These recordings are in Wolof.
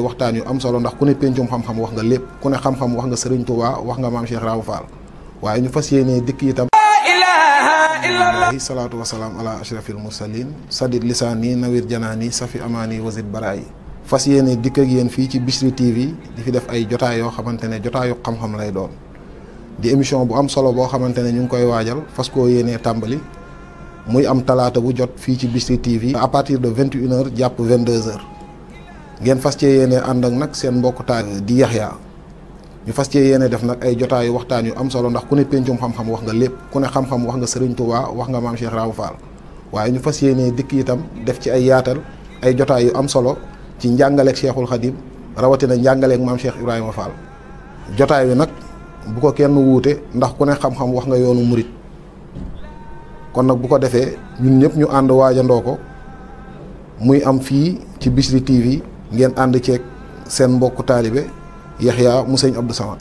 waxtaan yu am solo ndax ku ne pencum xam-xam wax nga lépp ku ne wax nga Serigne Touba wax nga maam Cheikh Raw waaye ñu fas yéenee dikk itam alhamdulilah salaatu wasalaam ala ashrafil mursalin sadid lisaani nawir janaani safi amaani wasid baraayi fas yéenee dikk ak yéen fii ci Bichri TV di fi def ay jotaay yoo xamante ne jotaayu xam-xam lay doon di émission bu am solo boo xamante ne ñu ngi koy waajal fas koo yéenee tàmbali muy am talaata bu jot fii ci Bichri TV à partir de vingt et une jàpp vingt deux heures ngeen fas cee yéene ànd ak nag seen mbokk taal di Yaxya ñu fas cee yéene def nag ay jotaayu waxtaan yu am solo ndax ku ne péncum xam-xam wax nga lépp ku ne xam-xam wax nga Serigne Touba wax nga maam Cheikh Raw Fall waaye ñu fas yéene dikk itam def ci ay yaatal ay jotaay yu am solo ci njàngaleeg Cheikhul Khadim rawatina njàngaleeg maam Cheikh Ibrahima Fall jotaay wi nag bu ko kenn wuute ndax ku ne xam-xam wax nga yoonu murit kon nag bu ko defee ñun ñëpp ñu ànd waajandoo ko muy am fii ci Bichri TV. ngeen ànd ceeg seen mbokku taalibe Yaxya mu sëñ Abdou Samad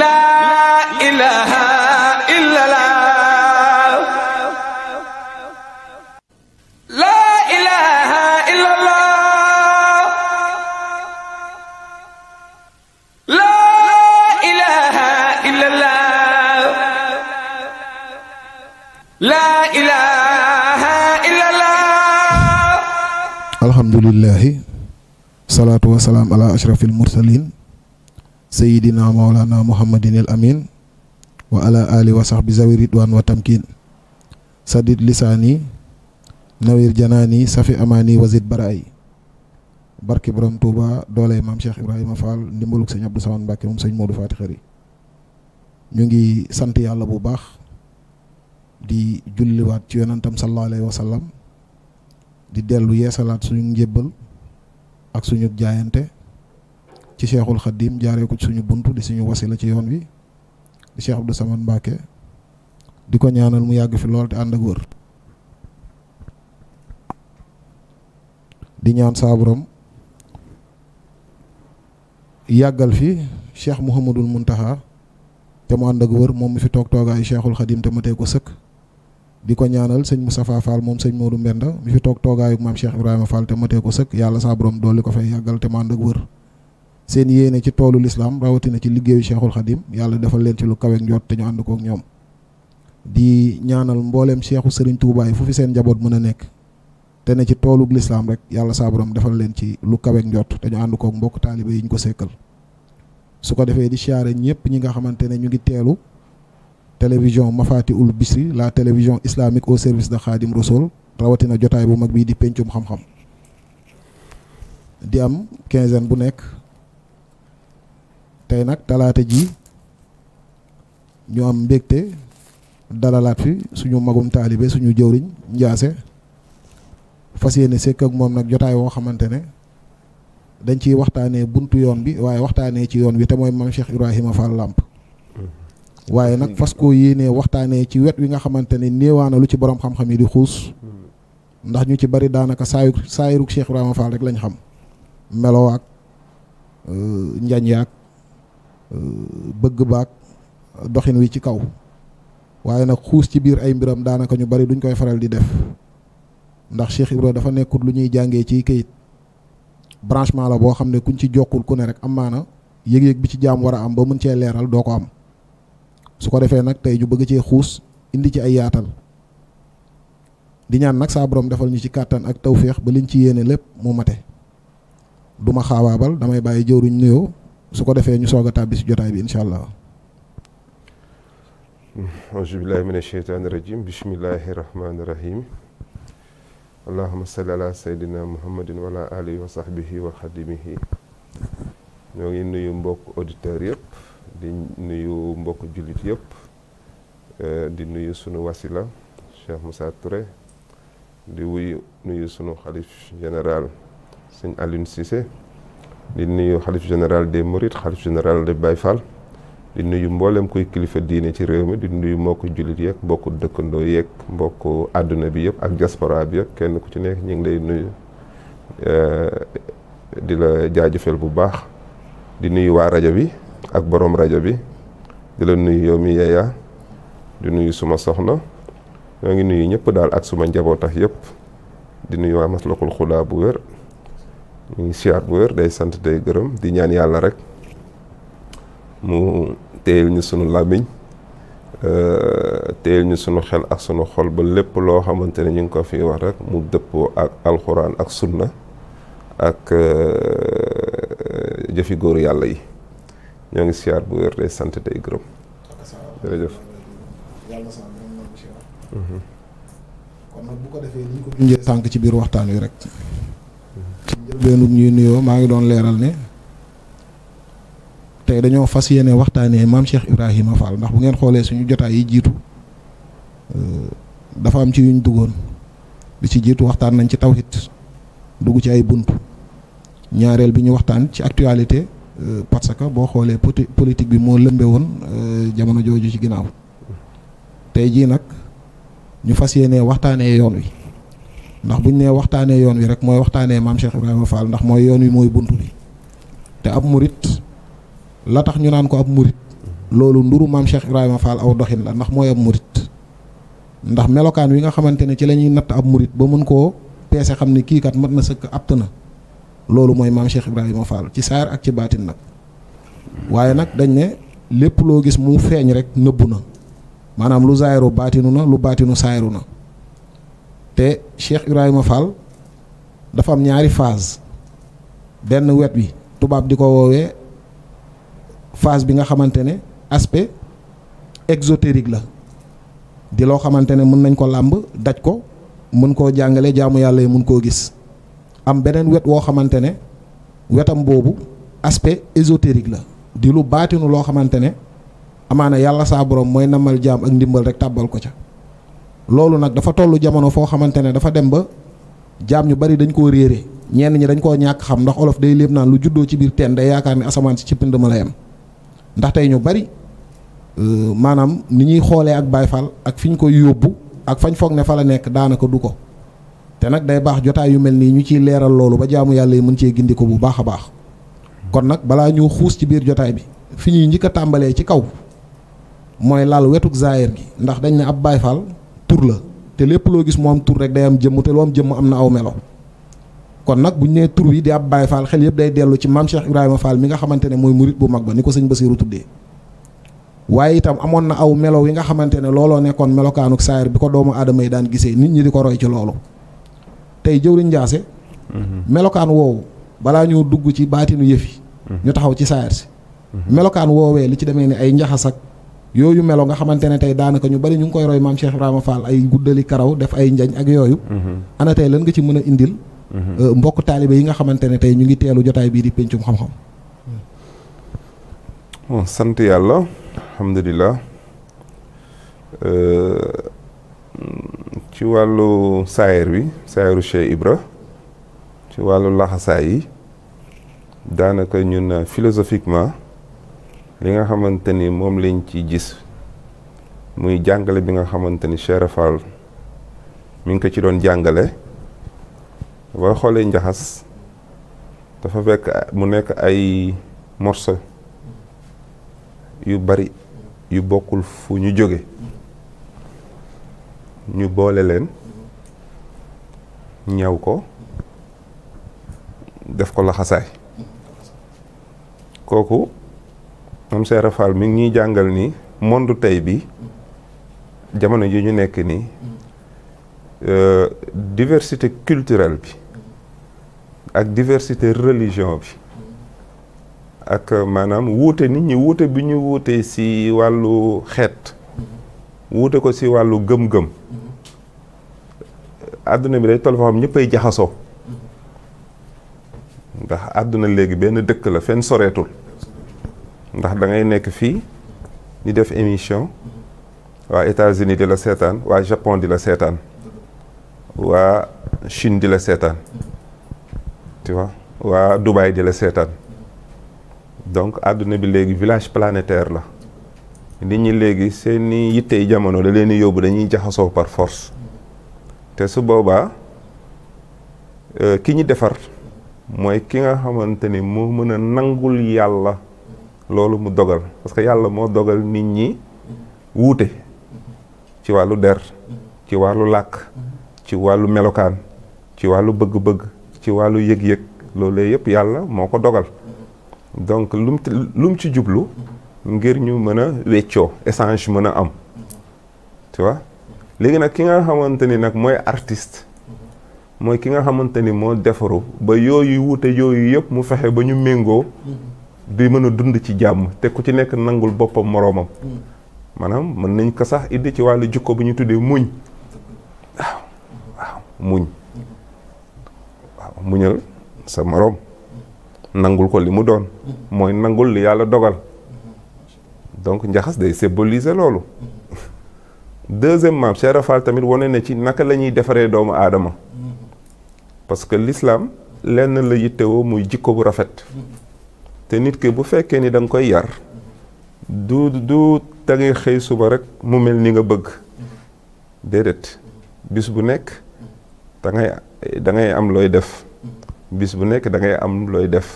laa ilaaha alhamdulilahi salaatu wasalaam ala ashrafil mursalin sayidina maolana muhammadin al amin wa ala ali wa sahbi zawi ridwan wa tamkin sadid lisaani nawir janaani safi amaani wazid baraay barki borom Touba dooley maam Cheikh Ibrahima Fall ndimbalug sëñ Abdou Samane Mbacke moom sëñ ñu ngi sant yàlla bu baax di julliwaat ci yonantam sallallahu alayhi wa di dellu yeesalaat suñu njébbal ak suñu jaayante ci cheikhul xadim jaaree ko suñu bunt di suñu wasila ci yoon wi di cheikh Abdou Samane Mbacke di ko ñaanal mu yàgg fi lool te ànd ak wër di ñaan saaburam yàggal fi cheikh Mouhamadul Muntaha te mu ànd ak wër moom mu fi toog toogaayu cheikhul xadim te ma tee ko sëkk di ko ñaanal sëñ Moustapha Fall moom sëñ moo Modou Mbenda mi fi toog toogaayuk maam Cheikh Ibrahima Fall te matee ko sëkk yàlla saa borom doole ko fay yàggal te mànd ak wër seen yéene ci toolu lislaam rawatina ci liggéeyu Cheikhul Khadim yàlla defal leen ci lu kaweek njot te ñu ànd kook ñoom ñaanal mbooleem Cheikhu Serigne Touba yi fu seen njaboot mën a nekk te ne ci toolug lislaam rek yàlla saa defal leen ci lu kaweek njot te ñu ànd kook mbokk taalibe yi ñu ko sekkal su ko defee di siyaare ñëpp ñi nga xamante ne ñu ngi teelu télévision Mafatihul Bichri la télévision islamique au service de Khadim Rassoul rawatina jotaay bu mag bii di pencum xam-xam di am quinzaine bu nekk tey nag talaata ji ñu am mbégte dalalaat fi suñu magum taalibe suñu jëwriñ njaase fas yéene sekk ak moom nag jotaay woo xamante ne dañ ciy waxtaanee buntu yoon bi waaye waxtaanee ci yoon bi te mooy maam Cheikh Ibrahima Fall làmp waaye nag fas koo yéenee waxtaanee ci wet wi nga xamante ne néewaana lu ci borom xam-xam yi di xuus ndax ñu ci bari daanaka saayu saayiru Cheikh Ibrahima Fall rek lañ xam melo ak euh, njañ yaak euh, bëgg baak doxin wi ci kaw waaye nag xuus ci biir ay mbiram daanaka ñu bari duñ koy faral di def ndax Cheikh Ibrahima dafa nekkut lu ñuy jàngee ci kayit branchement la boo xam ne kuñ ci jokkul ku ne rek amaana yëg-yëg bi ci jaam war a am ba mën cee leeral doo ko am su ko defee nag tey ñu bëgg cee xuus indi ci ay yaatal di ñaan nag saa borom defal ñu ci kàttan ak tawféex ba liñ ci yéene lépp mu mate du ma xaawaabal damay bàyyi jëwruñ néew su ko defee ñu soog a tàbbi si jotaay bi incha allah auzu billahi min asheytaani rajim bismillahi rahmaani rahim allahuma salli ala sayyidina muhammadin wa ala alihi wa sahbihi wa xadimihi ñoo ngi nuyu mbokk auditeurs yëpp di nuyu mbokk jullit yëpp eh, di nuyu sunu wasila Cheikh Moussa Touré di wuyu nuyu sunu xalif général sëñ Alioune Cissé di nuyu xalif général de Mourides xalif général de Baye di nuyu mboolem kuy kilifa diine ci réew mi di nuyu mbokku jullit yeeg mbokku dëkkandoo yeeg mbokku àdduna bi yëpp ak diaspora bi yëpp kenn ku ci nekk ñu ngi lay nuyu eh, di la jaajëfal bu baax di nuyu waa rajo bi. ak boroom rajo bi di la nuyu yow mi yeeyaa di nuyu suma soxna ñoo ngi nuyu ñëpp daal ak suma njaboot tax yëpp di nuyu waa maslakul xulaa bu wér ñu ngi siyaar bu wér day sant day gërëm di ñaan yàlla rek mu téyel ñu sunu làmmiñ euh, téyel ñu sunu xel ak sunu xol ba lépp loo xamante ne ñu ngi ko fi wax rek mu dëppoo ak alxuraan ak sunna ak euh, jëfi góor yàlla yi ñoo ngi siyaar bu wér day sant tey gërëm mhm. bu ko defee ñu ko junjee sànq ci biir waxtaan wi rek ci ñuy nuyoo maa ngi doon leeral ne tey dañoo fas yéene waxtaanee maam Cheikh Ibrahima Fall ndax bu ngeen xoolee suñu jotaay yi jiitu euh, dafa am ci yuñ duggoon bi ci jiitu waxtaan nañ ci taw tawhid dugg ci ay bunt ñaareel bi ñu waxtaan ci actualité Euh, parce que boo xoolee politique bi moo lëmbe woon euh, jamono jooju ci ginnaaw tey jii nag ñu fas yéenee waxtaanee yoon wi ndax buñ ne waxtaanee yoon wi rek mooy waxtaanee maam Cheikh Ibrahima Fall ndax mooy yoon wi mooy buntu bi te ab murit la tax ñu naan ko ab murit loolu nduru maam Cheikh Ibrahima Fall aw doxin la ndax mooy ab murit ndax melokaan wi nga xamante ne ci la ñuy natt ab murit ba mën koo peese xam ne kiikat kat mat na sëkk apt na loolu mooy maam Cheikh Ibrahima Fall ci saar ak ci baatin nag waaye nag dañ ne lépp loo gis mu feeñ rek nëbbu na maanaam lu zaayiru baatinu na lu baatinu saayiru na te Cheikh Ibrahima Fall dafa am ñaari phase benn wet wi tubaab di ko woowee phase bi nga xamante ne aspect exotérique la di loo xamante ne mën nañ ko làmb daj ko mën koo jàngale jaamu yàlla yi mën koo gis am beneen wet woo xamante ne wetam boobu aspect ésotérique la di lu baatinu loo xamante ne amaana yàlla saa borom mooy namal jaam ak ndimbal rek tàbbal ko ca loolu nag dafa toll jamono foo xamante ne dafa dem ba jaam ñu bari dañ koo réere ñenn ñi dañ koo ñàkk xam ndax olof day léeb naan lu juddoo ci biir teen day yaakaar ne asamaan si ci pind ma lay am ndax tey ñu bari euh, maanaam ni ñuy xoolee ak Baay Faal ak fi ñu koy yóbbu ak fañ foog ne fa la nekk daanaka du ko te nag day baax jotaay yu mel nii ñu ciy leeral loolu ba jaamu yàlla yi mën cee gindi ko bu baax a baax kon nag balaa ñu xuus ci biir jotaay bi fi ñuy njëkk a tàmbalee ci kaw mooy laal wetug zaahir gi ndax dañ ne ab baay faal tur la te lépp loo gis mu am tur rek day am jëmm te lu am jëmm am na aw melo kon nag bu ñu nee tur wi di ab baay faal xel yëpp day dellu ci maam Cheikh Ibrahima Fall mi nga xamante ne mooy murit bu mag ba ni ko sëñ Basiiru tuddee waaye itam amoon na aw melo yi nga xamante ne looloo nekkoon melokaanuk saayir bi ko doomu aadama yi daan gisee nit ñi di ko roy ci loolu tey jëwriñ Ndiassé melokaan woowu balaa ñoo dugg ci baatinu yëf yi ñu taxaw ci saayar si melokaan woowee li ci demee ni ay njaxas ak yooyu melo nga xamante ne tey daanaka ñu bari ñu ngi koy roy maam Cheikh Ibrahima Fall ay guddali karaw def ay njañ ak yooyu ana tey lan nga ci mën a indil euh, mbokk taalibe yi nga xamante ne tey ñu ngi teelu jotaay bii di péncum xam-xam bon sant yàlla alhamdulilah euh, ci wàllu saayir bi saayiru Cheikh Ibra ci wàllu laxasaay yi daanaka ñun na philosophiquement li nga xamante ni moom lañ ci gis muy jàngale bi nga xamante ni Cheikh Fall ngi ko ci doon jàngale boo xoolee njaxas dafa fekk mu nekk ay morceau yu bari yu bokkul fu ñu jóge ñu boole leen ñaw ko def ko laxasaay kooku moom Seera Fall mi ngi ñuy jàngal ni monde tey bi jamono ji ñu nekk nii euh, diversité culturelle bi ak diversité religion bi ak maanaam wuute nit ñi wuute bi ñu wuute ci wàllu xeet wuute ko si wàllu gëm-gëm àdduna bi day toll foo xam ñëppay jaxasoo ndax àdduna léegi benn dëkk la fenn soreetul ndax dangay nekk fii ñu def émission waa États-Unis di la seetaan waa Japon di la seetaan waa Chine di la seetaan waa Dubaï di la seetaan donc àdduna bi léegi village planétaire la nit ñi léegi seeni yittey jamono da leen di yóbbu dañuy jaxasoo par force te su boobaa euh, ki ñi defar mooy ki nga xamante ni moo mën a nangul yàlla loolu mu dogal parce que yàlla moo dogal nit ñi wuute ci wàllu der ci wàllu làkk ci wàllu melokaan ci wàllu bëgg-bëgg ci wàllu yëg-yëg loolu yëpp yàlla moo ko dogal donc lu mu ci jublu ngir ñu mën a weccoo échange mën a am tu léegi nag ki nga xamante ni nag mooy artist mooy ki nga xamante ni moo defaru ba yooyu wuute yooyu yëpp mu fexe ba ñu méngoo di mën a dund ci jàmm te ku ci nekk nangul boppam moroomam maanaam mën nañ ko sax iddi ci wàllu jukko bu ñu tuddee muñ waaw muñ waaw muñal sa moroom nangul ko li mu doon mooy nangul li yàlla dogal donc njaxas day symboliser loolu deuxièmement Cheikh Rafal tamit wane na ci naka lañuy defaree doomu aadama parce que l'islam lenn la yittewoo muy jikko bu rafet te nit ki bu fekkee ni da koy yar du du da xëy suba rek mu mel ni nga bëgg déedéet bis bu nekk dangay da ngay am looy def bis bu nekk da ngay am looy def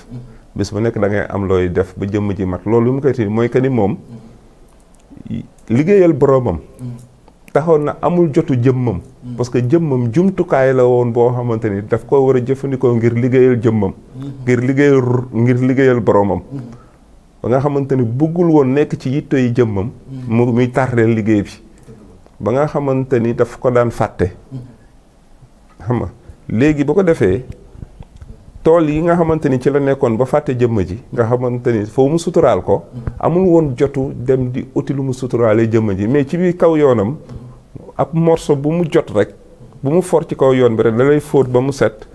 bis bu nekk da ngay am looy def ba jëmm ji mat loolu lu mu koy tiri mooy que ni moom liggéeyal boroomam taxoon na amul jotu jëmmam parce que jëmmam jumtukaay la woon boo xamante ni daf ko war a jëfandikoo ngir liggéeyal jëmmam ngir liggéeyal ngir liggéeyal boroomam ba nga xamante ni bëggul woon nekk ci yitto yi jëmmam mu muy tardeel liggéey bi ba nga xamante ni daf ko daan fàtte xam léegi bu ko defee tool yi nga xamante ni ci la nekkoon ba fàtte jëmm ji nga xamante ni foo mu suturaal ko amul woon jotu dem di uti lu mu suturaalee jëmm ji mais ci biir kaw yoonam ab morceau bu mu jot rek bu mu for ci kaw yoon bi rek da lay fóot ba mu set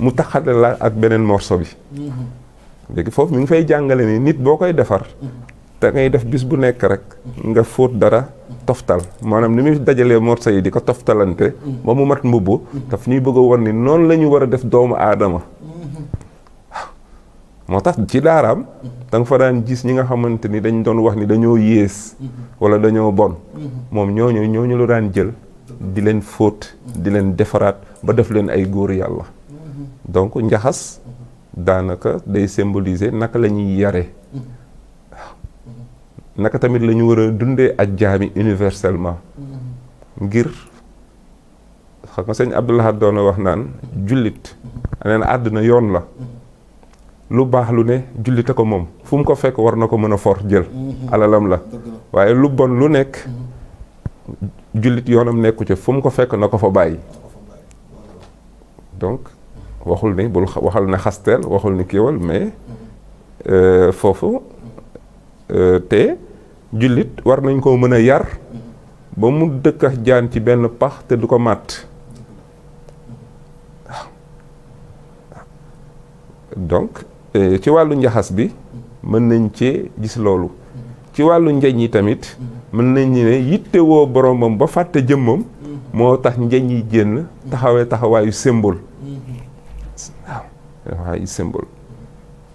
mu taxale la ak beneen morceau bi foofu mi ngi fay jàngale ni nit boo koy defar te ngay def bis bu nekk rek nga fóot dara toftal maanaam ni muy dajalee morceau yi di ko toftalante ba mu mat mbubb daf ñuy bëgg a won ni noonu la ñu war a def doomu aadama moo tax ci daaraam da nga fa daan gis ñi nga xamante ni dañ doon wax ni dañoo yées wala dañoo bon moom ñooñu ñu la daan jël di leen fóot di leen defaraat ba def leen ay góor yàlla donc njaxas daanaka day symboliser naka la ñuy yare naka tamit la ñu war a dundee ak jaami universellement ngir xam nga sëñ Abdoul Ahad doon wax naan jullit neen àdduna yoon la lu baax lu ne jullite ko moom fu mu ko fekk war na ko mën a for jël mhm. alalam la waaye lu bon lu nekk mhm. jullit yoonam nekku ci fu mu ko fekk na ko fa bàyyi donc waxul ni bul waxal ne xasteel waxul ni kiiwal mais mhm. euh, foofu euh, te jullit war nañ koo mën a yar ba mu dëkk jaan ci benn pax te du ko màtt donc Eh, ci wàllu njaxas bi mën nañ ci gis loolu ci wàllu njeñ yi tamit mën nañ ne yittewoo boromam ba fàtte jëmmam moo tax njeñ yi génn taxawee taxawaayu symbole waaw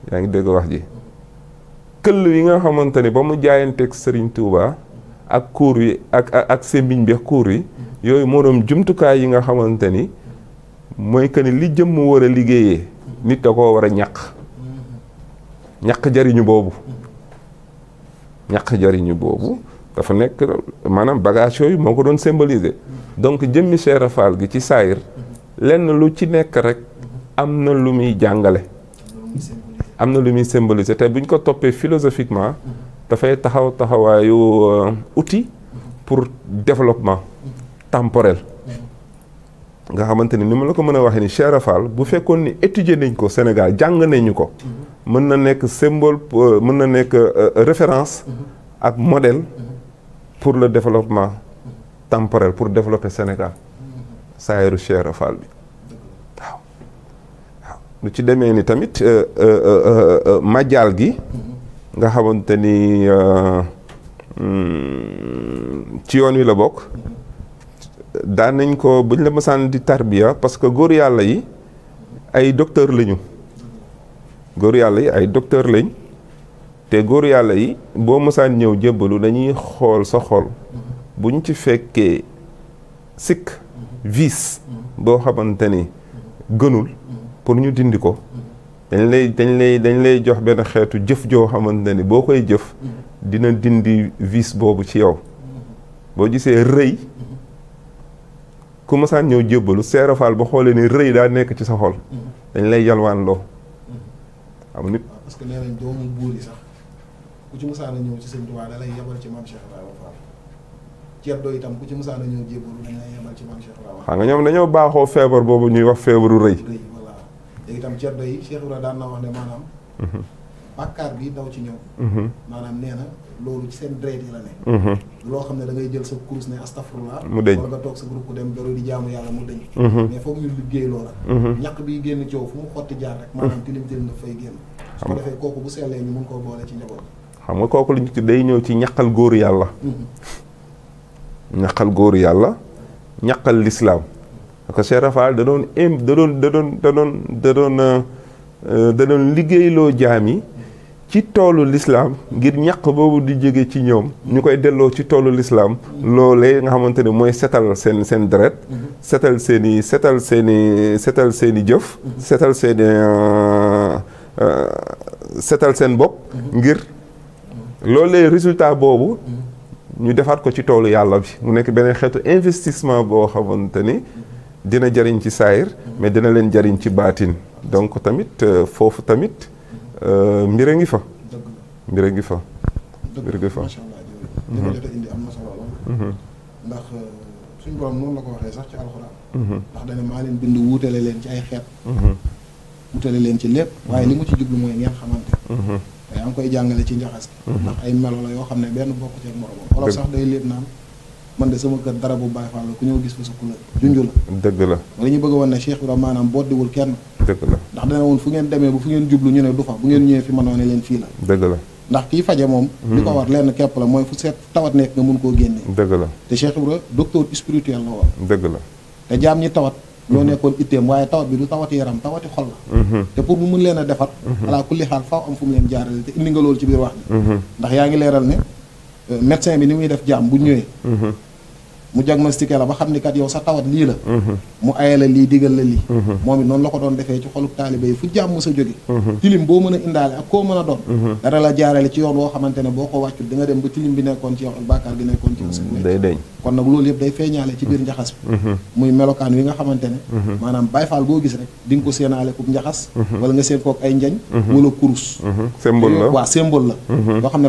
yaa ngi dégg wax ji këll yi nga xamante ne ba mu jaayanteeg Serigne Touba ak kuur yi ak ak sembiñ bi kuur yi yooyu moo doon jumtukaay yi nga xamante ni mooy que ni li jëmm war a liggéeyee nit da ko war a ñàq ñàkk jariñu boobu ñàkk jariñu boobu dafa nekk maanaam bagage yooyu moo ko doon symboliser donc jëmmi Cheikh Fall gi ci saayir lenn lu ci nekk rek am na lu muy jàngale am na lu muy symboliser te buñ ko toppee philosophiquement dafay taxaw taxawaayu euh, outil pour développement temporel nga xamante ni ni ma la ko mën a waxee ni Cheikh Fall bu fekkoon ni étudier nañ ko Sénégal jàng nañu ko mën na nekk symbole euh, mën na nekk euh, référence mhm. ak modèle mhm. pour le développement temporel pour développer Sénégal saayeru Cheikh Ibra Fall bi waaw lu ci demee ni tamit euh, majaal gi mhm. nga xamante ni hmm, ci yoon wi la bokk daan nañ ko buñ la mësaan di tarbiya parce que góor yàlla yi ay docteur lañu góor yàlla yi ay docteur lañ te góor yàlla yi boo mosaan ñëw jébbalu dañuy xool sa xol bu ñu ci fekkee sikk vis boo xamante ni gënul pour ñu dindi ko dañ lay dañ lay dañ lay jox benn xeetu jëf joo xamante ni boo koy jëf dina dindi vice boobu ci yow boo gisee rëy ku mosaan ñëw jébbalu seerafaal ba xoolee ni rëy daa nekk ci sa xol dañ lay yalwaan loo am nit. parce que nee nañ doomu buur yi sax ku ci musaana ñëw ci sëñ Tuubaa da lay yebal ci maam Cheikh Ibrahima Fall ceddo itam ku ci musaana ñëw jébbalu dañ lay nga ñoom dañoo baaxoo feebar boobu ñuy wax feebaru rëy. rëy voilà léegi tam ceddo yi Cheikh Ibrahima daan na wax ne maanaam. Mhm. bàkkaar bi daw ci ñëw. Mhm. maanaam nee na. loolu ci seen deret yi la ne mhm. loo xam ne da ngay jël sa kurus ne astafurlah mu dëñ wala nga toog sa groupe ku dem beru di jaamu yàlla mu dëñ mhm. mais foog ñu liggéey loola mhm. ñàkk bi génn coow fu mu xotti jaar rek maanaam tilim tilim daf fay génn su ko defee kooku bu sellee ñu mun koo boole ci njaboot xam nga kooku lu ñu ci day ñëw ci ñaqal góoru yàlla ñaqal góoru yàlla ñaqal lislaam parce que Cheikh Rafal da doon im da doon da doon da doon da doon euh, liggéeyloo jaam yi ci toolu lislaam ngir ñaq boobu di jege ci ñoom ñu koy delloo ci toolu lislaam loolee nga xamante ne mooy setal seen seen deret setal seeni setal seen i setal seen i jëf setal seen i euh, euh, setal seen bopp ngir loolee résultat boobu ñu defaat ko ci toolu yàlla bi mu nekk beneen xeetu investissement boo xamante ni dina jariñ ci saayir mais dina leen jariñ ci baatin donc tamit euh, foofu tamit Euh, mbir a ngi fa. mbir a ngi fa. mbir a ngi fa macha allah jooju. li mhm. indi am na solo lool. Mhm. ndax euh, suñu borom noonu la ko waxee sax ci alxuraan. Mhm. ndax dana maa leen bind wuutale leen ci ay xeet. wutale leen ci lépp. waaye li mu ci jublu mooy ngeen xamante. te yaa ngi koy jàngale ci njaxas. ndax ay melo la yoo xam ne benn bokk ci moromam. wala sax day léeb naan. man de sama kër dara bu Baay Faal la ku ñëw gis fa sa couleur junj la. dëgg la wala ñu bëgg woon ne Cheikh Ibrahima maanaam boddiwul kenn. dëgg la ndax dana woon fu ngeen demee bu fu ngeen jublu ñu ne du fa bu ngeen ñëwee fi mënoo ne leen fii la. dëgg la ndax kii faje moom. li ko hmm. war lenn képp la mooy fu seet tawat nekk nga mun koo génne. dëgg la te Cheikh Ibrahima docteur spirituel la woon. dëgg la te jaam ñi tawat. loo hmm. nekkoon itteem waaye tawat bi du tawati yaram tawati xol la hmm. te pour leen a defar alaa kulli xaal faaw am fu mu leen jaarale te indi loolu ci biir wax bi ndax yaa ngi leeral ne médecin bi ni muy def jaam bu ñëwee. Mm-hmm. mu diagnostiqué la ba xam ni kat yow sa tawat lii la mu ayala lii digal la lii moom it noonu la ko doon defee ci xolub taalibe yi fu jàmm sa jóge tilim boo mën a indaale ak koo mën a doon mhm.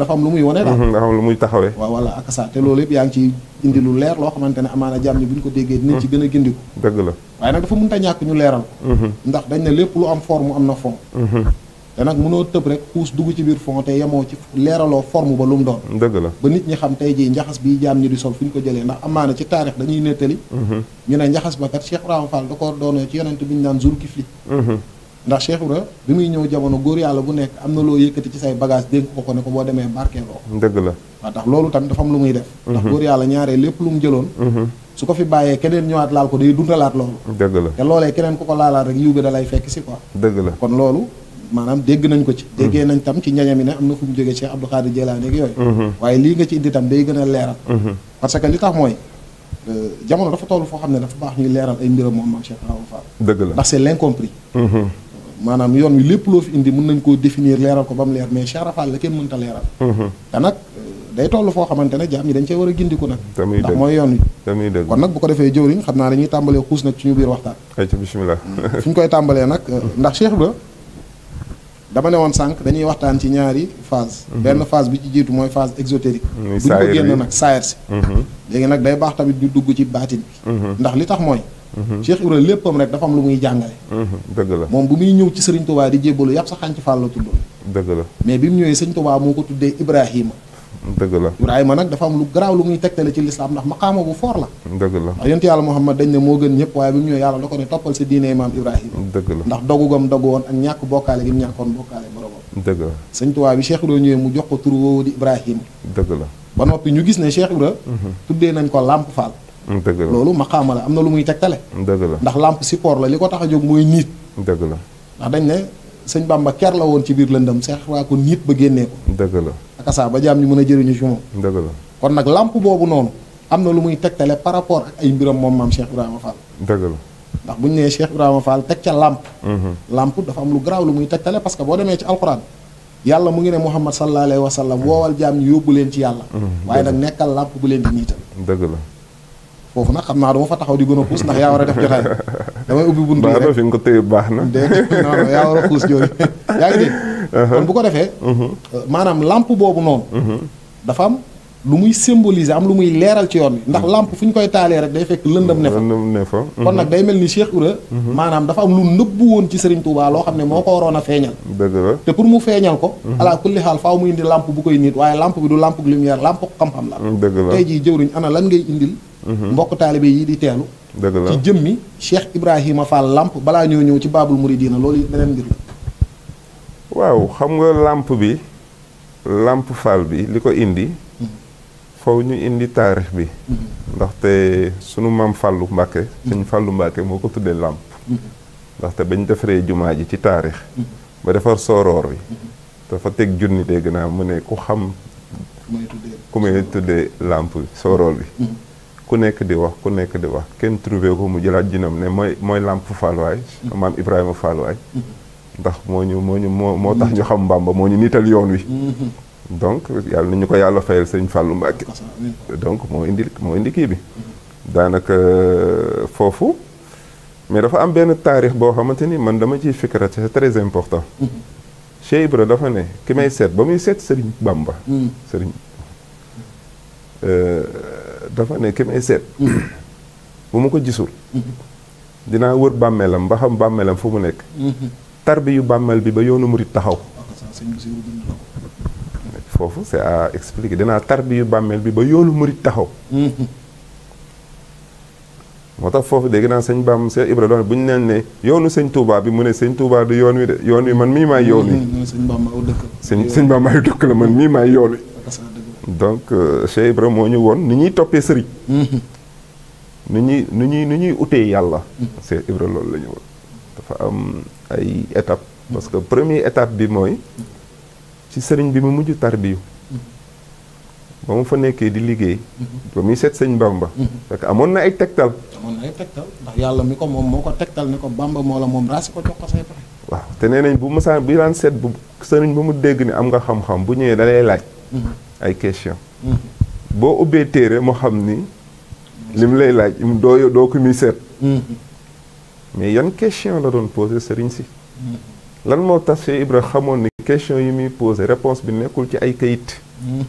dafa am lu muy wone daal mhm, dafa am lu muy taxawee waaw wala ak te loolu yëpp yaa ngi ci indi lu leer loo xamante ne amaana jàmm ñi bu ñu ko déggee dinañ ci mm. gën a gindiku dëgg la waaye nag dafa mënta ñàkk ñu leeral ko mm-hmm. ndax dañ ne lépp lu am forme am na fond mm-hmm. te nag mënoo tëb rek xuus dugg ci biir fond te yemoo ci leeraloo forme ba lu mu doon dëgg la ba nit ñi xam tey jii njaxas bi jaam ñi di sol fu ñu ko jëlee ndax amaana ci taarix dañuy nettali mm-hmm. ñu ne njaxas ba kat Cheikh Ibrahima Fall da ko doonoo ci yonent bi ñu naan Zulkifli ndax Cheikh Ibra bi muy ñëw jamono góor yàlla bu nekk am na loo yëkkati ci say bagage dénk ko ko ne ko boo demee barkeeloo dëgg la waaw tax loolu tamit dafa am muy def mhm. ndax góor lépp lu mu jëloon mhm. su ko fi bàyyee keneen ko day dundalaat loolu dëgg la te loolee keneen ku ko laalaat rek yiw bi da lay fekk nañ ko ci mhm. déggee nañ tam ci ñañami ne am na fu mu jógee Cheikh Abdou Khadir Jëlaani ak waaye lii nga ci indi tam day gën a leeral parce que li tax mooy euh, jamono dafa toll foo xam ne dafa baax ñuy leeral ay mbiram moom maam Cheikh Awa Fall dëgg la ndax c'est l'incompris maanaam yoon wi lépp loo fi indi mun nañ koo définir leeral ko ba mu leer mais charafal la kenn mënta leeral mhm. te nag euh, day toll foo xamante ne jaam ñi dañ cee war a gindiku nag ndax mooy yoon wi kon nag bu ko defee xam naa dañuy tàmbalee xuus nag ci ñu biir waxtaan ay ci bismillah mm. fi ñu koy tàmbalee nag euh, mm. ndax Cheikh Ibra dama ne woon sànq dañuy waxtaan ci ñaari phase mm-hmm. benn phase bi ci jiitu mooy phase exotérique bu ñu ko génn nag saayir si mm-hmm. léegi nag day baax tamit ñu dugg ci baatin bi mm-hmm. ndax li tax mooy Mhm. Cheikh Ibra léppam rek dafa am lu muy jàngale mhm, dëgg la moom bu muy ñëw ci sëriñ Touba di jébbalu yàpp sa xànc Fall la tuddoon la mais bi mu ñëwee sëñ Touba moo ko tuddee Ibrahima dëgg la Ibrahima nag lu muy tegtale ci lislaam ndax maqaama bu foor la dëgg la ndax yonent yàlla Muhammad dañ ne moo gën ñëpp waaye bi mu ñëwee yàlla da ko ne toppal sa diine maam Ibrahima dëgg la ndax dogugam dogu ko tur woowu di Ibrahima dëgg la ba noppi ñu gis ne Cheikh Ibra mhm. tuddee nañ ko Lamp Fall dëgg loolu maqaama la am na lu muy tegtale. dëgg la ndax lampe support la li ko tax a jóg mooy niit. dëgg la ndax dañ ne sëñ Bamba ker la woon ci biir lëndëm seex waa ko niit ba génnee ko. dëgg la akasaa ba jaam ñu mën a jëriñu ci moom. dëgg la kon nag lampe boobu noonu am na lu muy tegtale par rapport ay mbiram moom maam Cheikh Ibrahima Fall. dëgg la ndax bu ñu nee Cheikh Ibrahima Fall teg ca lampe. Mhm. lampe dafa am lu garaw lu muy tegtale parce que boo demee ci alxuraan. yàlla mu ngi ne Muhammad sallallahu alayhi wa sallam woowal jaam ñu yóbbu leen ci yàlla. Mhm. waaye nag nekkal làmp bu leen di niital. dëgg la foofu nag xam naa dama fa taxaw di gën a xuus ndax yaa war a def jotaay damay ubbi buntu yi rek fi nga ko baax na dé non yaa war a xuus jooju yaa ngi dégg uh-huh. bu ko defee uh-huh. maanaam làmp boobu noonu uh-huh. dafa am lu muy symboliser am lu muy leeral ci yoon bi ndax mm-hmm. lampe fu ñu koy taalee rek day fekk lëndëm ne fa ne fa kon nag mm-hmm. day mel ni Cheikh Oura mm-hmm. maanaam dafa am lu nëbbu woon ci Serigne Touba loo xam ne moo ko waroon a feeñal dëgg la te pour mu feeñal ko ala kulli xaal faaw mu indi làmp bu koy nit waaye làmp bi du lampe lumière lampe xam-xam la mm, dëgg la tey jii jëwriñ ana lan ngay indil mbokk taalibe yi di teelu dëgg la ci jëmmi Cheikh Ibrahima Fall làmp balaa ñoo ñëw ci baabul muridina loolu it beneen mbir la waaw xam nga lampe bi lampe Fall bi li ko indi foofu ñu indi taarix bi mm-hmm. ndaxte sunu maam Fàllu Mbàkke mm-hmm. sëñ Fàllu Mbàkke moo ko tuddee làmp mm-hmm. ndaxte bañ defaree jumaa ji ci taarix ba defar sooroor bi dafa teg junni dégg naa mu ne ku xam ku may tuddee làmp sooroor bi ku nekk di wax ku nekk di wax kenn trouvé ko mu jëlaat jinam ne mooy mooy làmp Fàlluwaay maam Ibrahima Fàlluwaay ndax moo ñu moo ñu tax ñu xam Mbàmba moo ñu nital yoon wi donc yàlla na ñu ko yàlla fayal sëñ Fallou Mbacke donc moo indi moo indi kii bi daanaka euh, foofu mais dafa am benn taarix boo xamante ni man dama ciy fikra c'est très important mm-hmm. Cheikh Ibra dafa ne ki may seet ba muy seet sëriñ Bamba mm-hmm. sëriñ euh, dafa ne ki may seet mm-hmm. bu ma ko gisul dinaa wër bàmmeelam ba xam bàmmeelam fu mu nekk tarbi yu bàmmeel bi ba yoonu murit taxaw foofu c'est à expliquer dinaa tarbiyu bàmmeel bi ba yoonu murit taxaw moo tax foofu dégg naa sëñ Bam Cheikh Ibra doon bu ñu neen ne yoonu sëñ Touba bi mu ne sëñ Touba du yoon wi de yoon wi man mii maay yoon wi mm-hmm. sëñ sëñ Bam ay la man mii maay yoon wi donc euh, Cheikh Ibra moo ñu woon ni ñuy toppee sëriñ mm-hmm. nu ñuy nu ñuy nu ñuy utee yàlla mm-hmm. Cheikh Ibra loolu lañu ñu woon dafa am ay étape parce que première étape bi mooy ci sëriñ bi mu mujj tarbiyu mm-hmm. ba mu fa nekkee di liggéey. Mm-hmm. ba muy seet sëñ Bamba. Mm-hmm. fekk amoon na ay tegtal. amoon na ay tegtal ndax yàlla mi ko moom moo ko tegtal ni ko Bamba moo la moom raasi ko jox ko say pexe. waaw te nee nañ bu mësaan bi daan seet bu sëriñ ba mu dégg ni am nga xam-xam bu ñëwee da laaj. ay question boo ubbee téere moo xam ni. lim lay laaj doo doo ko muy seet. mais yan question la doon posé sëriñ si. lan moo tas Cheikh xamoon ni question yi muy posé réponse bi nekkul ci ay kayit. Mhm.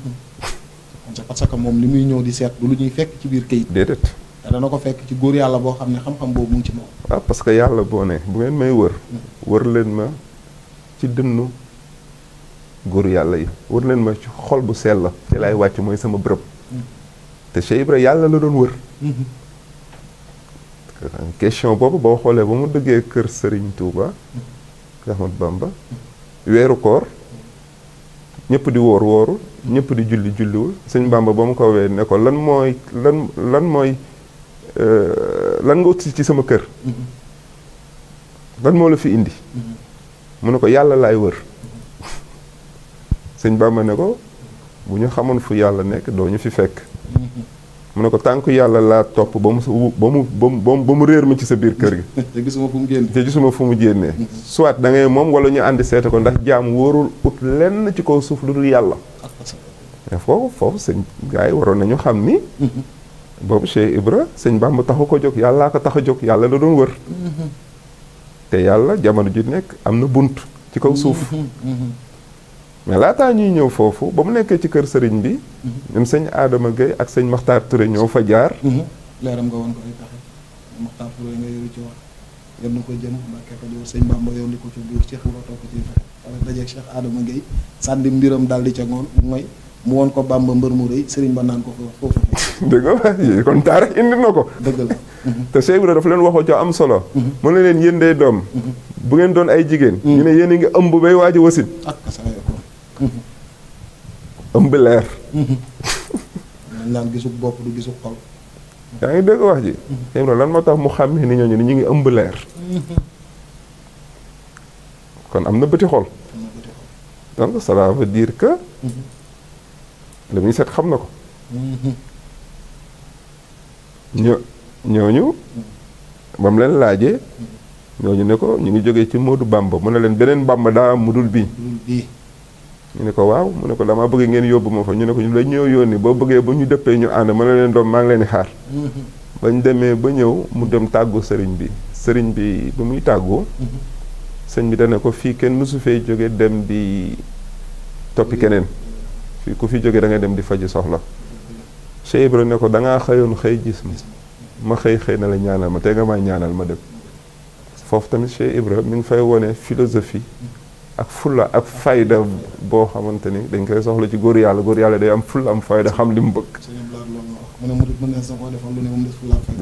parce que moom li muy ñëw di seet du lu ñuy fekk ci biir kayit. déedéet. dana ko fekk ci góor yàlla boo xam ne xam-xam boobu mu ngi ci moom. waaw ah, parce que yàlla boo ne bu ngeen may wër. Mhm. wër leen ma ci dënnu góor yàlla yi wër leen ma ci xol bu sell la. te laay wàcc mooy sama bërëb. Mhm. te Cheikh yàlla la doon wër. question boobu boo xoolee ba mu dëggee kër sëriñ tuuba Ahmad Bamba weeru koor ñépp di woor wooru ñëpp di julli julliwul sëñ Bamba ba mu ko wee ne ko lan mooy lan lan mooy euh, lan nga utsi ci sama kër lan moo la fi indi mu ne ko yàlla laay wër sëñ Bamba ne ko bu ñu xamoon fu yàlla nekk doo ñu fi fekk mu ne ko tànk yàlla laa topp ba mu ba mu ba mu réer ma ci sa biir kër gi. te gisuma fu mu génnee te gisuma mu génnee. soit da moom wala ñu àndi seete ko ndax jaam wóorul ut lenn ci kaw suuf lu dul yàlla. mais foofu foofu sëñ gars yi waroon nañu xam ni. boobu Cheikh Ibra sëñ Bamba taxu ko jóg yàllaa ko tax a jóg yàlla la doon wër. Mm-hmm. te yàlla jamono ji nekk am na bunt ci kaw suuf. Mm-hmm. Mm-hmm. mais laataa ñuy ñëw foofu ba mu nekkee ci kër sëriñ bi. ñoom mhm. sëñ Adama Gueye ak sëñ Makhtar Touré ñoo fa jaar. Mhm. leeram nga woon ko ko jëm Mbàkke ko jox sëñ Bamba yow li ko ci buur Cheikh mbiram daal di ca ngoon mooy mu woon ko mbër mu rëy sëriñ ba naan ko foofu. dëgg la kon taarix indi na ko. dëgg la. Mhm. te Cheikh Ibrahima dafa leen waxoo ca am solo. mu ne leen yéen doom. bu ngeen doon ay jigéen. ñu ne yéen a ngi ëmb bay waaj a ëmb leer. gisu bopp gisu xol. yaa ngi dégg wax ji. Ibra mm-hmm. lan moo tax mu xàmmee ni ñooñu ni ñu ngi ëmb leer. Mm-hmm. kon am na bëti xol. donc cela veut dire que. Mm-hmm. li muy xam na ko. ñoo ñooñu. ba mu leen laaje ñooñu ne ko ñu ngi jógee ci Modou Bamba mu ne leen beneen Bamba daa am mu dul bii. ñu ne ko waaw mu ne ko damaa bëgg ngeen yóbbu ma fa ñu ne ko ñu la ñëw yónni boo bëggee ba ñu dëppee ñu ànd mën na leen doom maa ngi leen di xaar mm-hmm. bañ demee ba ñëw mu dem tàggu sëriñ bi sëriñ bi bu muy tàggu mm-hmm. sëñ bi dana ko fii kenn mësu fee jóge dem di toppi keneen fii ku fi jóge da dem di faji soxla mm-hmm. Cheikh Ibra ne ko da ngaa xëyoon xëy gis ma ma xëy xëy na la ñaanal ma te nga may ñaanal ma dem foofu tamit Cheikh Ibra mi ngi fay wone philosophie ak fulla ak fayda boo xamante ni dañ koy soxla ci góor yàlla góor yàlla day am fulla am fayda xam li mu bëgg.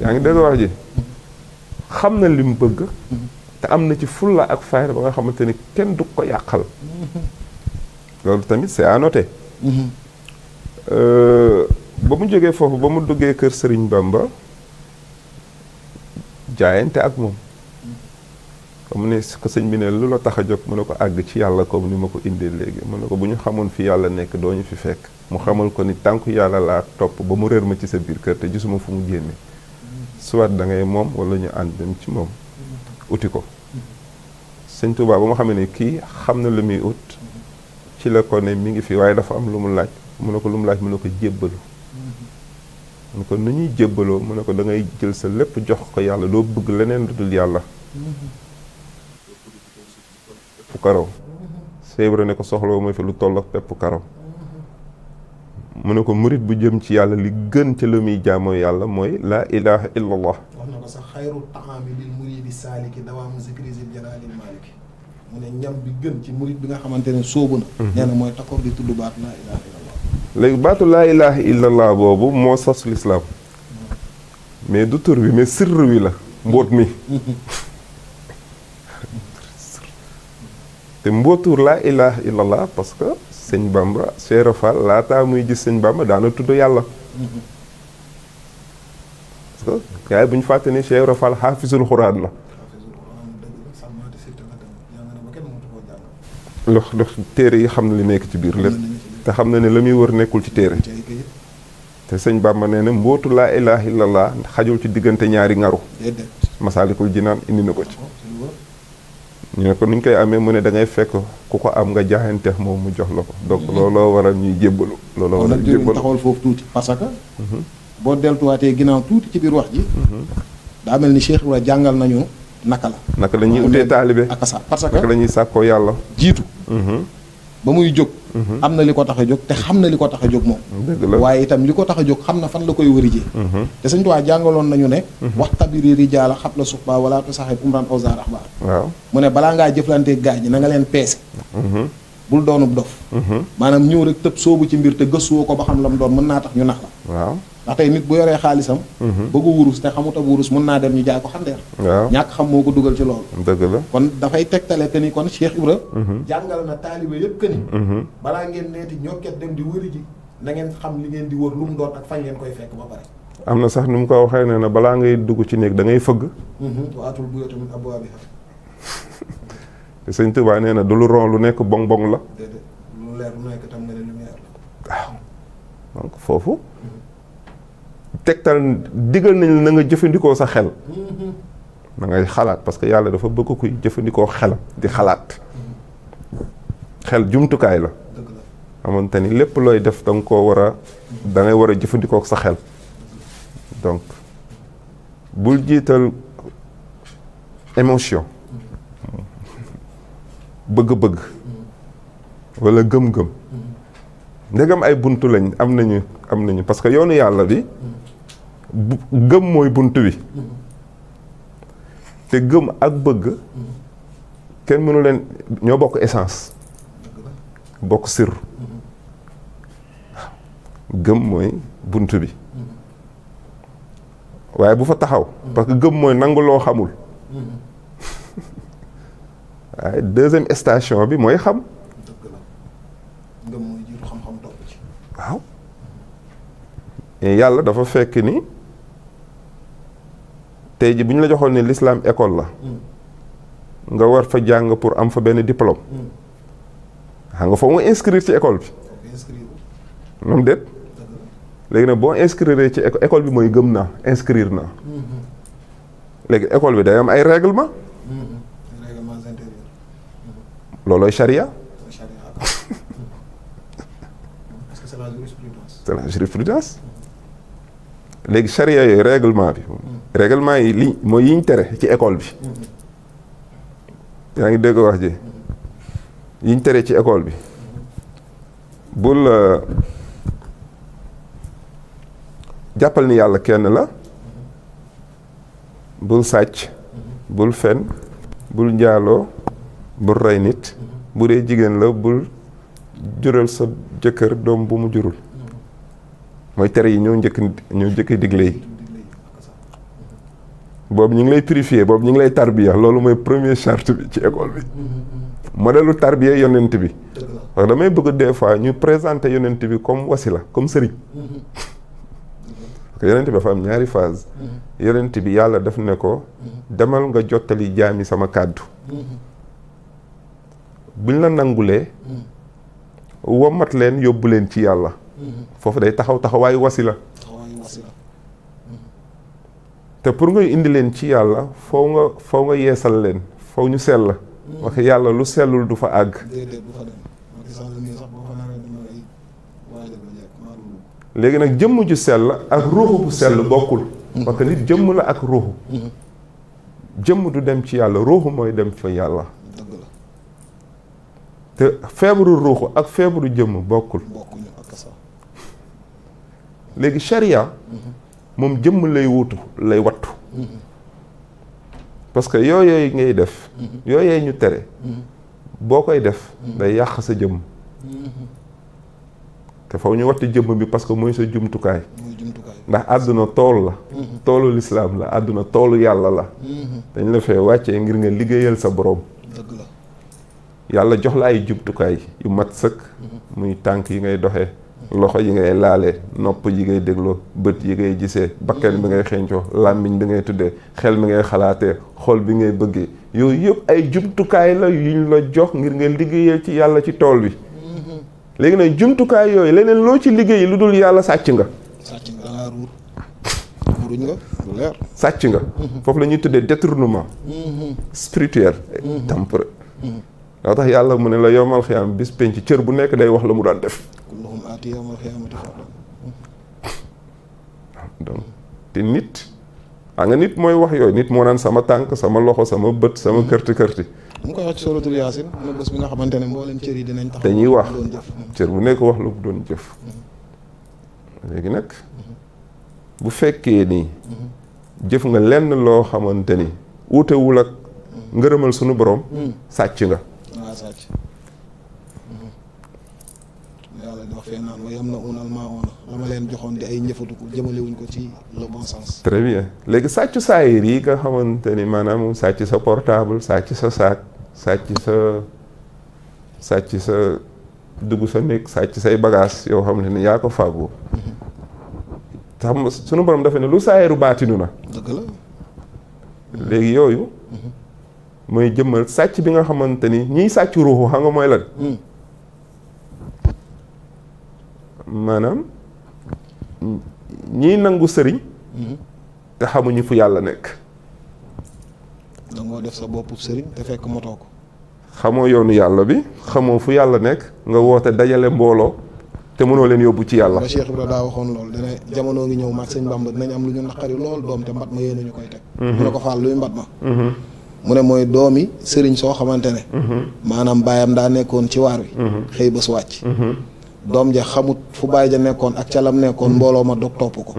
yaa ngi dégg wax ji mm-hmm. xam na li mu bëgg. Mm-hmm. te am na ci fulla ak fayda ba nga xamante ni kenn du ko yàqal. Mm-hmm. loolu tamit c'est à noter. Euh, ba mu jógee foofu ba mu duggee kër Serigne Bamba jaayante ak moom. mu ne ko sëñ bi ne lu la tax a jóg mu ne ko àgg ci yàlla comme ni ma ko indee léegi mu ne ko bu ñu xamoon fi yàlla nekk doo ñu fi fekk mu xamal ko ni tànku yàlla laa topp ba mu réer ma ci sa biir kër te gisuma fu mu génne soit dangay moom wala ñu ànd dem ci moom uti ko sëñ Tuubaa ba mu xamee ne kii xam na lu muy ut ci la ko ne mi ngi fi waaye dafa am lu mu laaj mu ne ko lu mu laaj mu ne ko jébbalu mu ne ko nu ñuy jébbaloo mu ne ko da ngay jël sa lépp jox ko yàlla doo bëgg leneen lu dul yàlla pepp ne ko soxla mooy fi lu toll ak pepp mu ne ko murit bu jëm ci yàlla li gën ca la muy jaamoo yàlla mooy laa illa allah sax xayru taami lil muridi saaliki dawaamu zikri gën ci bi nga xamante ne sóobu mhm. mooy takkor di tudd baat laa léegi baatu laa ilaha illa boobu moo sos lislaam mhm. mais du tur bi mais sirr wi la mbóot mi te mbootuur laa ilaha illallah parce que sëñ Bamba Cheikh Fall laataa muy gis sëñ Bamba daana tudd yàlla parce que yaay bu ñu fàtte ni Cheikh Fall xaafisul xuraan la lox lox téere yi xam na li nekk ci biir lépp te xam na ne la muy wër nekkul ci téere te sëñ Bamba nee na mbootu laa ilaha illallah xajul ci diggante ñaari ngaru masaalikul jinaan indi na ko ci ñu ne ko ñu koy amee mu ne da ngay fekk ku ko am nga jaaxanteex moom mu jox la ko. donc mhm. looloo waral ñuy jébbalu. looloo waral ñuy jébbalu kon taxawal foofu parce que. Mhm. boo deltuwaatee ginnaaw tuuti ci biir wax ji. Mhm. daa mel ni Cheikh Ibrahima jàngal nañu naka la. naka la ñuy utee taalibe ak parce que naka lañuy sàkkoo yàlla. jiitu. ba muy jóg mhm. am na li ko tax a jóg te xam na li ko tax a jóg moom waaye itam li ko tax a jóg xam na fan la koy wërijee mhm. te Sëñ Tuubaa jàngaloon nañu ne mhm. wax tabiri rijaala xab la suxbaa wala tusaxib umran aw zaar axbaar waaw mu ne balaa ngaa jëflante gaañ na nanga leen peese bul doonub dof maanaam ñëw rek tëb soobu ci mbir te gëstuwoo ko ba xam lam doon mën naa tax ñu nax la waaw ndax tey nit bu yoree xaalisam. Mhm. bëgg wurus te xamut ab wurus mën naa dem ñu jaay ko xandeer. waaw ñàkk xam moo ko dugal ci loolu. dëgg la kon dafay tegtale que ni kon Cheikh Ibra. Mhm. jàngal na taalibe yëpp que mhm. balaa ngeen neeti ñokket dem di wëri ji na ngeen xam li ngeen di wër lu mu doon ak fañ ngeen koy fekk ba pare. am na sax nu mu ko waxee ne na balaa ngay dugg ci néeg da ngay fëgg. waatul bu tamit abwaabi te sëñ Tuubaa nee na du lu ron lu nekk bong bong la. lu leer lu nekk tam nga ne foofu. tegtal digal nañu nanga jëfandikoo sa xel na ngay xalaat parce que yàlla dafa bëgg kuy jëfandikoo xel di xalaat xel jumtukaay la xamante ni lépp looy def da nga koo war a dangay war a jëfandikoo sa xel donc bul jiital émotion bëgg-bëgg wala gëm-gëm ndegam ay buntu lañ am nañu am nañu parce que yoonu yàlla bi gëm mooy bunt bi te gëm ak bëgg kenn mënu leen ñoo bokk essence bokk sirru gëm mooy bunt bi waaye bu fa taxaw parce que gëm mooy nangu loo xamul waaye deuxième station bi mooy xam gëm waaw yàlla dafa fekk ni tey ji bu ñu la joxoon ne lislaam école la nga war fa jàng pour am fa benn diplôme hmm. xam nga foo nga inscrire ci école bi moom déet léegi nag boo inscrire ci école bi mooy gëm naa inscrire naa hmm. léegi école bi day am ay règlement hmm. loolooy charia c'est la jurisprudence léegi charia yooyu réglement bi règlement yi li mooy yiñ tere ci école bi yaa ngi dégg wax ji yiñ tere ci école bi bul euh, jàppal ni yàlla kenn la bul sàcc bul fen bul njaaloo bul rey nit bu dee jigéen la bul jural sa jëkkër doom bu mu jurul mooy tere yi ñoo njëkk ñoo njëkk digle yi boobu ñu ngi lay purifier boobu ñu ngi lay tarbiya loolu mooy premier charte bi ci école bi ma modèlu tarbiya yonent bi wax damay bëgg des fois ñu présenter yonent bi comme wasila comme sëriñ parce que dafa am ñaari phase yonent bi yàlla def ne ko demal nga jottali jaami sama kàddu buñ la nangulee womat leen yóbbu leen ci yàlla foofu day taxaw taxawaayu wasi la te pour nga indi leen ci yàlla foo nga foo nga yeesal leen foo ñu sell la mm. wax yàlla lu sellul du fa àgg léegi nag jëmm ju sell ak ruuxu bu sell bokkul mm. parce que nit jëmm la ak ruuxu mm. jëmm du dem ci yàlla ruuxu mooy dem fa yàlla te feebaru ruuxu ak feebaru jëmm bokkul léegi charia moom jëmm lay wutu lay wattu parce que yooyu ngay def yooyee ñu tere boo koy def day yàq sa jëmm te faw ñu watti jëmm bi parce que mooy sa jumtukaay ndax àdduna tool la toolu lislaam la àdduna toolu yàlla la dañ la fee wàccee ngir nga liggéeyal sa borom yàlla jox la ay jumtukaay yu mat sëkk muy tànk yi ngay doxe loxo yi ngay laale nopp yi ngay dégloo bët yi ngay gisee bakken bi ngay xeeñcoo làmmiñ bi ngay tuddee xel mi ngay xalaatee xol bi ngay bëggee yooyu yëpp ay jumtukaay la yuñ la jox ngir nga liggéeyal ci yàlla ci tool bi léegi nag jumtukaay yooyu leneen loo ci liggéey lu dul yàlla sàcc nga sàcc nga ah, sàcc nga mhm. foofu la tuddee détournement mhm. spirituel mhm. temporel daa tax yàlla mu ne la yowmal xiyaam bis penc cër bu nekk day wax la mu daan def. kulluhum aati yowmal donc te nit xam nga nit mooy wax yooyu nit moo naan sama tànk sama loxo sama bët sama mm-hmm. kërti kërti. mu koy wax ci suratul bi nga xamante ne mboolem cër yi dinañ tax dañuy wax mm-hmm. cër bu nekk wax la mu doon jëf. Mm-hmm. léegi nag bu fekkee ni jëf nga lenn loo xamante ni wuutewul ak ngërëmal sunu boroom sàcc nga. maa sàcc mhm. yàlla leen joxoon di ay njëfatuku jëmalewuñ ko ci le léegi sàcc saayir yi nga xamante ni maanaam sàcc sa portable sàcc sa saak sàcc sa sàcc sa dugg sa néeg sàcc say bagages yoo xam ne ni yaa ko fàggoo xam sunu borom dafa ne lu saayiru baatinu na la léegi yooyu mhm. mooy jëmmal sàcc bi nga xamante ni ñiy sàcc ruuxu xam nga mooy lan. Hmm. maanaam ñiy nangu sëriñ. Hmm. te xamuñu fu yàlla nekk. dangoo def sa bopp sëriñ te fekk motoo ko. xamoo yoonu yàlla bi xamoo fu yàlla nekk nga woote dajale mbooloo te mënoo leen yóbbu ci yàlla. ba Cheikh daa waxoon lool dana jamono ngi ñëw mat sëñ Bamba dinañ am lu ñu naqari lool doom te mbat ma yéen nañu koy teg. Hmm. mu ko faal luy mbat ma. mu ne mooy doomi sëriñ soo xamante ne maanaam baayam daa nekkoon ci waar wi xëy bés wàcc doom ja xamut fu baay ja nekkoon ak calam nekkoon mbooloo ma dog topp ko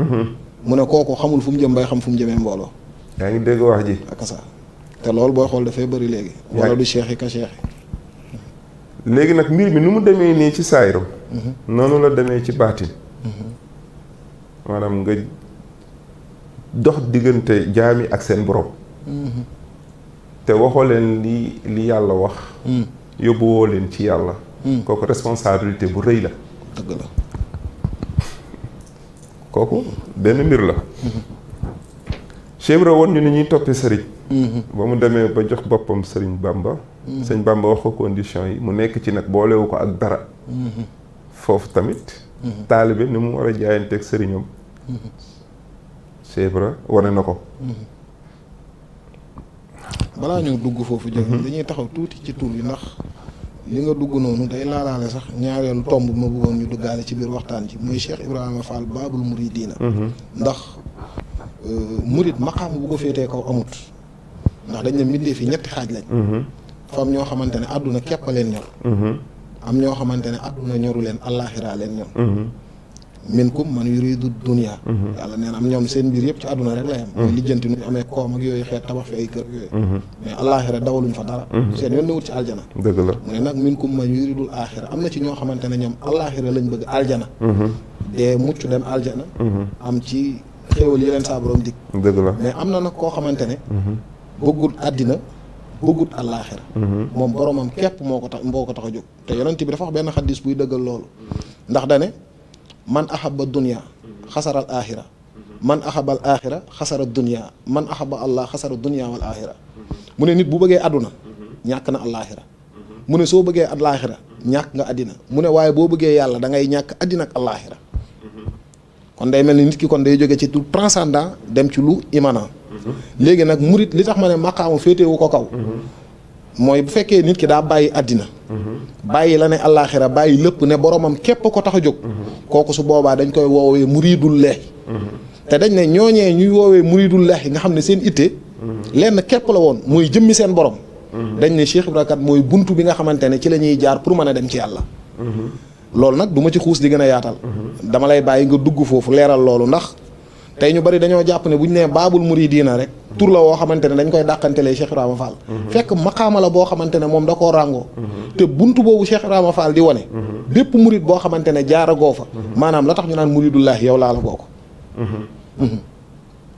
mu ne kooku xamul fu mu jëm bay xam fu mu jëmee mbooloo yaa ngi dégg wax ji ak sa te loolu booy xool dafay bari léegi wala du seex i ka cheikh yi léegi nag mbir mi nu mu demee nii ci saayru noonu la demee ci baatin maanaam nga dox diggante jaami ak seen borom te waxoo leen li li yàlla wax. Hmm. yóbbuwoo leen ci yàlla. Hmm. kooku responsabilité bu rëy la. kooku benn mbir la. Hmm. Cheikh Ibra woon ñu ni ñuy toppee sëriñ. ba mu demee ba jox boppam sëriñ Bamba. sëñ Bamba wax ko condition yi mu nekk ci nag boolewu ko ak dara. foofu tamit. taalibe ni mu war a jaayanteeg sëriñam. Cheikh Ibra wane na ko. balaa ñëw dugg foofu jëf mhm. dañuy taxaw tuuti ci tur yi ndax li nga dugg noonu day laalaale sax ñaareelu tomb ma bëggoon ñu duggaale ci biir waxtaan ci mooy Cheikh Ibrahima Fall baabul muridiina mhm. ndax euh, murid maqaam bu ko féetee kaw amut ndax dañ ne mbindee fi ñetti xaaj lañ mhm. fam ñoo xamante ne àdduna képp a leen ñor am ñoo xamante ne àdduna ñoru leen allaaxiraa leen ñor minkum man yuridu dunya mhm. yàlla nee na am ñoom seen mbir yëpp ci àdduna rek la yem mooy mhm. lijjanti nu ñu amee koom yooyu xeet tabax fi ay kër yooyu mhm. mais alaaxira dawaluñ fa dara seen yoon newut ci aljana dëgg la mu ne nag am na ci ñoo xamante ne ñoom alaaxira lañ bëgg aljana dee mucc dem aljana am ci xéewal yi saa borom dig dëgg la mais am na nag koo xamante ne bëggul àddina bëggut àllaaxira moom boromam képp moo ko tax moo ko tax a jóg te yonent bi dafa wax benn xaddis buy dëggal loolu ndax dane man ahaba ba xasara xasaral axira man ahaba al axira xasara dunia man ahaba allah xasara dunia wal axira mu ne nit bu bëggee àdduna ñàkk na alaaxira mu ne soo bëggee alaaxira ñàkk nga àddina mu ne waaye boo bëggee yàlla da ngay ñàkk àddina ak alaaxira kon day mel ni nit ki kon day jóge ci lu transcendant dem ci lu immanent léegi nag murit li tax ma ne maqaamu féetewu ko kaw mooy bu fekkee nit ki daa bàyyi àddina bàyyi la ne allaaxira bàyyi lépp ne boromam képp ko tax a jóg kooku su boobaa dañ koy woowee muridul leex te dañ ne ñooñee ñuy woowee muridul leex nga xam ne seen itte lenn képp la woon mooy jëmmi seen borom dañ ne Cheikh Ibra mooy bunt bi nga xamante ne ci la ñuy jaar pour mën a dem ci àlla loolu nag duma ci xuus di gën a yaatal dama lay bàyyi nga dugg foofu leeral loolu ndax tey ñu bari dañoo jàpp ne bu ñu nee baabul muridiina rek tur la woo xamante ne dañ koy dàqantelee Cheikh Ibrahima Fall mhm. fekk maqaama la boo xamante ne moom da koo ràngoo mhm. te buntu boobu Cheikh Ibrahima Fall di wane mhm. bépp murid boo xamante ne jaaragoo fa maanaam la tax ñu naan muridullahi yow laa la boo ko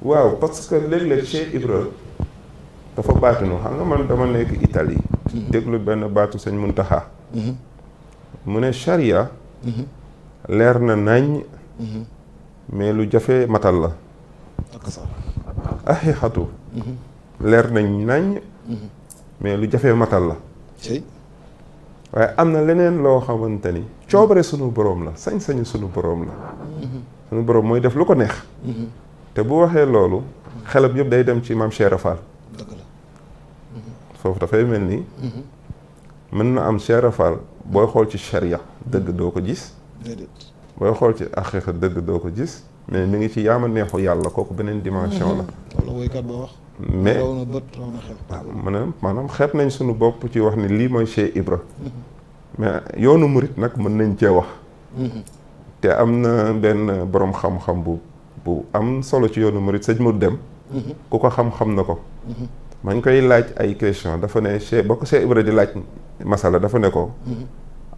waaw parce que léeg-léeg Cheikh Ibra dafa baatinu xam nga man dama nekk Italie déglu benn baatu sëñ Muntaxa mu ne charia leer na nañ mais lu jafe matal la. ak xatu leer nañ nañ. mais lu jafe matal la. waaye am na leneen loo xamante ni coobare sunu boroom la sañ-sañu sunu boroom la. sunu boroom mooy def lu ko neex. te bu waxee loolu. xelam yëpp day dem ci maam Cheikh Fall. foofu dafay mel ni. mën na am Cheikh Fall booy xool ci charia dëgg doo ko gis. booy xool ci aqiqa dëgg doo ko gis mais mi ngi ci yaama neexu yàlla kooku beneen dimension la. Mm-hmm. woykat ba wax. mais raw na maanaam xeet nañ suñu bopp ci wax ni lii mooy Cheikh Ibra. Mm-hmm. mais yoonu murit nag mën nañ cee wax. Mm-hmm. te am na benn borom xam-xam bu bu am solo ci yoonu murit sañ mu dem. ku ko xam-xam na ko. mañ koy laaj ay question dafa ne Cheikh bokk ko Cheikh Ibra di laaj masala dafa ne ko.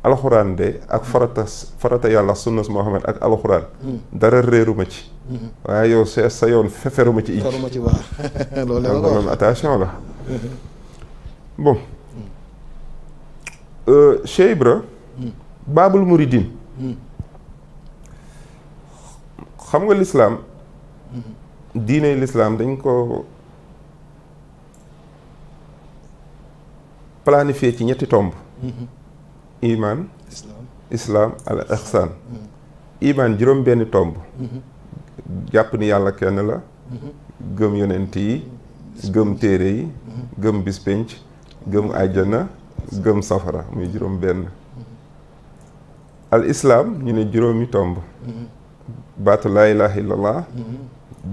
alxuraan de ak farata farata yàlla sunnas Muhammad ak alxuraan. Hmm. dara réeruma ci. Hmm. waaye yow sa sa yoon feferuma ci. feruma Baabul hmm. euh, Muridin. xam nga lislaam diine lislaam dañ ko planifié ci ñetti tomb. iman islaam al ihsan mm-hmm. iman juróom benn tomb mm-hmm. jàpp ni yàlla kenn la mm-hmm. gëm yonent yi gëm téere yi gëm bis pénc gëm àjjana gëm safara muy juróom benn al islaam ñu ne juróomi tomb baatu laa ilaha illallah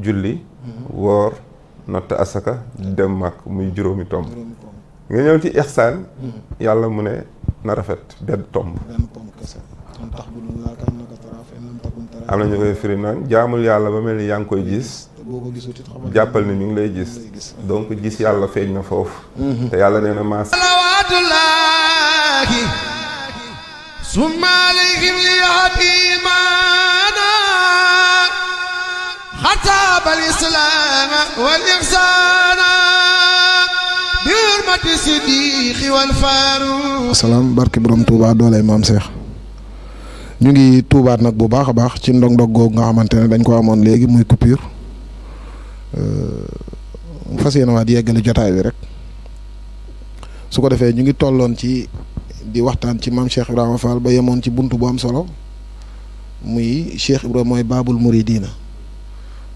julli woor natt asaka dem màkk muy juróomi tomb nga ñëw ci ihsan yàlla mu ne na rafet benn tomb. ñu koy firi yàlla ba mel ni yaa ngi koy gis. boo ko jàppal ni ngi lay gis. gis yàlla feeñ na foofu. Mhm. salaam barki borom Touba doolay maam Cheikh ñu ngi tuubaat nag bu baax a baax ci ndog-ndog googu nga xamante ne dañ ko amoon léegi muy coupure euh, fas yéene waat yeggali jotaay bi rek su ko defee ñu ngi tolloon ci di waxtaan ci maam Cheikh Ibrahima Fall ba yemoon ci bunt bu am solo muy Cheikh Ibrahima mooy Baabul diina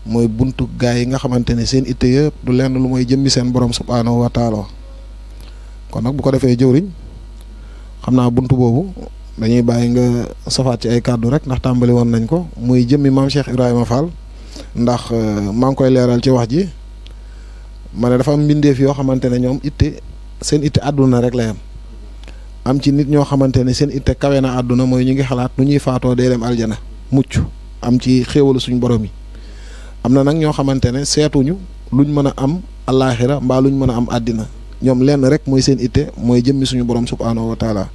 mooy buntu gaay yi nga xamante ne seen itte yëpp du lenn lu mooy jëmmi seen borom subhaanahu wa taala kon nag bu ko defee jëwriñ xam naa bunt boobu dañuy bàyyi nga safaat ci ay kàddu rek ndax tàmbali woon nañ ko muy jëmmi maam Cheikh Ibrahima Fall ndax euh, maa ngi koy leeral ci wax ji ma ne dafa am mbindeef yoo xamante ne ñoom itte seen itte àdduna rek la am ci nit ñoo xamante ne seen itte kawe na àdduna mooy ñu ngi xalaat nu ñuy faatoo dee dem aljana mucc am ci xéewalu suñu borom yi am na nag ñoo xamante ne seetuñu luñ mën a am allaaxira mbaa luñ mën a am àddina ñoom lenn rek mooy seen itte mooy jëmmi suñu borom subhaanahu wa taala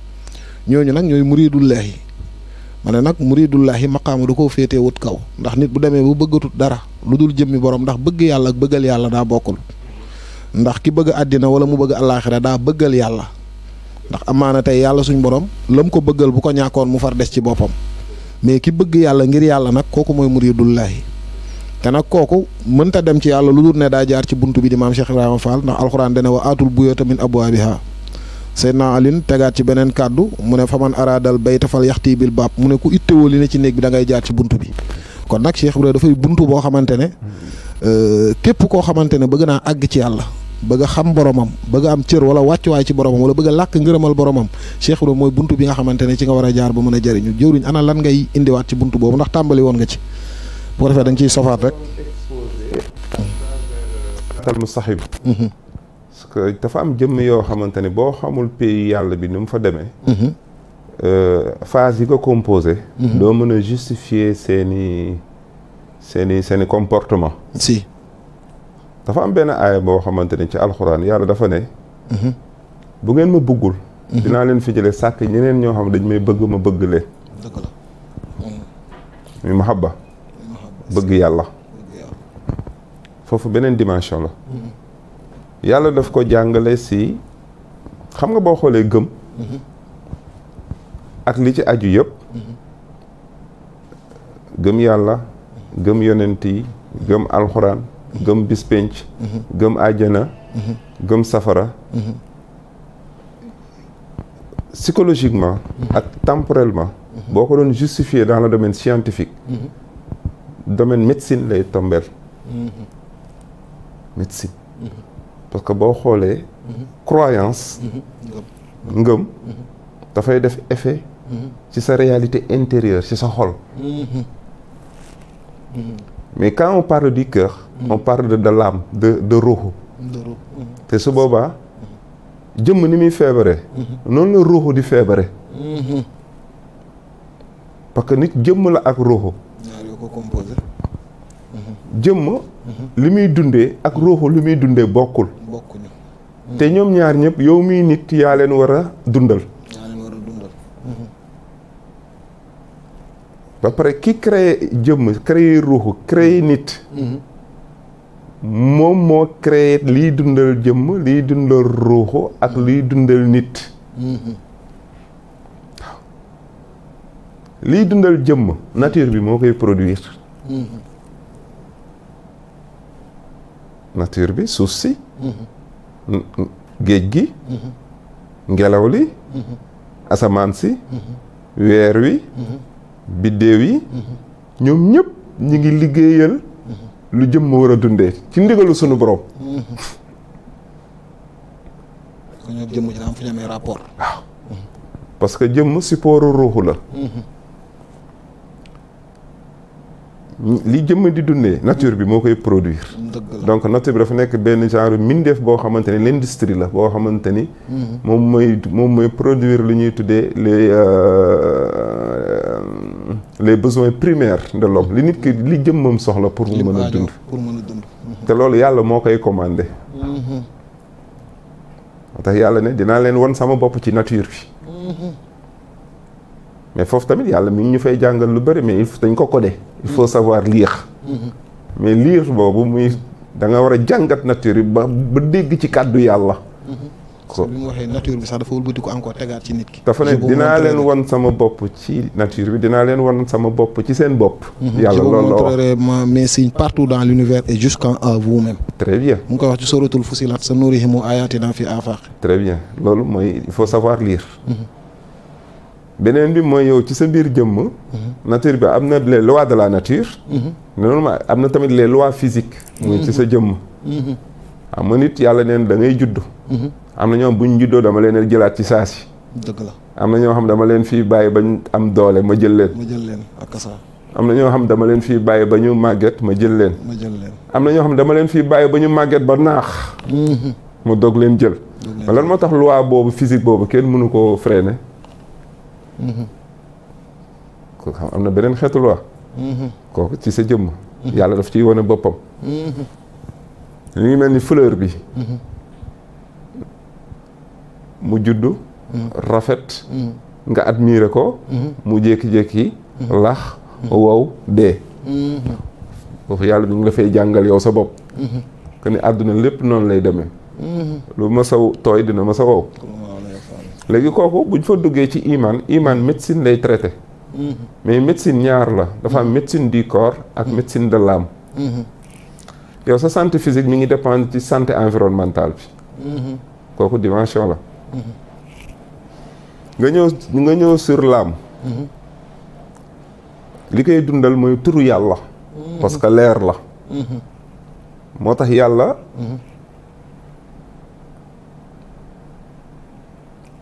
ñooñu nag ñooy muridullaahi ma ne nag muridullaahi maqaama da koo féetee wut kaw ndax nit bu demee bu bëggatut dara lu dul jëmmi borom ndax bëgg yàlla ak bëggal yàlla daa bokkul ndax ki bëgg àddina wala mu bëgg allaaxira daa bëggal yàlla ndax amaana tey yàlla suñ borom mu ko bëggal bu ko ñàkkoon mu far des ci boppam mais ki bëgg yàlla ngir yàlla nag kooku mooy muridullaahi te nag kooku mënta dem ci yàlla lu dul ne daa jaar ci buntu bi di maam Cheikh Ibrahima Fall ndax alxuraan dane wa aatul buyuuta min abwaabihaa Seydina Alioune tegaat ci beneen kàddu mu ne fa man araadal bayta fal yaxti bil baab mu ne ku ittewoo li ne ci néeg bi da ngay jaar ci buntu bi kon nag Cheikh Ibrahima dafay bunt boo xamante ne euh, képp koo xamante ne bëgg naa àgg ci yàlla bëgg a xam boromam bëgg a am cër wala wàccuwaay ci boromam wala bëgg a làkk ngërëmal boromam Cheikh Ibrahima mooy buntu bi nga xamante ne ci nga war a jaar ba mën a jëriñu jëwriñ ana lan indiwaat ci buntu boobu ndax tàmbali woon nga ci bu ko defee dañ ciy sofaat rek. tal mustahib mhm. parce que dafa am jëmm yoo xamante ni boo xamul pays yàlla bi ni mu fa demee. Mhm. Euh, phase yi ko composé. Mhm. doo mën a justifier seeni seeni seeni comportement. si. dafa am benn aaya boo xamante ni ci alxuraan yàlla dafa ne. bu ngeen ma bëggul. dinaa leen fi jëlee sàkk ñeneen ñoo xam dañ may bëgg ma bëgg leen. dëgg la. bëgg yàlla foofu beneen dimension la yàlla daf ko jàngale si xam nga boo xoolee gëm ak li ci aju yëpp gëm yàlla gëm yonent yi gëm alxuraan gëm bispenc gëm àjjana gëm safara psychologiquement ak temporellement boo ko doon justifier dans le domaine scientifique domaine médecine lay tombeel mm-hmm. médecine mm-hmm. parce que boo xoolee mm-hmm. croyance ngëm dafay def effet ci sa réalité intérieure ci sa xol mais quand on parle du cœur on parle de de l'âme de de ruuxu te su boobaa jëmm ni muy feebaree noonu la ruuxu di feebare parce que nit jëmm la ak ruuxu ko jëmm. Mhm. li muy dundee ak ruuxu li muy dundee bokkul. bokkuñu. Mhm. te ñoom ñaar ñëpp yow miy nit yaa leen war a dundal. Mhm. ba pare ki créé jëmm créé ruuxu créé nit. moom moo créé liy dundal jëmm liy dundal ruuxu ak liy dundal nit. liy dundal jëmm nature bi moo koy produire. Mm-hmm. nature bi suuf si. Mm-hmm. géej gi. Mm-hmm. ngelaw li. asamaan si. weer wi. biddéew yi. ñoom ñëpp ñu ngi liggéeyal. lu jëmm war a dundee ci ndigalu sunu borom. parce que jëmm si ruuxu la. li jëmm di dundee nature bi moo koy produire. donc nature bi dafa nekk benn genre mbindeef boo xamante ni l'industrie la boo xamante ni. Mhm. moom mooy moom mooy produire lu ñuy tuddee les euh, euh, les besoins primaires de li nit ki li jëmmam soxla pour mu mën a dund. pour mën a dund. Mhm. te loolu yàlla moo koy commandé. Mhm. moo tax yàlla ne dinaa leen won sama bopp ci nature bi. mais foofu tamit yàlla mi ngi ñu fay jàngal lu bëri mais il faut dañ ko codé il faut savoir lire mais lire boobu muy da nga war a jàngat nature yi ba ba dégg ci kàddu yàlla so bi mu waxee nature bi sax dafa wëlbati tegaat ci nit ki dafa ne dinaa leen wan sama bopp ci nature bi dinaa leen wan sama bopp ci seen bopp mhm. yàlla loolu la wax mes signes partout dans l'univers et jusqu'en à vous-même très bien mu ngi koy wax ci suratul Fussilat sanurihim ayatina fi afaq très bien loolu mooy il faut savoir lire mhm. beneen bi mooy yow ci sa biir jëmm. Mhm. nature bi am na les lois de la nature. Mhm. normalement am na tamit les lois physiques. muy ci sa mhm. jëmm. xam nit yàlla neen da ngay judd. am na bu ñu juddoo dama leen jëlaat ci saa si. am na ñoo xam dama leen fii bàyyi bañ am doole ma jël leen. ma jël leen ak am na ñoo xam dama leen fii bàyyi ba ñu màgget ma jël leen. ma jël am na ñoo xam dama leen fii bàyyi ba ñu màgget ba naax. ma dog leen jël. lan moo tax loi boobu physique boobu kenn mënu koo freiner. ko xam am na beneen xeetu loi kooku ci sa jëmm yàlla daf ciy wane boppam li ngi mel ni fleur bi mu juddu rafet nga admirer ko mu jékki-jékki lax wow dee foofu yàlla bi ngi la jàngal yow sa bopp mm-hmm. que ni àdduna lépp noonu lay demee lu ma tooy dina ma wow léegi kooku bu buñ fa duggee ci imaan imaan médecine lay traité. Mm-hmm. mais médecine ñaar la dafa am mm-hmm. médecine di corps ak mm-hmm. médecine de l'âme. yow sa santé physique mi ngi dépendre ci santé environnementale bi. kooku dimension la. nga ñëw nga ñëw sur l'âme. li koy dundal mooy turu yàlla. parce que leer la. moo tax yàlla.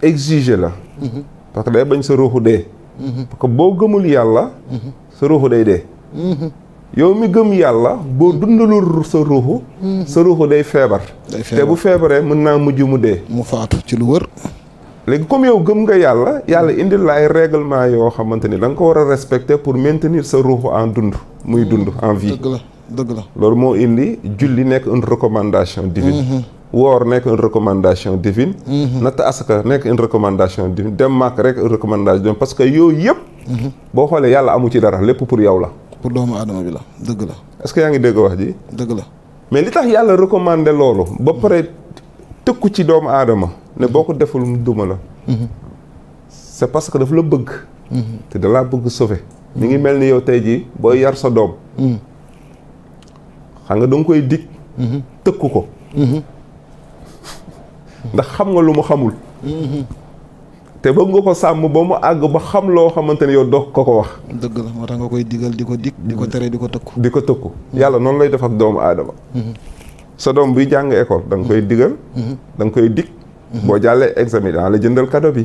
exiger la. parce que day bañ sa ruuxu dee. parce boo gëmul yàlla. sa ruuxu day dee. yow mi gëm yàlla boo dundalul sa ruuxu. sa ruuxu day feebar. te bu feebaree mën naa mujj mu dee. mu faatu ci lu léegi comme yow gëm nga yàlla yàlla indil la ay règlement yoo xamante ni da nga ko war a respecter pour maintenir sa ruuxu en dund. muy dund en vie dëgg la loolu moo indi julli nekk une recommandation divine. Mm-hmm. woor nekk une recommandation divine mhm. natt asaka nekk une recommandation divine dem màkk rek une recommandation divine parce que yooyu yëpp mhm. boo xoolee yàlla amu ci dara lépp pour yow la pour doomu aadama bi la dëgg la est que yaa ngi dégg wax ji dëgg la mais li tax yàlla recommandé loolu ba pare tëkku ci doomu aadama ne boo ko deful mu duma la mhm. c'est parce que daf la bëgg te da laa bëgg sauver mu ngi mel ni yow tey jii boo yar sa doom xam nga da koy dig tëkku ko ndax xam nga lu mu xamul te bëgg nga ko sàmm ba mu àgg ba xam loo xamante ne yow doog ko ko wax dëgg la moo tax nga koy digal di ko dik di ko tere di ko tëkku di ko tëkku yàlla noonu lay def ak doomu aadama mm-hmm. sa doom buy jàng école danga koy digal mm-hmm. da koy dig mm-hmm. boo jàllee examen la jëndal cadeau bi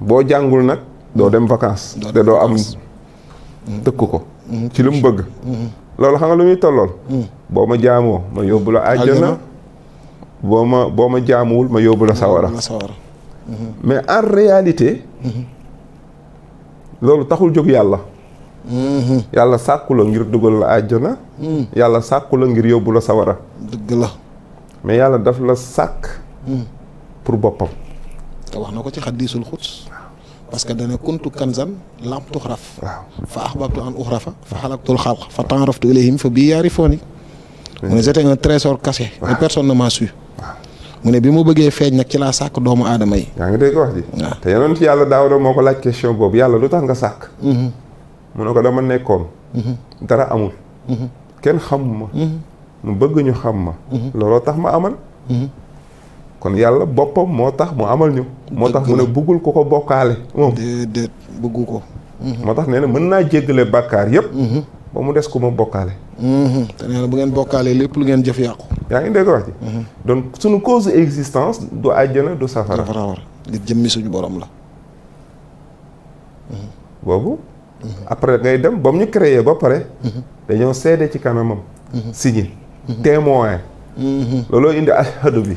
boo jàngul nag doo dem vacances te doo am tëkku ko ci lu mu bëgg loolu xam nga lu muy tollool boo ma jaamoo ma yóbbu la àjjana boo ma boo ma jaamuwul ma yóbbu la sawara mm-hmm. mais en réalité mm-hmm. loolu taxul jóg yàlla mm-hmm. yàlla sàkku la ngir dugal la àjjana mm. yàlla sàkku la ngir yóbbu la sawara dëgg la mais yàlla daf la sàkk mm. pour boppam te wax na ko ci xaddiisul xuts parce que dana kuntu kanzan lam tuxraf waaw fa ahbabtu an uxrafa fa xalaqtul xalq fa taaraftu ilayhim fa bii yaarifooni mu ne c'était un trésor caché. waaw personne ne m'a su. mu ne bi mu bëggee feeñ nag ci laa sàkk doomu aadama yi. yaa ngi dégg wax ji. waaw te yonent yàlla Daawuda moo ko laaj question boobu yàlla lu tax nga sàkk. Mm-hmm. mu ne ko dama nekkoon. Mm-hmm. dara amul. Mm-hmm. kenn xamuma. mu bëgg ñu xam ma. looloo tax ma amal. kon yàlla boppam moo tax mu amal ñu. moo tax mu ne buggul ko ko bokkaale. moom déedéet bëggu ko. moo tax nee na mën naa jéggale bàkkaar yëpp. ba mu des ku ma bokkaale. Mhm. te nee na bu ngeen bokkaalee lépp lu ngeen jëf yàqu. yaa ngi dégg wax ci. Mhm. donc suñu cause existence du àjjana du safara. safara war li jëmmi suñu borom la. Mhm. boobu. après ngay dem ba mu ñu créer ba pare. dañoo seede ci kanamam. signé. témoin. looloo indi ahadu bi.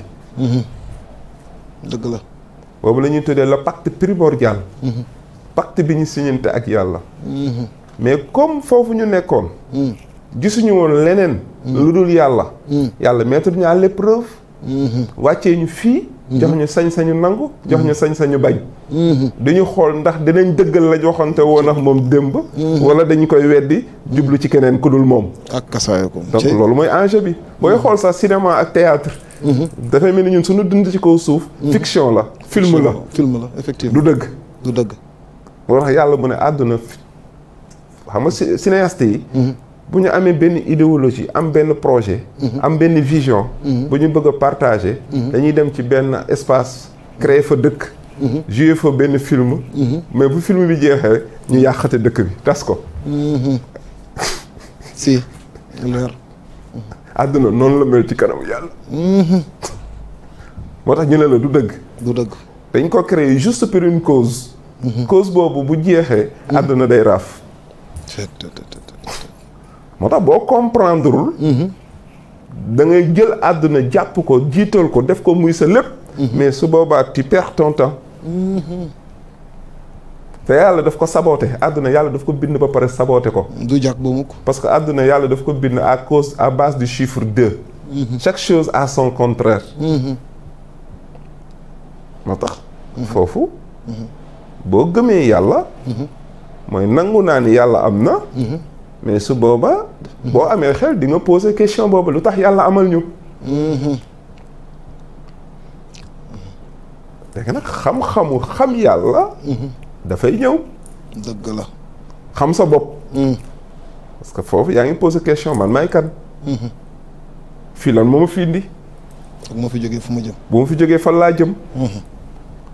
dëgg la. boobu la ñuy tuddee le pacte primordial. pacte bi ñu signante ak yàlla. mais comme foofu ñu nekkoon. Hmm. gisuñu woon leneen. Hmm. lu dul yàlla. Hmm. yàlla mettre ñu à l'épreuve. wàccee ñu fii. jox ñu sañ-sañu nangu. jox ñu sañ-sañu bañ. dañu xool ndax dinañ dëggal la joxante woon ak moom démb. wala dañu koy weddi jublu ci keneen ku dul moom. ak kasaayo ko donc loolu mooy enjeu bi. booy xool sax cinéma ak théâtre dafay mel ni ñun suñu dund ci kaw suuf. fiction la film la film la effectivement du dëgg. du dëgg. moo tax yàlla mu ne àdduna xam nga cinéaste yi bu ñu amee benn idéologie am benn projet am benn vision bu ñu bëgg a partager dañuy dem ci benn espace créer fa dëkk jouer fa benn film mais bu film bi jeexee rek ñu yàqate dëkk bi tas ko si alors àdduna noonu la mel ci kanamu yàlla moo tax ñu ne la du dëgg du dëgg dañ ko créer juste pour une cause mhm. cause boobu bu jeexee mhm. àdduna day raaf moo tax boo comprendrewul mhm. da ngay jël àdduna jàpp ko jiital ko def ko muy sa lépp mhm. mais su boobaat tu perds ton temps mhm. te yàlla daf ko saboté àdduna yàlla daf ko bind ba pare saboote ko du jàkk ba mukk parce que àdduna yàlla daf ko bind à cause à base du chiffre deux chaque chose a son contraire moo tax foofu boo gëmee yàlla mooy nangu naa ni yàlla am na. Mhm. mais su booba boo amee xel di nga poser question boobu lu tax yàlla amal ñu. Mhm. léegi nag xam-xamu xam yàlla. Mhm. dafay ñëw. dëgg la. xam sa bopp. parce que foofu yaa ngi poser question man maay kan. fii lan moo ma fi indi. ak moo fi jógee fu ma jëm. bu ma fi jógee fan laa jëm.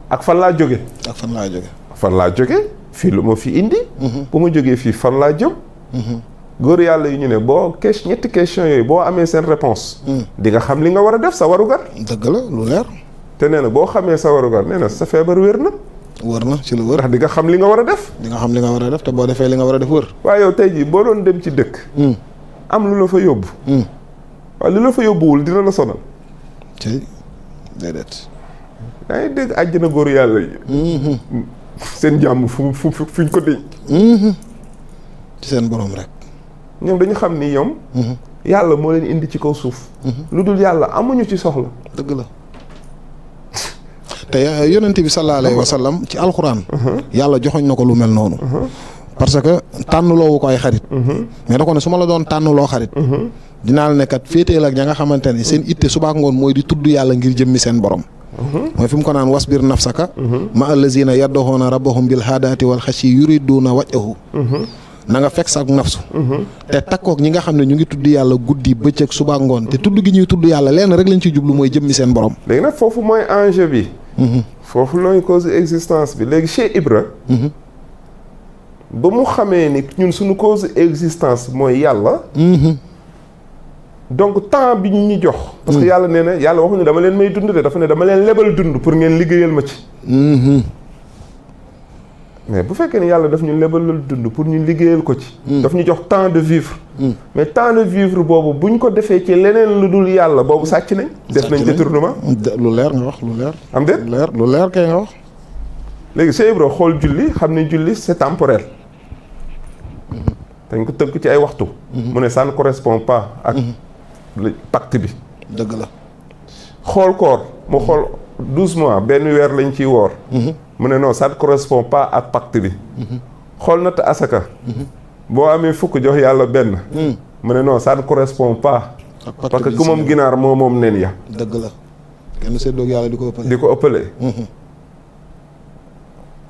ak fan laa jóge ak fan laa jóge fan laa jóge fii lu ma fi indi. Mhm. bu ma jógee fii fan laa jëm. Mhm. góor yàlla yi ñu ne boo kees ñetti question yooyu boo amee seen réponse mhm. di nga xam li nga war a def sa warugar. dëgg la lu leer. te nee na boo xamee sa warugar nee sa feebar wér na. wër na si lu wër ndax di nga xam li nga war a def. di nga xam li nga war a def te boo defee li nga war a def wër. waaye yow tey jii boo doon dem ci dëkk. Mm. am lu la fa yóbbu. Mm. waaw lu la fa yóbbuwul dina la sonal. tey déedéet. yaa ngi dégg àjjana góor yàlla yi. Mm-hmm. seen jàmm fu fu fu ñu ko déj mhm. ci seen borom rek ñoom dañu xam ni ñoom mhm. yàlla moo leen indi ci kaw suuf mhm. lu dul yàlla amuñu ci soxla dëgg la te euh, yonent bi sallallahu alayhi wa sallam ci alxuraan yàlla joxoñ na ko lu mel noonu parce que tànnloowu ko ay xarit mais da ko ne su ma la doon tànnloo xarit dinaa la nekkat féeteel ak ña nga xamante ne seen itte subaak ngoon mooy di tudd yàlla ngir jëmmi seen borom mooy fi mu ko naan wasbir nafsaka ma allazina yaddoxoona rabbahum bil haadaati wal xashi yuriduuna wajhahu na nga fekk sa nafsu te takkook ñi nga xam ne ñu ngi tudd yàlla guddi bëccëg suba ngoon te tudd gi ñuy tudd yàlla leen rek lañ ciy jublu mooy jëmmi seen borom léegi nag foofu mooy enjeu bi mhm. foofu looñ cause existence bi léegi Cheikh Ibra mhm. ba mu xamee ni ñun suñu cause existence mooy yàlla mhm. donc temps bi ñu ñu jox. parce que hmm. yàlla nee na yàlla waxuñu dama leen may dund de dafa ne dama leen lebal dund pour ngeen liggéeyal ma ci. Hmm. mais bu fekkee ni yàlla daf ñu lebalal dund pour ñu liggéeyal ko ci. Hmm. daf ñu jox temps de vivre. mais temps de vivre boobu bu ñu ko defee ci leneen lu dul yàlla boobu sàcc nañ. def nañ détournement lu leer nga wax lu leer. am déet lu leer lu leer kay nga wax. léegi Cheikh Ibra xool julli xam ne julli c'est temporel. dañ ko tënk ci ay waxtu. mu ne ça ne ak. pacte bi. dëgg la. xool koor mu xool douze mois benn weer lañ ciy woor. Mhm. mu ne noo ça ne correspond pas ak pacte bi. Mhm. xool na te asaka. Mhm. boo amee fukk jox yàlla benn. mu ne noo ça ne correspond pas. parce que moom ginaar moo moom nen ya. dëgg la kenn seet doog yàlla di ko ëppale.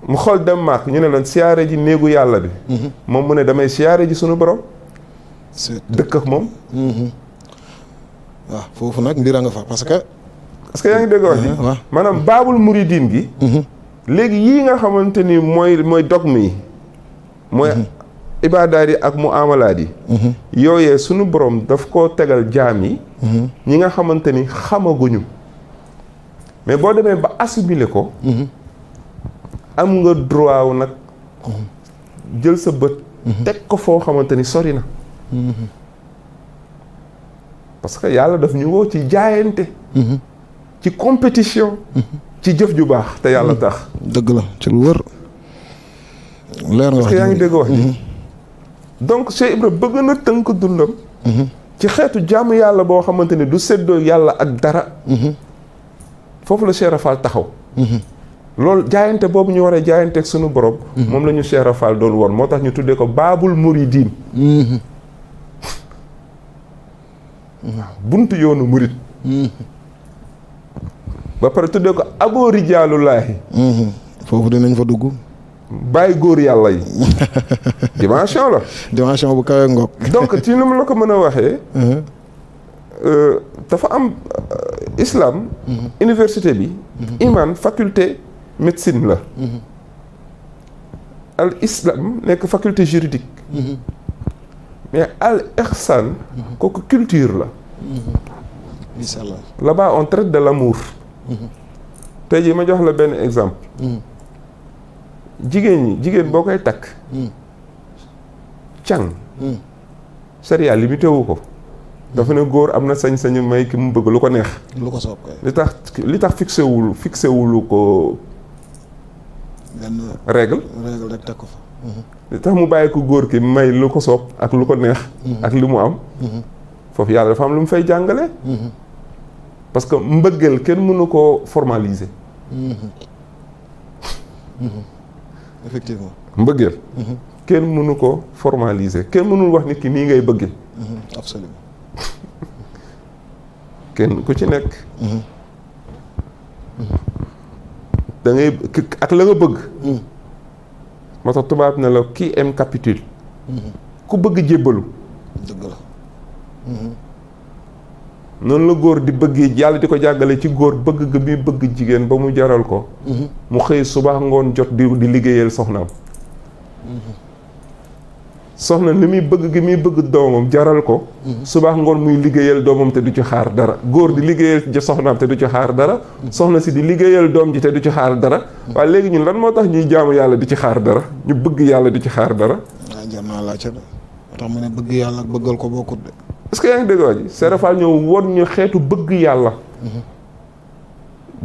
mu xool dem maak ñu ne leen siyaare ji néegu yàlla bi. moom mu ne damay siyaare ji sunu borom. dëkk ak moom. waaw foofu nag mbir nga fa parce que. parce que yaa ngi dégg wax ji uh-huh, maanaam baabul muridin gi. Uh-huh. léegi yii nga xamante ni mooy mooy dogme yi mooy uh-huh. ibaadaat yi ak mu amalaat yi yooyee sunu borom daf koo tegal jaam yi ñi nga xamante ni xamaguñu mais boo demee ba assimiler ko am nga droit wu nag jël sa bët teg ko foo xamante ni sori na parce que yàlla daf ñu woo ci jaayante mhm. ci compétition mhm. ci jëf ju baax te yàlla mhm. tax dëgg la ci lu wër leer parce que yaa ngi dégg wax ji donc Cheikh Ibra bëgg na tënk dundam ci xeetu jàmm yàlla boo xamante ne du seddoo yàlla ak dara foofu la Cheikh Rafal taxaw loolu jaayante boobu ñu war a jaayanteeg sunu borom moom la ñu Cheikh Rafal doon woon moo tax ñu tuddee ko baabul yi muridiin bunt yoonu murit ba pare tuddee ko aboo rijaalullaahi foofu dinañ fa dugg bàyyi góor yàlla yi dimension la dimension bu kawe ngoog donc ci nu mu la ko mën a waxee uh-huh. euh, dafa am euh, islaam uh-huh. université bi uh-huh. iman faculté médecine la al islam nekk faculté juridique mais al ihsan kooku culture la Mm-hmm. incha allah là-bas on traite de l'amour mm-hmm. tey jii ma jox la benn exemple mm-hmm. jigéen ñi jigéen boo koy takk can sariya limité wu ko dafa ne góor am na sañ-sañu may ki mu bëgg lu ko neex lu ko soob li tax li tax fixé wul fixé wulu ko règle règle rek teg ko fa li tax mu bàyyi ko góor ki may lu ko soob ak lu ko neex ak li mu am foofu yàlla dafa am lu mu fay jàngale mm-hmm. parce que mbëggeel kenn mënu koo formaliser mm-hmm. Mm-hmm. effectivement mbëggeel kenn mënu ko formaliser kenn mënul wax nit ki nii ngay bëggee kenn ku ci nekk da ngay ak la nga bëgg moo tax tubaab ne la qui aime capitule ku bëgg jébbalu dëgg noonu la góor di bëgg yàlla di ko jàggale ci góor bëgg gi muy bëgg jigéen ba mu jaral ko mu xëy suba ngoon jot di di liggéeyal soxnaam soxna ni muy bëgg gi muy bëgg doomam jaral ko suba ngoon muy liggéeyal doomam te du ci xaar dara góor di liggéeyal ci soxnaam te du ci xaar dara soxna si di liggéeyal doom ji te du ci xaar dara waaye léegi ñun lan moo tax ñuy jaamu yàlla di ci xaar dara ñu bëgg yàlla di ci xaar dara waaw jar naa tax mu ne bëgg yàlla bëggal ko bokkut de parce que yaa ngi dégg waa ji Serap Fall ñëw woon ñu xeetu bëgg yàlla.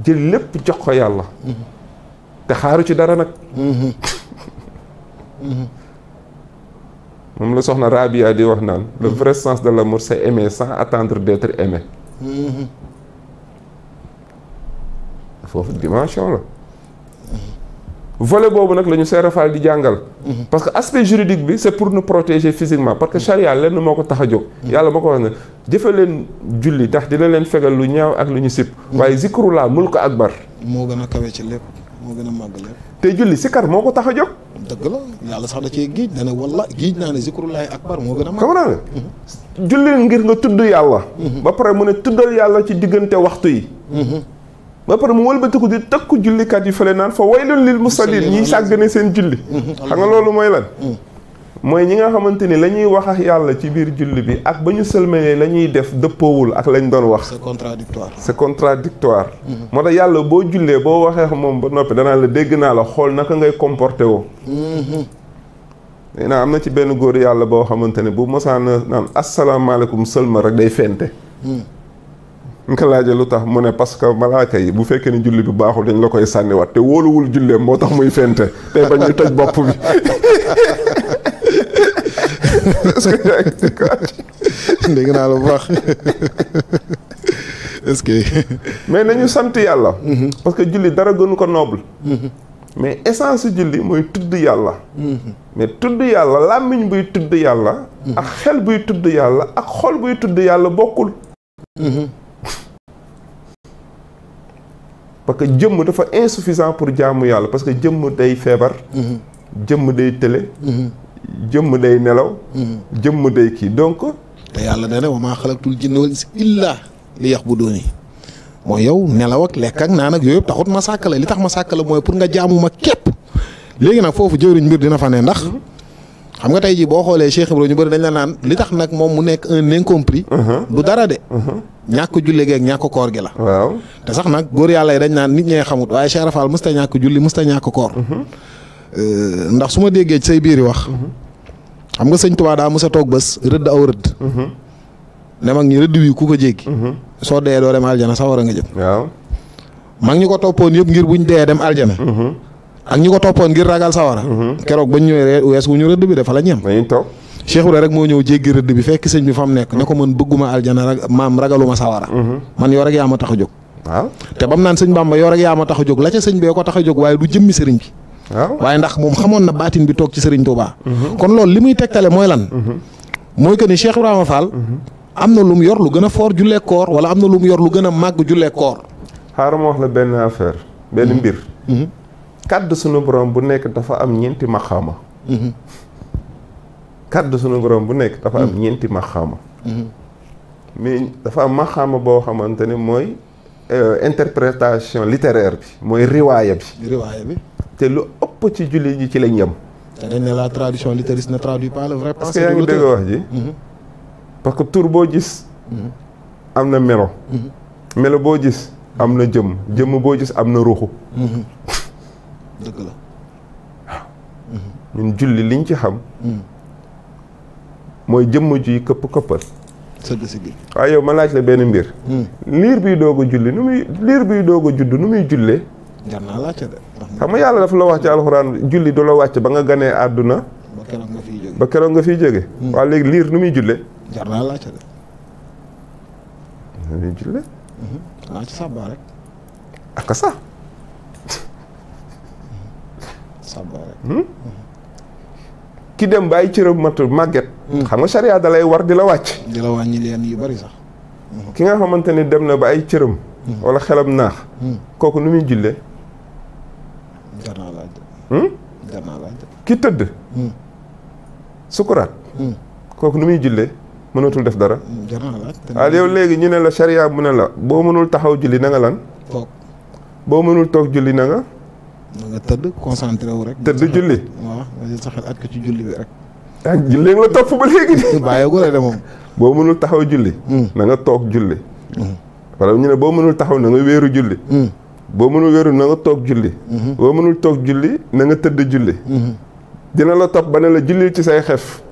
jël lépp jox ko yàlla. te xaaru ci dara nag. moom la soxna Rabia di wax naan. le vrai sens de l'amour c'est aimer sans attendre d'être aimé. foofu dimension la. volet boobu nag lañu ñu Seera di jàngal. parce que aspect juridique bi c' pour nous protéger physiquement parce que charia lenn moo ko tax a jóg. yàlla moo ko wax leen julli ndax dina leen fegal lu ñaaw ak lu ñu sib. waaye zikrullah mul ko akbar. moo gën a kawe ci lépp moo gën a màgg lépp. te julli sikar moo ko tax a jóg. dëgg la yàlla sax da cee géej na ne wala géej naa ne zikrullahi akbar moo gën a màgg. xam naa ne julli ngir nga tudd yàlla. Mhm. ba pare mu ne tuddal yàlla ci diggante waxtu yi. Mhm. ba pare mu wëlbatiku di takku jullikat yi fële naan fa waylun lil musallin ñiy sàggane seen julli mm-hmm. xam nga loolu mooy lan mm. mooy ñi nga xamante ni la ñuy wax yàlla ci biir julli bi ak ba ñu sëlmalee la ñuy def dëppoowul ak lañ doon wax c'est contradictoire c'est contradictoire mm-hmm. moo tax yàlla boo jullee boo waxee moom ba noppi danaa la dégg naa la xool naka ngay comporté woo mm-hmm. naa am na ci benn góor yàlla boo xamante ne bu mosaan naan asalaamaaleykum sëlma rek day fente mm. nga laajee lu tax mu ne parce que malaaka yi bu fekkee ni julli bi baaxul dañ la koy sànniwaat te wóoluwul julleem moo tax muy fente tey bañ ñu toj bopp bi est-ce que naa la bu baax est mais nañu sant yàlla mm-hmm. parce que julli dara gënu ko noble mm-hmm. mais essence julli mooy tudd yàlla mm-hmm. mais tudd yàlla làmmiñ buy tudd yàlla ak xel buy tudd yàlla ak xol buy tudd yàlla bokkul parce que jëmm dafa insuffisant pour jaamu yàlla parce que jëmm day feebar. Mhm. jëmm day tële. Mhm. jëmm day nelaw. Mhm. jëmm day kii donc. te yàlla nee na wa maa xalaqtul jinna wal insa illaa li ya'buduuni mooy yow nelaw ak lekk ak naan yooyu yëpp taxut ma sàkk la li tax ma sàkk la mooy pour nga jaamu ma képp léegi nag foofu jëwriñ mbir dina fa ne ndax. xam nga tey jii boo xoolee Cheikh Ibra ñu bëri dañ la naan li tax nag moom mu nekk un incompris uh-huh. du dara de. Uh-huh. ñàkk julli geeg ñàkk koor gi la. te sax nag góor yàlla yi dañ naan nit ñee xamut waaye Cheikh Rafal mësta ñàkk julli mësta ñàkk koor. Uh-huh. Euh, ndax su ma déggee ci say biiri wax. xam nga sëñ Tuubaa daa mës a toog bés rëdd aw rëdd. ne mag ñi rëdd wi ku ko jéggi. soo dee doo dem aljana sax war a nga jëm. waaw mag ñi ko toppoon yëpp ngir buñ dee dem aljana. ak ñi ko toppoon ngir ragal sawara mhm. keroog ba ñëwee wees wu ñu rëdd bi dafa la ñem Cheikh rek moo ñëw jéggi rëdd bi fekk sëñ bi fa mu nekk ne ko man bëgguma aljana rag maam ragaluma sawara mhm. man yoo rek yaa ma tax a jóg waaw te bam naan sëñ Bamba yoo rek yaa ma tax a jóg la ca sëñ bee ko tax a jóg waaye du jëmmi sëriñ bi waaye ndax moom xamoon na baatin bi toog ci sëriñ Touba. Mhm. kon loolu li muy tegtale mooy lan mooy que ni Cheikh Ibrahima Fall am na lu mu yor lu gën a foor jullee koor wala am na lu mu yor lu gën a màgg jullee koor xaaral ma wax la benn benn mbir kàddu sunu borom bu nekk dafa am ñeenti maxaama mhm. kàddu sunu borom bu nekk dafa am mhm. ñeenti maxaama mhm. mais dafa am maxaama boo xamante ne mooy euh, interprétation littéraire bi mooy riwaaya bi riwaaya te lu ëpp ci jullit yi ci lañ yem te dañ la traduction littériste ne traduit pas le vrai parce que yaa ngi dégg wax ji parce que tur boo gis am na melo melo boo gis am na jëmm jëmm boo gis am na ruuxu dëgg la waaw ñun julli liñ ci xam hmm. mooy jëmm ji këpp këppal sëgg si gi waaye ah, yow ma laaj la benn mbir hmm. liir biy doog a julli nu muy liir biy doog a judd nu muy jullee xam yàlla dafa la wax ci alxuraan julli du la wàcc ba nga ganee àdduna ba keroog nga fiy jóge hmm. waaw léegi liir nu muy jullee jar naa muy jullee xanaa sax ki dem ba ay cëram matul màgget. Hmm. xam nga sariya da lay war di la wàcc. di wàññi leen yu bari ki nga xamante ni dem na ba ay cëram. Hmm. wala xelam naax. Hmm. kooku nu muy jullee. ki tëdd. sukuraat. kooku nu muy jullee mënatul def dara. jar naa yow léegi ñu ne la sariya mu ne la boo mënul taxaw julli nanga lan. toog boo mënul toog julli na nga tëdd concentré wu rek. tëdd julli waaw nga ci julli rek. ah julli topp ba léegi nii. bàyyeeku la de moom. boo mënul taxaw julli. Hmm. na nga toog julli. Hmm. wala ñu ne boo mënul taxaw na nga wéeru julli. Hmm. boo mënul wéeru na toog julli. boo mënul toog julli na nga tëdd julli. dina la topp ba ne la julli ci say xef.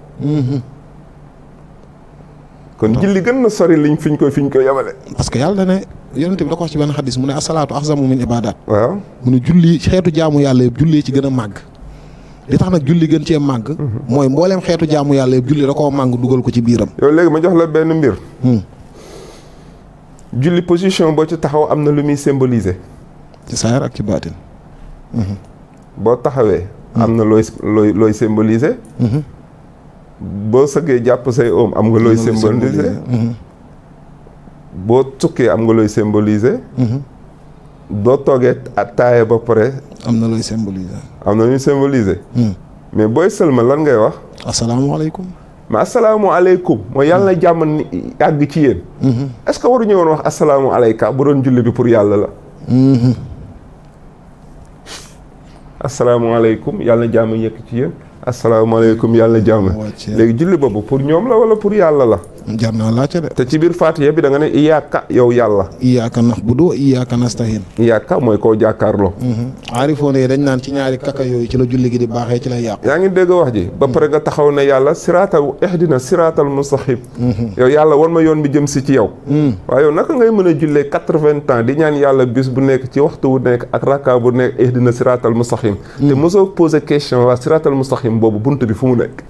kon julli gën na sori liñ fiñ ko fiñ ko yemale. parce que yàlla ne. yonente bi da ko wax ci benn xadis mu ne asalaatu ahzamu min ibadat waaw mu julli xeetu ci gën a màgg li tax nag julli gën cee màgg mhm. mooy mbooleem xeetu jaamu yàlla yëpp julli da dugal ko ci biiram yow léegi ma jox la benn mbir hmm. julli position boo ci taxaw am na lu muy symboliser ci saayir ak ci baatin hmm. boo taxawee hmm. am na looy looy looy boo sëggee jàpp say oom am nga looy symboliser boo sukkee am nga looy symboliser. boo mhm. toogee ataaya ba pare. am na looy symboliser. am na looy symboliser. Hmm. mais booy sëlma lan ngay wax. asalaamaaleykum. mais asalaamaaleykum mooy yàlla na jàmm àgg ci yéen. Mhm. est-ce que waruñu woon wax asalaamualeyka bu doon julli bi pour yàlla la. Mhm. asalaamaaleykum yàlla na jàmm yëkk ci yéen. asalaamaaleykum yàlla léegi julli boobu pour ñoom la wala pour yàlla la. jar naa laajte de. te ci biir faat Faatiha bi da nga ne iyaaka yow yàlla. iyaaka nax bu doo iyaaka nastahin. iyaaka mooy koo jàkkaarloo. Mhm. aarifoon yi dañ naan ci ñaari kaka yooyu ci la julli gi di baaxee ci lay yàqu. yaa ngi dégg wax ji. ba pare nga taxaw ne yàlla siraatal ihdina siraatal mustaqim. Mhm. yow yàlla wan ma yoon bi jëm si ci yow. Mhm. waaye yow naka ngay mën a jullee quatre-vingts ans di ñaan yàlla bis bu nekk ci waxtu bu nekk ak rakka bu nekk ihdina siraatal mustaqim. te mosoo posé question waa siraatal mustaqim boobu bunt bi fu mu nekk.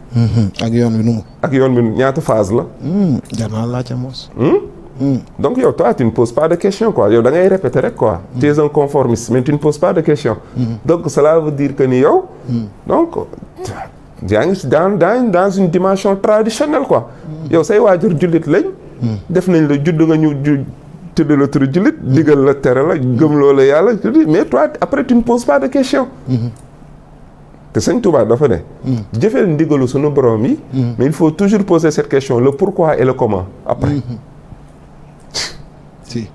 yoon bi ak yoon bi ñaata phase la Hmm, jar naa laajte mos. Hmm? Hmm. donc yow toi tu ne poses pas de question quoi es un conformiste mais tu ne poses pas de question. donc cela veut ni yow. donc yaa ngi dans dans dans une dimension traditionnelle quoi. yow say waajur jullit lañ. def nañ la judd nga ñu ju tëdd la turu jullit. digal la tere la gëmloo la yàlla mais toi après tu ne poses pas de question. te sëñ Touba dafa ne. Mm. jëfeel ndigalu suñu borom yi. Mm. mais il faut toujours poser cette question la pour et le comment après. Mm-hmm. si.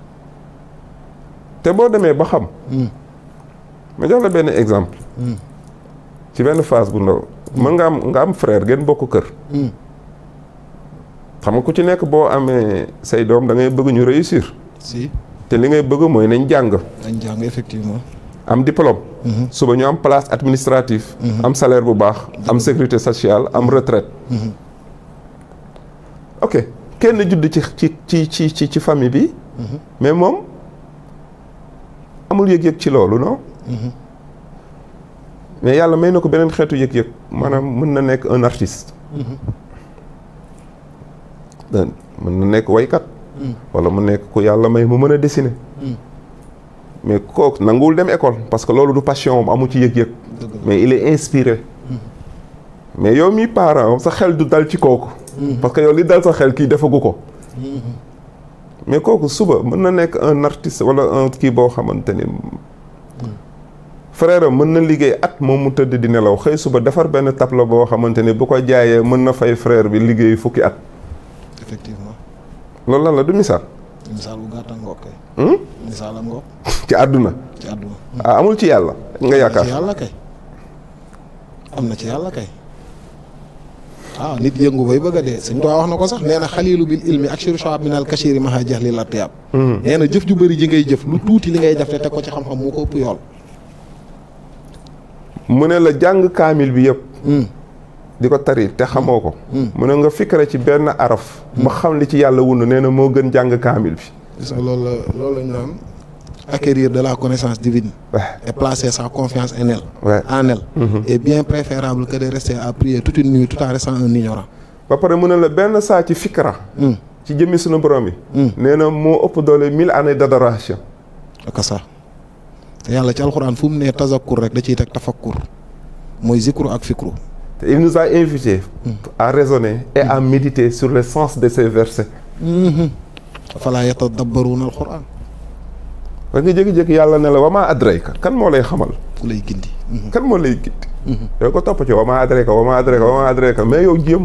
te boo demee ba xam. Mm. ma jox la benn exemple. ci benn phase bu ndaw. mën nga am nga am frère ngeen bokk kër. xam nga ku ci nekk boo amee say doom da ngay bëgg ñu réussir. si te li ngay bëgg mooy nañ jàng. nañ jàng effectivement. am diplôme. Mhm. suba ñu am place administrative. Mhm. am salaire bu baax. am sécurité sociale am mhm. retraite. ok kenn judd ci ci ci ci ci famille bi. mais moom amul yëg-yëg ci loolu non. mais yàlla may na ko beneen xeetu yëg-yëg maanaam mën na nekk un artiste. mën na nekk woykat wala mu nekk ku yàlla may mu mën a dessiner. mais kooku nanguwul dem école parce que loolu du passion am ci yëg-yëg mais il est inspiré mm-hmm. mais yow mi parent sa xel du dal ci kooku mm-hmm. parce que yow li dal sa xel kii defagu ko mm-hmm. mais kooku suba mën na nekk un artiste wala un kii boo xamante ni mm. frère mën na liggéey at moom mu tëdd di nelaw xëy suba defar benn tableau boo xamante ni bu ko jaayee mën na fay frère bi liggéey fukki at effectivement loolu lan la du misaal misaal bu gàtt misaal am nga ci àdduna. ci àdduna ah amul ci yàlla. nga yaakaar yàlla kay. am na ci yàlla kay. waaw ah, nit yëngu bay bëgg a dee suñ too wax na ko sax nee na xaliilu bil ilmi ak shiru shaab min al kashiri maha jahli la tiyaab hmm. nee na jëf ju bari ji ngay jëf lu tuuti li ngay def te teg ko ci xam-xam moo ko ëpp yool mu ne la jàng kaamil bi yëpp hmm. di ko tari te xamoo ko hmm. mu ne nga fikra ci benn araf ba xam li ci yàlla wund nee na moo gën jàng kaamil bi gis loolu la loolu la ñu naan de la connaissance divine. Ouais. et placer sa confiance en elle. Ouais. en elle. Mmh. est bien préférable que de rester à prier toute une nuit tout en restant un ignorant. ba pare mu ne la benn saa ci fikra. Mm. ci jëmmi sunu borom bi. Mm. nee moo ëpp doole mille années d'adoration. ak sax te yàlla ci alxuraan fu mu nee tazakkur rek da ciy teg tafakkur mooy zikru ak fikru. te il nous a invités. Mm. à raisonner et à méditer sur le sens de ces versets. Mm-hmm. afalaa yatadabbaruuna alquran war nga jékki-jékki yàlla ne la ma adrayka kan moo lay xamal ku lay gindi mhm. kan moo lay gindi mhm. yow ko topp ci wamaa adrayka wamaa adrayka wamaa adrayka mais yow jéem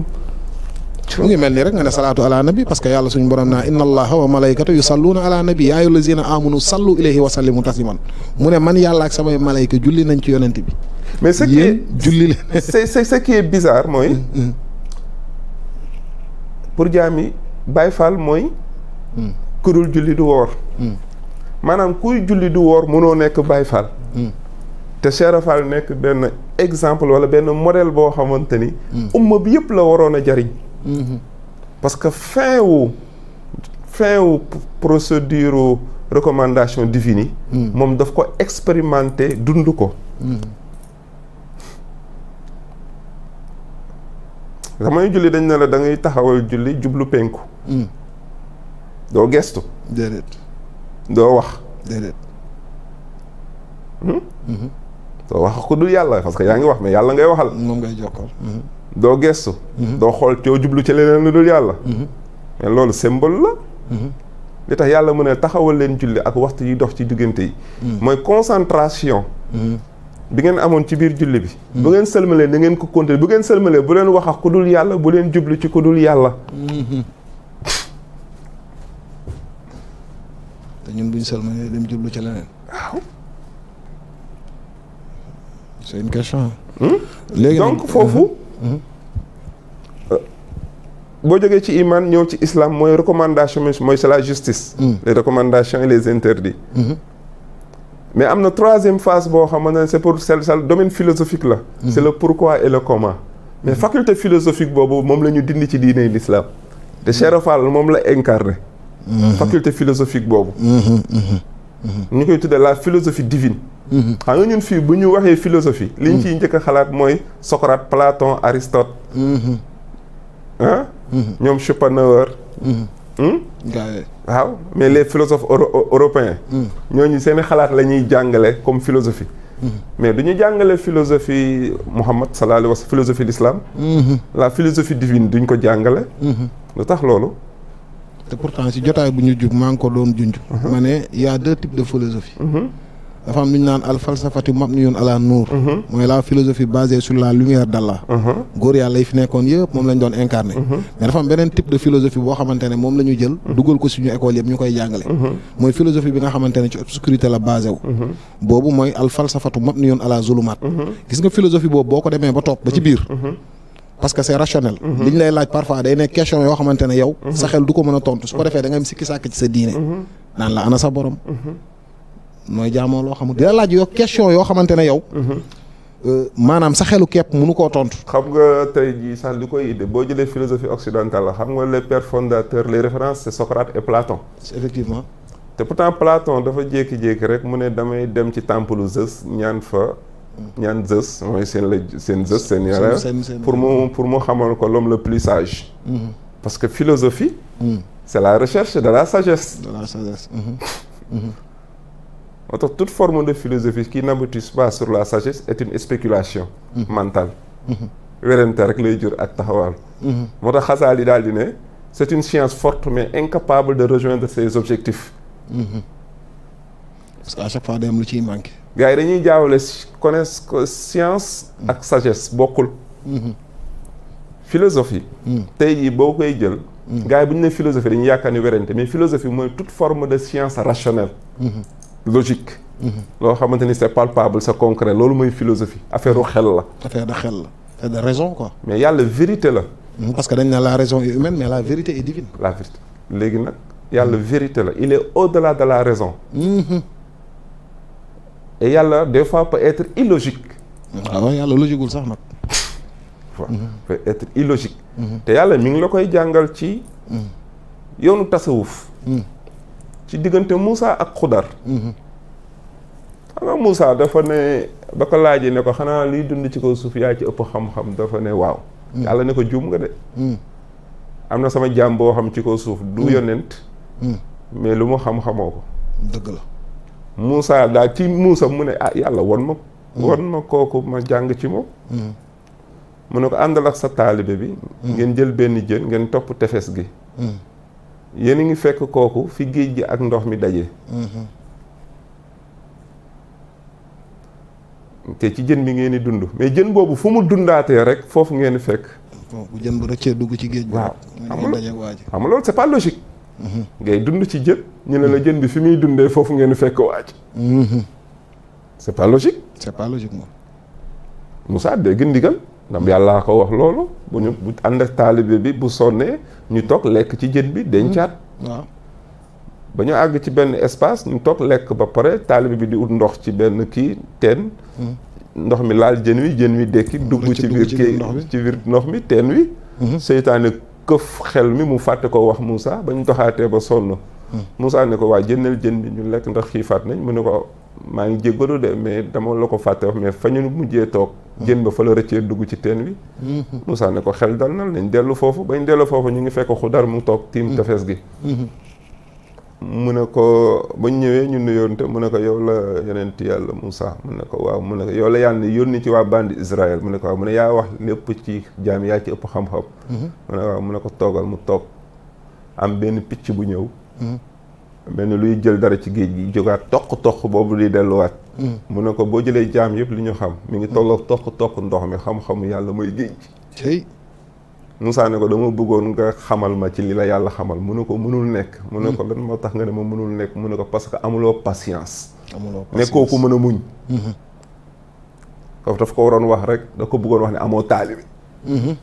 mu ngi mel nii rek nga ne salaatu ala nabi parce que yàlla suñu borom naa inna allaha wa malaykata yusalluuna ala nabi yaa ayyuha lazina amanu sallu ilayhi wa sallimu tasliman mu ne man yàlla ak samay malayka julli nañ ci yonent bi mais ce qui est julli leen c'est c'est mooy mhm. ku dul julli du woor hmm. maanaam kuy julli du woor mënoo nekk bay Faal hmm. te Cheikh Fall nekk benn exemple wala benn modèle boo xamante ni hmm. umma bi yëpp la waroon a jariñ parce que fin wu fin wu procédure recommandation divine moom daf ko expérimenter dund ko damay julli dañ ne la da ngay taxawal julli jublu penku doo gestu. déedéet. doo wax. déedéet. Hmm? Mhm. doo wax ku dul yàlla parce que yaa ngi wax mais yàlla ngay waxal. moom ngay jokkal. Mhm. doo gestu. Mhm. doo xool coo jublu ci leneen lu dul yàlla. mais loolu symbole la. li tax yàlla mu ne taxawal leen julli ak waxtu yi dox ci diggante yi. mooy concentration. bi ngeen amoon ci biir julli bi. bu ngeen sëlmalee na ngeen ko continuer bu ngeen sëlmalee bu leen wax ak ku dul yàlla bu leen jublu ci ku dul yàlla. ñun bu ñu sëlmalee dem jublu ca leneen waaw. question. Hmm? léegi donc foofu. Euh, hmm? euh, boo jógee ci iman ñëw ci islam mooy recommandation mooy c'est la justice. Hmm. les recommandations et les interdits. mais am na troisième phase boo xamante ne c'est pour celle celle domaine philosophique la. c'est le pourquoi et le comment. mais faculté philosophique boobu moom la ñu dindi ci diine l'islam te Cheikh Fall moom la incarné. Mm-hmm. faculté philosophique boobu. Mm-hmm, mm-hmm, ñu koy tuddee la philosophie divine. xam nga ñun fii bu ñu waxee philosophie. liñ ciy njëkk a xalaat mooy Socrate Platon Aristote. ah. ñoom Schopenhauer. Hmm? waaw mais les philosophes européens. Mm. ñooñu seen i xalaat la ñuy jàngale comme philosophie. mais du ñu jàngale philosophie Muhammad sallallahu alayhi wa sallam philosophie l'islam. la philosophie divine duñ ko jàngale. lu tax loolu. te pourtant si jotaay bu ñu jub maa ko doon junj. Uh-huh. ma ne y a deux de philosophie. Uh-huh. dafa am lu ñu naan al falsafatu mabniyun ala uh-huh. ñu jël. dugal ko suñu école yëpp ñu koy jàngale. mooy philosophie bi nga xamante ci obscurité la basé boobu mooy al falsafatu mabniyun ala zulumat. gis nga philosophie boobu boo ko demee ba topp ba ci biir. parce que c'est rationnel li mhm. ñu lay laaj parfois day nekk question yoo xamante ne yow mhm. sa xel du ko mën a tontu su ko defee da nga sikki sàkk ci sa diine mhm. naan la ana sa borom mooy jaamoo loo xamul dina laaj yoo question yoo xamante ne yow euh, maanaam sa xelu képp mënu koo tontu. xam nga tey jii sax li koy idée boo jëlee philosophie occidentale la xam nga les pères fondateurs les références c'est Socrate et Platon. effectivement. te pourtant Platon dafa jékki-jékki rek mu ne damay dem ci temple Zeus ñaan fa. ñaan Zeus mooy seen la seen Zeus seen pour mu pour mu xamal ko l'homme le plus sage mm-hmm. parce que philosophie mm-hmm. c'est la recherche de la sagesse de la mm-hmm. forme de philosophie qui n'aboutit pas sur la sagesse est une spéculation mantal werante rek lay jur ak taxawaal moo tax xasaal yi daal di ne c'est une science forte mais incapable de rejoindre ses objectifs parce que à chaque fois day am lu ciy manqué gars yi dañuy jaawale connaissance ak sagesse bokkul mhm. philosophie mhm. tey jii boo koy jël mhm. gars yi bu ñu ne philosophie dañuy yaakaar ni werante mais philosophie mooy toute forme de science rationnelle logique loo xamante ni c'est palpable sa concret loolu mooy philosophie affaire xel la affaire de xel la c'est de raison quoi mais yàlla vérité la parce que dañ ne la raison est humaine mais la vérité est divine la vérité léegi nag yàlla vérité la il est au la de la raison yàlla des fois peut être illogique. waaw ah sax nag. Mhm. Mhm. te yàlla mi ngi la koy jàngal ci. Mhm. yoonu tasawuf. ci diggante Moussa ak Xudar. xam nga Moussa dafa ne ba ko laajee ne ko xanaa liy dund ci kaw suuf yaa ci ëpp xam-xam dafa ne waaw. yàlla ne ko juum nga de. am na sama jaam boo xam ci kaw suuf. du yonent mais lu mu xam-xamoo ko. la. Moussa daal ci muusa mu ne ah yàlla won ma hmm. won ma kooku ma jàng ci moom hmm. mu ne ko àndal sa taalibe bi hmm. ngeen jël benn jën ngeen topp tefes gi yéen a ngi fekk kooku fi géej gi ak ndox mi daje te ci jën bi ngeen di dund mais jën boobu fu mu dundaatee rek foofu ngeen di fekk bu jën bu rëccee dugg ci géej bi waaw xam nga loolu c'est pas logique ngay dund ci jën ñu ne la jën bi fi muy dundee foofu ngeen fekk waaj c'est pas logique c'est pas logique ndigal ndax yàllaa ko wax loolu bu ñu bu ànd ak bi bu sonnee ñu toog lekk ci jën bi dencaat mm. waaw ba ñu àgg ci benn espace ñu toog lekk ba pare taalibe bi di ut ndox ci benn kii teen mm. ndox mi laal jën wi jën wi dekki mm. dugg ci biir kii ci biir ndox mi teen wi mm-hmm. seytaane këf xel mi mu fàtte ko wax Moussa ba ñu doxaatee ba sonn. Moussa ne ko waa jëndal jën bi ñu lekk ndax xiifaat nañ mu ne ko maa ngi jéggalu de mais dama la ko fàtte wax mais fa ñu mujjee toog. jën ba fa la rëccee dugg ci teen wi. Moussa ne ko xel dal na nañ dellu foofu bañ dellu foofu ñu ngi fekk dar mu toog tiim tefes gi. mu ne ko ba ñu ñëwee ñu te mu ne ko yow la yonent yàlla Moussa mu ne ko waaw mu ne ko yow la yàlla yónni ci waa bandi Israël mu ne ko waaw mu ne yaa wax lépp ci jaam yaa ci ëpp xam mm-hmm. mu ne waaw mu ne ko toogal mu toog am benn picc bu ñëw. Mm-hmm. mel ni luy jël dara ci géej gi jógaat toq-toq boobu di delluwaat. Mm-hmm. mu ne ko boo jëlee jaam yëpp li ñu xam mu ngi tolloog toq-toq ndox mi xam-xamu yàlla mooy géej. Moussa ne ko dama bëggoon nga xamal ma ci lii la yàlla xamal mu ne ko mënul nekk. mu ne ko hmm. lan moo tax nga ne ma mënul nekk mu ne ko parce que amuloo patience. amuloo patience ne kooku mën a muñ. Hmm. foofu daf ko waroon wax rek da ko bëggoon wax ne amoo taalibi. Hmm.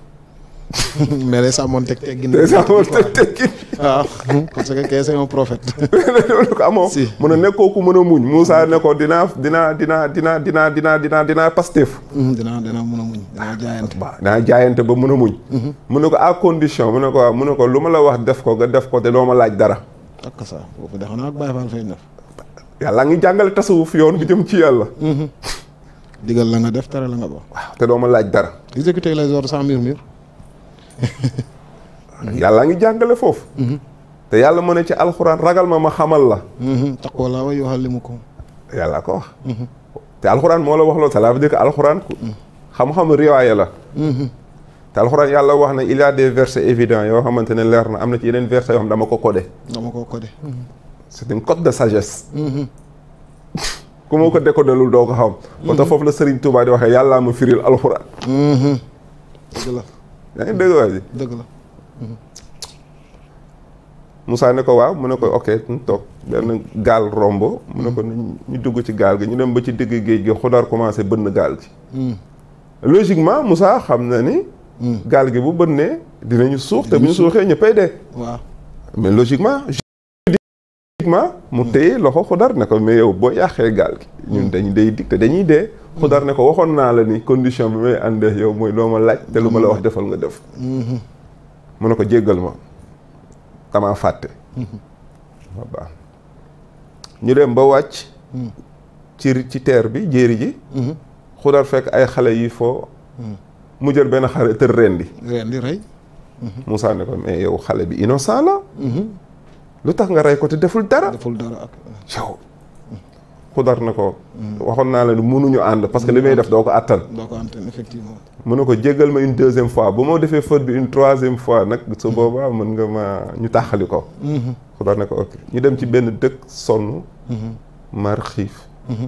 mais day sàmmoon teg teggin. day sàmmoon teg teggin. waaw ah. parce que kee c'est mun a nekkoo ku mën a muñ Moussa ne ko dinaa dinaa dinaa dinaa dinaa dinaa dinaa dinaa Pastef hmm, dinaa dinaa mën a muñ dinaa jaayante jaayante ba mën a muñ hmm. mu ne ko à condition mu ne ko waaw mu ne ko lu ma la wax def ko nga def ko te doo ma laaj dara ak sa boobu dex naa ak Baye Fall feeñ na yàlla ngi jàngale tasawuf yoon bi jëm ci yàlla hmm. digal la nga def tere la nga ba te doo ma laaj dara exécuter les ordres sans Mm-hmm. yàllaa ngi jàngale foofu mm-hmm. te yàlla mu ne ci alxuraan ragal ma ma xamal la mm-hmm. taqwalaa wa yàlla ko wax te alxuraan moo la wax loolu ça veut dire que alxuraan xam-xam riwaaya la te alxuraan yàlla wax ne il y a des versets évidents yoo xamante ne leer na am na ci yeneen versets yoo xam dama ko codé dama ko codé c'est une code de sagesse ku ko ko décodelul doo ko xam ba tax foofu la Serigne Touba di waxee yàllaa ma firil alxuraan dëgg la Moussa ne ko waaw mu ne ko ok ñu toog benn gaal romb mu ne ko hmm. ñu dugg ci gaal gi ñu dem ba ci digg géej gi xudar commencé bënn gaal gi hmm. logiquement xam na ni hmm. gaal gi bu bënnee dinañu suux te bu ñu suuxee ñëppay dee mais logiquement logiquement mu téye loxo xudar ne ko mais yow boo yàqee gaal gi ñun dañu day dig te dañuy dee xudar ne ko waxoon naa la ni condition bi may àndee yow mooy loo ma laaj te lu ma la wax defal nga def mu ne ko jéggal ma damaa fàtte mm-hmm. ñu dem ba wàcc mm. ci ci teer bi jéeri ji mm-hmm. xudar fekk ay xale yi foo mm. mu jël benn xale tër rendi rendi mm-hmm. ne ko mais yow xale bi innocent la lu tax nga rey ko te deful dara deful dara xudar na ko. waxoon naa la ne mënuñu ànd parce que li may def doo ko attan. doo ko mu ne ko jéggal ma une deuxième fois bu moo defee faute bi une troisième fois nag su mm-hmm. boobaa mën nga ma ñu taxali ko. Mm-hmm. xudar na ko ok ñu dem ci benn dëkk sonn. Mm-hmm. mar xiif.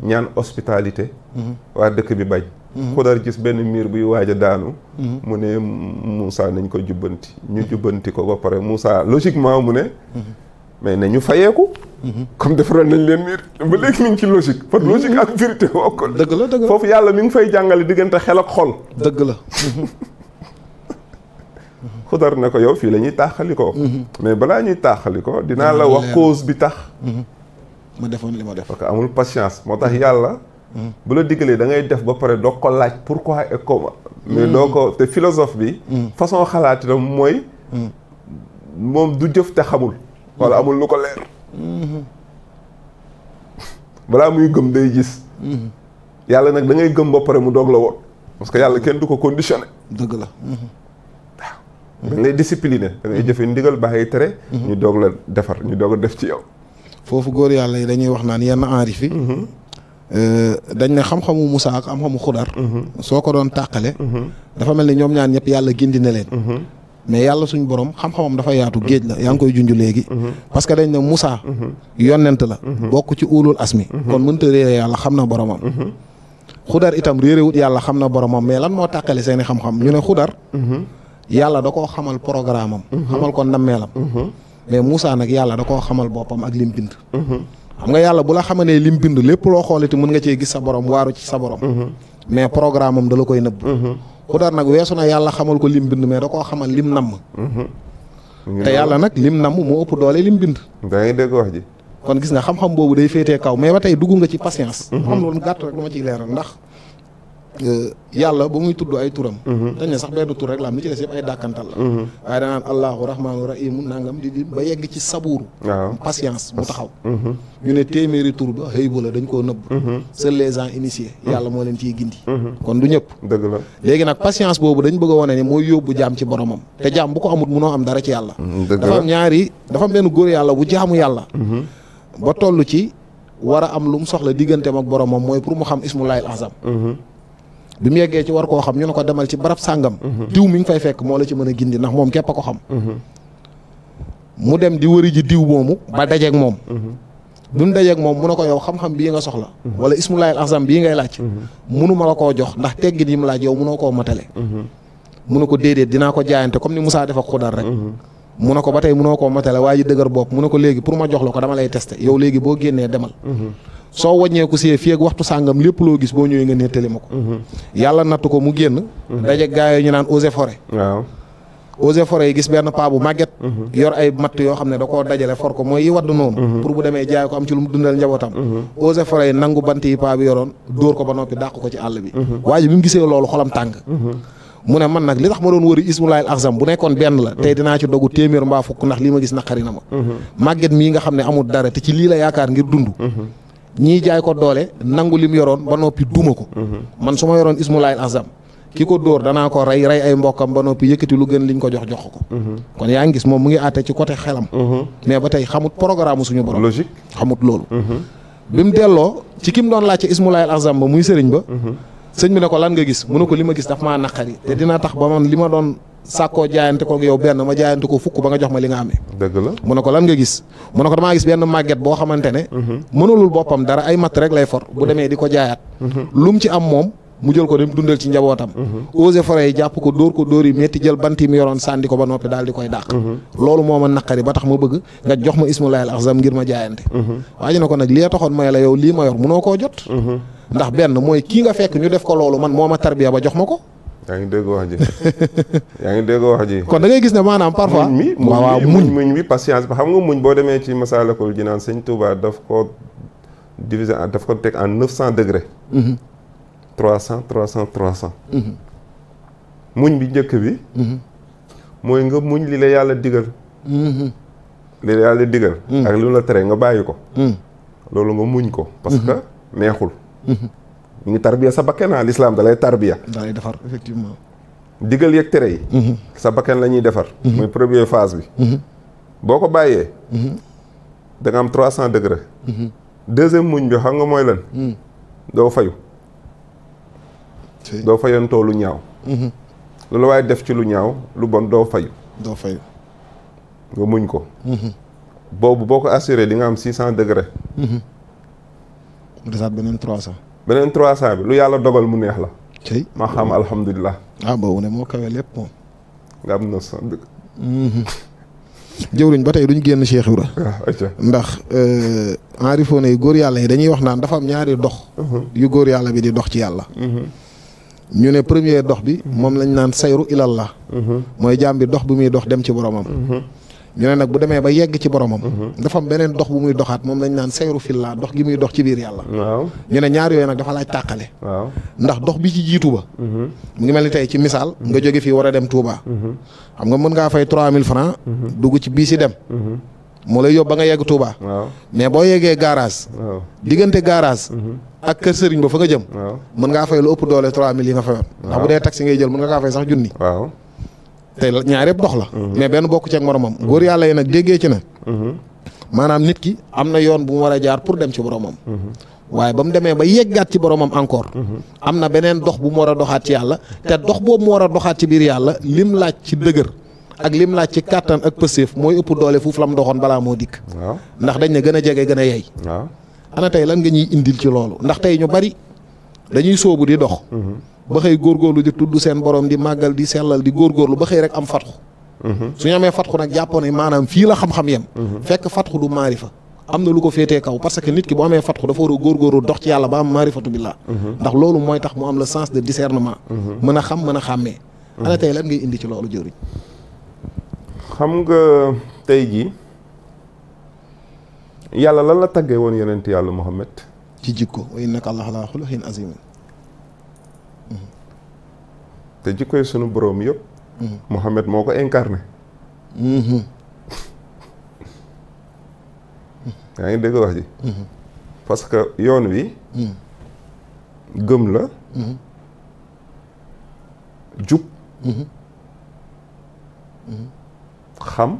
ñaan hospitalité. waa dëkk bi bañ. xudar gis benn miir buy waaj a daanu. mu ne Moussa nañ ko jubbanti. ñu jubbanti ko ba pare Moussa logiquement mu ne. mais na ñu fayeeku mhm. comme defaral nañ leen miir ba léegi ñu ngi ci logique par mhm. logique ak vérité bokkul dëgg la dëgg la foofu yàlla mi ngi fay jàngale diggante xel ak xol dëgg la xudar ne ko yow fii la ñuy ko mhm. mais balaa ñuy taaxali ko dinaa la wax cause bi tax ma defoon li ma def parce que amul patience moo tax yàlla bu la diggalee da ngay def ba pare doo ko laaj pourquoi et comment mais doo ko te philosophe bi façon xalaati la mooy moom du jëf te xamul wala amul lu ko leer. balaa muy gëm day gis. yàlla nag da gëm ba pare mu doog la woon. parce que yàlla kenn du ko conditionné. dëgg la. waaw dañ lay discipliner. da ngay jëfe ndigal tere. ñu doog la defar ñu doog a def ci yow. foofu góor yàlla yi dañuy wax naan yenn enrifi mhm. euh, dañ ne xam-xamu Moussa am xam-xamu Xudar. Mhm. soo ko doon tàqale. Mhm. dafa mel ni ñoom ñaan ñëpp yàlla gindi na leen. mais yàlla suñ borom xam-xamam dafa yaatu géej la yaa ngi koy junj léegi parce que dañ ne Moussa yonent la bokk ci as mi kon mënta réere yàlla xam na boromam xudar itam réerewut yàlla xam na boromam mais lan moo tàqale seeni xam-xam ñu ne xudar yàlla da koo xamal programme am xamal ko nammeelam mais musaa nag yàlla da koo xamal boppam ak lim bind xam nga yàlla bu la xamanee lim bind lépp loo xoolati mën nga cee gis sa borom waaru ci sa borom mais programme am da koy nëbb xuddaar nag weesu na yàlla xamal ko lim bind mais da koo xamal lim namm mhm. te yàlla nag lim namm moo ëpp doole lim bind da ngay dégg wax ji kon gis nga xam-xam boobu day féetee kaw mais ba tey dugg nga ci patience xam mhm. loolu gàtt rek lu ma ciy leeral ndax yàlla ba muy tudd ay turam mhm. dañ ne sax benn tur rek la am li ci des yëpp ay dàkkantal la mhm. waaye danaan allahu rahmaanu rahimu nangam di di ba yegg ci sabuuru mu taxaw mhm. ñu ne téeméeri tur ba xëy bu dañ koo nëbb seuls les gens initiés moo leen ciy gindi kon du ñëpp dëgg léegi nag patience boobu dañ bëgg a wane ne yóbbu jaam ci boromam te jaam bu ko amut munoo am dara ci yàlla dafa am ñaari góor yàlla bu jaamu yàlla ba toll ci war am lu mu soxla digganteem ak boromam mooy pour mu xam ismu laayil azam bi mu yeggee ci war koo xam ñu ne ko demal ci barab sàngam mhm. diw mi ngi fay fekk moo la ci mën a gindi ndax moom képp a ko xam mhm. mu dem di wëri ji diw moomu ba dajeek moom mhm. bi mu dajeeg moom mu ne ko yow xam-xam bii nga soxla wala ismulaayil azam bii ngay laaj munu ma koo jox ndax teggin yi mu laaj yow munoo koo matale mu ne ko déedéet dinaa ko jaayante comme ni Moussa def ak xudar rek mu ne ko ba tey munoo koo matale waaye ji dëgër bopp mu ne ko léegi pour ma jox la ko dama lay testé yow léegi boo génnee demal soo wàññeeku see fii ak waxtu sàngam lépp loo gis boo ñëwee nga nettali ma ko. Mhm. yàlla nattu ko mu génn. Mhm. dajeeg gaa yi ñu naan eaux et forêt. waaw eaux et forêt yi gis benn paa màgget. Mhm. yor ay matt yoo xam ne da koo dajale for ko mooy yi wadd noonu. pour bu demee jaay ko am ci lu mu dundal njabootam. eaux et forêt yi nangu bant yi paa yoroon dóor ko ba noppi dàq ko ci àll bi. waa ji bi mu gisee loolu xolam tàng. mu ne man nag li tax ma doon wëri ismulaayil axsam bu nekkoon benn la tey dinaa ci dogu téeméer mbaa fukk ndax lii ma gis naqari na ma màgget mii nga xam ne amul dara ci lii la yaakaar ngir dund ñii jaay ko doole nangu lim yoroon ba noppi duma ko. man su ma yoroon Ismulaayil Azam ki ko dóor danaa ko rey rey ay mbokkam ba noppi yëkkati lu gën liñ ko jox jox ko. kon yaa ngi gis moom mu ngi àtte ci côté xelam. mais ba tey xamut programme suñu borom. logique xamut loolu. Mhm. bi delloo ci ki mu doon laajte Ismulaayil Azam ba muy sëriñ ba. Mhm. sëñ bi ne ko lan nga gis mu ne ko li ma gis daf maa naqari te dina tax ba man li ma doon sàkkoo jaayante ko yow benn ma jaayante ko fukk ba nga jox ma li nga amee. dëgg la mu ne ko lan nga gis ne ko damaa gis benn màgget boo xamante ne. Mhm. mënulul boppam dara ay matt rek lay for bu demee di ko jaayaat. Mhm. lu mu ci am moom mu jël ko dem dundal ci njabootam. Mhm. eaux jàpp ko dóor ko dóor jël bant yi yoroon sànni ko ba noppi daal di koy dàq. loolu moo ma naqari ba tax ma bëgg jox ma ismu laayal axzam ngir ma jaayante. waaye ñu ne ko nag li taxoon may la yow lii ma yor munoo koo jot ndax benn mooy kii nga fekk ñu def ko loolu man moo ma tarbiya ba jox ma ko. yaa ngi dégg wax ji yaa ngi dégg wax ji. kon da gis ne maanaam parfois. muñ mi waaw muñ muñ bi patience bi xam nga muñ boo demee ci Masaalikul Jinaan sëñ Touba daf ko divisé daf ko teg en neuf degré. Mhm. trois cent trois cent trois cent. Mhm. bi njëkk bi. Mhm. mooy nga muñ li la yàlla digal. li la yàlla digal. ak li la tere nga bàyyi ko. loolu nga muñ ko. parce que neexul. Mhm. ñu ngi tarbiya sa bakkan naa ah, lislaam da lay tarbiya da lay defar effectivement digal yeeg tere yi mhm. sa bakken la ñuy defar mhm. muy première phase bi boo ko bàyyee da am trois cent degré deuxième muñ bi xam nga mooy lan doo fayu doo fayantoo lu ñaaw loolu waaye def ci lu ñaaw lu bon doo fayu doo nga muñ ko boobu boo ko assurée di nga am six cent degré mu desaat beneen 300. beneen 300 bi lu yàlla dogal mu neex la. ci ma xam alhamdulilah. ah boobu ne moo kawe lépp moom. nga am na sant. Mhm. jëwriñ ba tey duñ génn Cheikh Ibra ah, ndax euh, enrifoone yu góor yàlla yi dañuy wax naan dafa am ñaari dox mhm. yu góor yàlla bi di dox ci yàlla mhm. ñu ne premier dox bi moom lañ naan sayru la mooy jaam bi dox bi muy dox dem ci boromam ñu ne nag bu demee ba yegg ci boromam. Mhm. dafa am beneen dox bu muy doxaat moom lañ naan sayru fillah dox gi muy dox ci biir yàlla. waaw ñu ne ñaar yooyu nag dafa laaj tàqale. ndax dox bi ci jiitu ba. Mhm. mu ngi mel ni tey ci misaal. nga mhm. jóge fii war a dem Touba. xam nga mën ngaa fay mille francs dugg ci bii si dem. moo lay yóbbu ba nga yegg Touba. mais boo yeggee garage. diggante garage. ak kër sëriñ ba fa nga jëm. mën ngaa fay lu ëpp doole 3000 yi nga fayoon. ndax bu ngay jël mën nga kaa fay sax junni. waaw te ñaar yëpp dox la. mais benn bokk ci ak góor yàlla yi nag déggee ci na. maanaam nit ki am na yoon bu mu war a jaar pour dem ci boromam. waaye ba mu demee ba yeggaat ci boromam encore. am na beneen dox bu mu war a doxaat ci yàlla te dox boobu mu war a doxaat ci biir yàlla lim laaj ci dëgër. ak lim laaj ci kàttan ak pëseef mooy ëpp doole foofu lam doxoon balaa moo dikk. ndax dañ ne gën a jege gën a yey. ana tey lan nga ñuy indil ci loolu ndax tey ñu bari. dañuy soobu di dox. ba xëy góorgóorlu di tudd seen borom di màggal di sellal di góorgóorlu ba xëy rek am fatxu. su ñu amee fatxu nag jàppoon ne maanaam fii la xam-xam yem. fekk fatxu du maari fa am na lu ko féete kaw parce que nit ki bu amee fatxu dafa war a góorgóorlu dox ci yàlla ba am maarifatu billaa ndax loolu mooy tax mu am le sens de discernement. mën a xam mën a xàmmee. ana tey lan ngay indi ci loolu jëriñ. xam nga tey jii yàlla lan la tàggee woon yonent yàlla Muhammad ci jikko wa innaka ala xuluqin aziim te jikkoy sunu boroom yëpp. Mouhamed mm-hmm. moo ko incarné. Mm-hmm. Mm-hmm. yaa ngi dégg wax ji. parce que yoon wi. gëm la. jub. xam.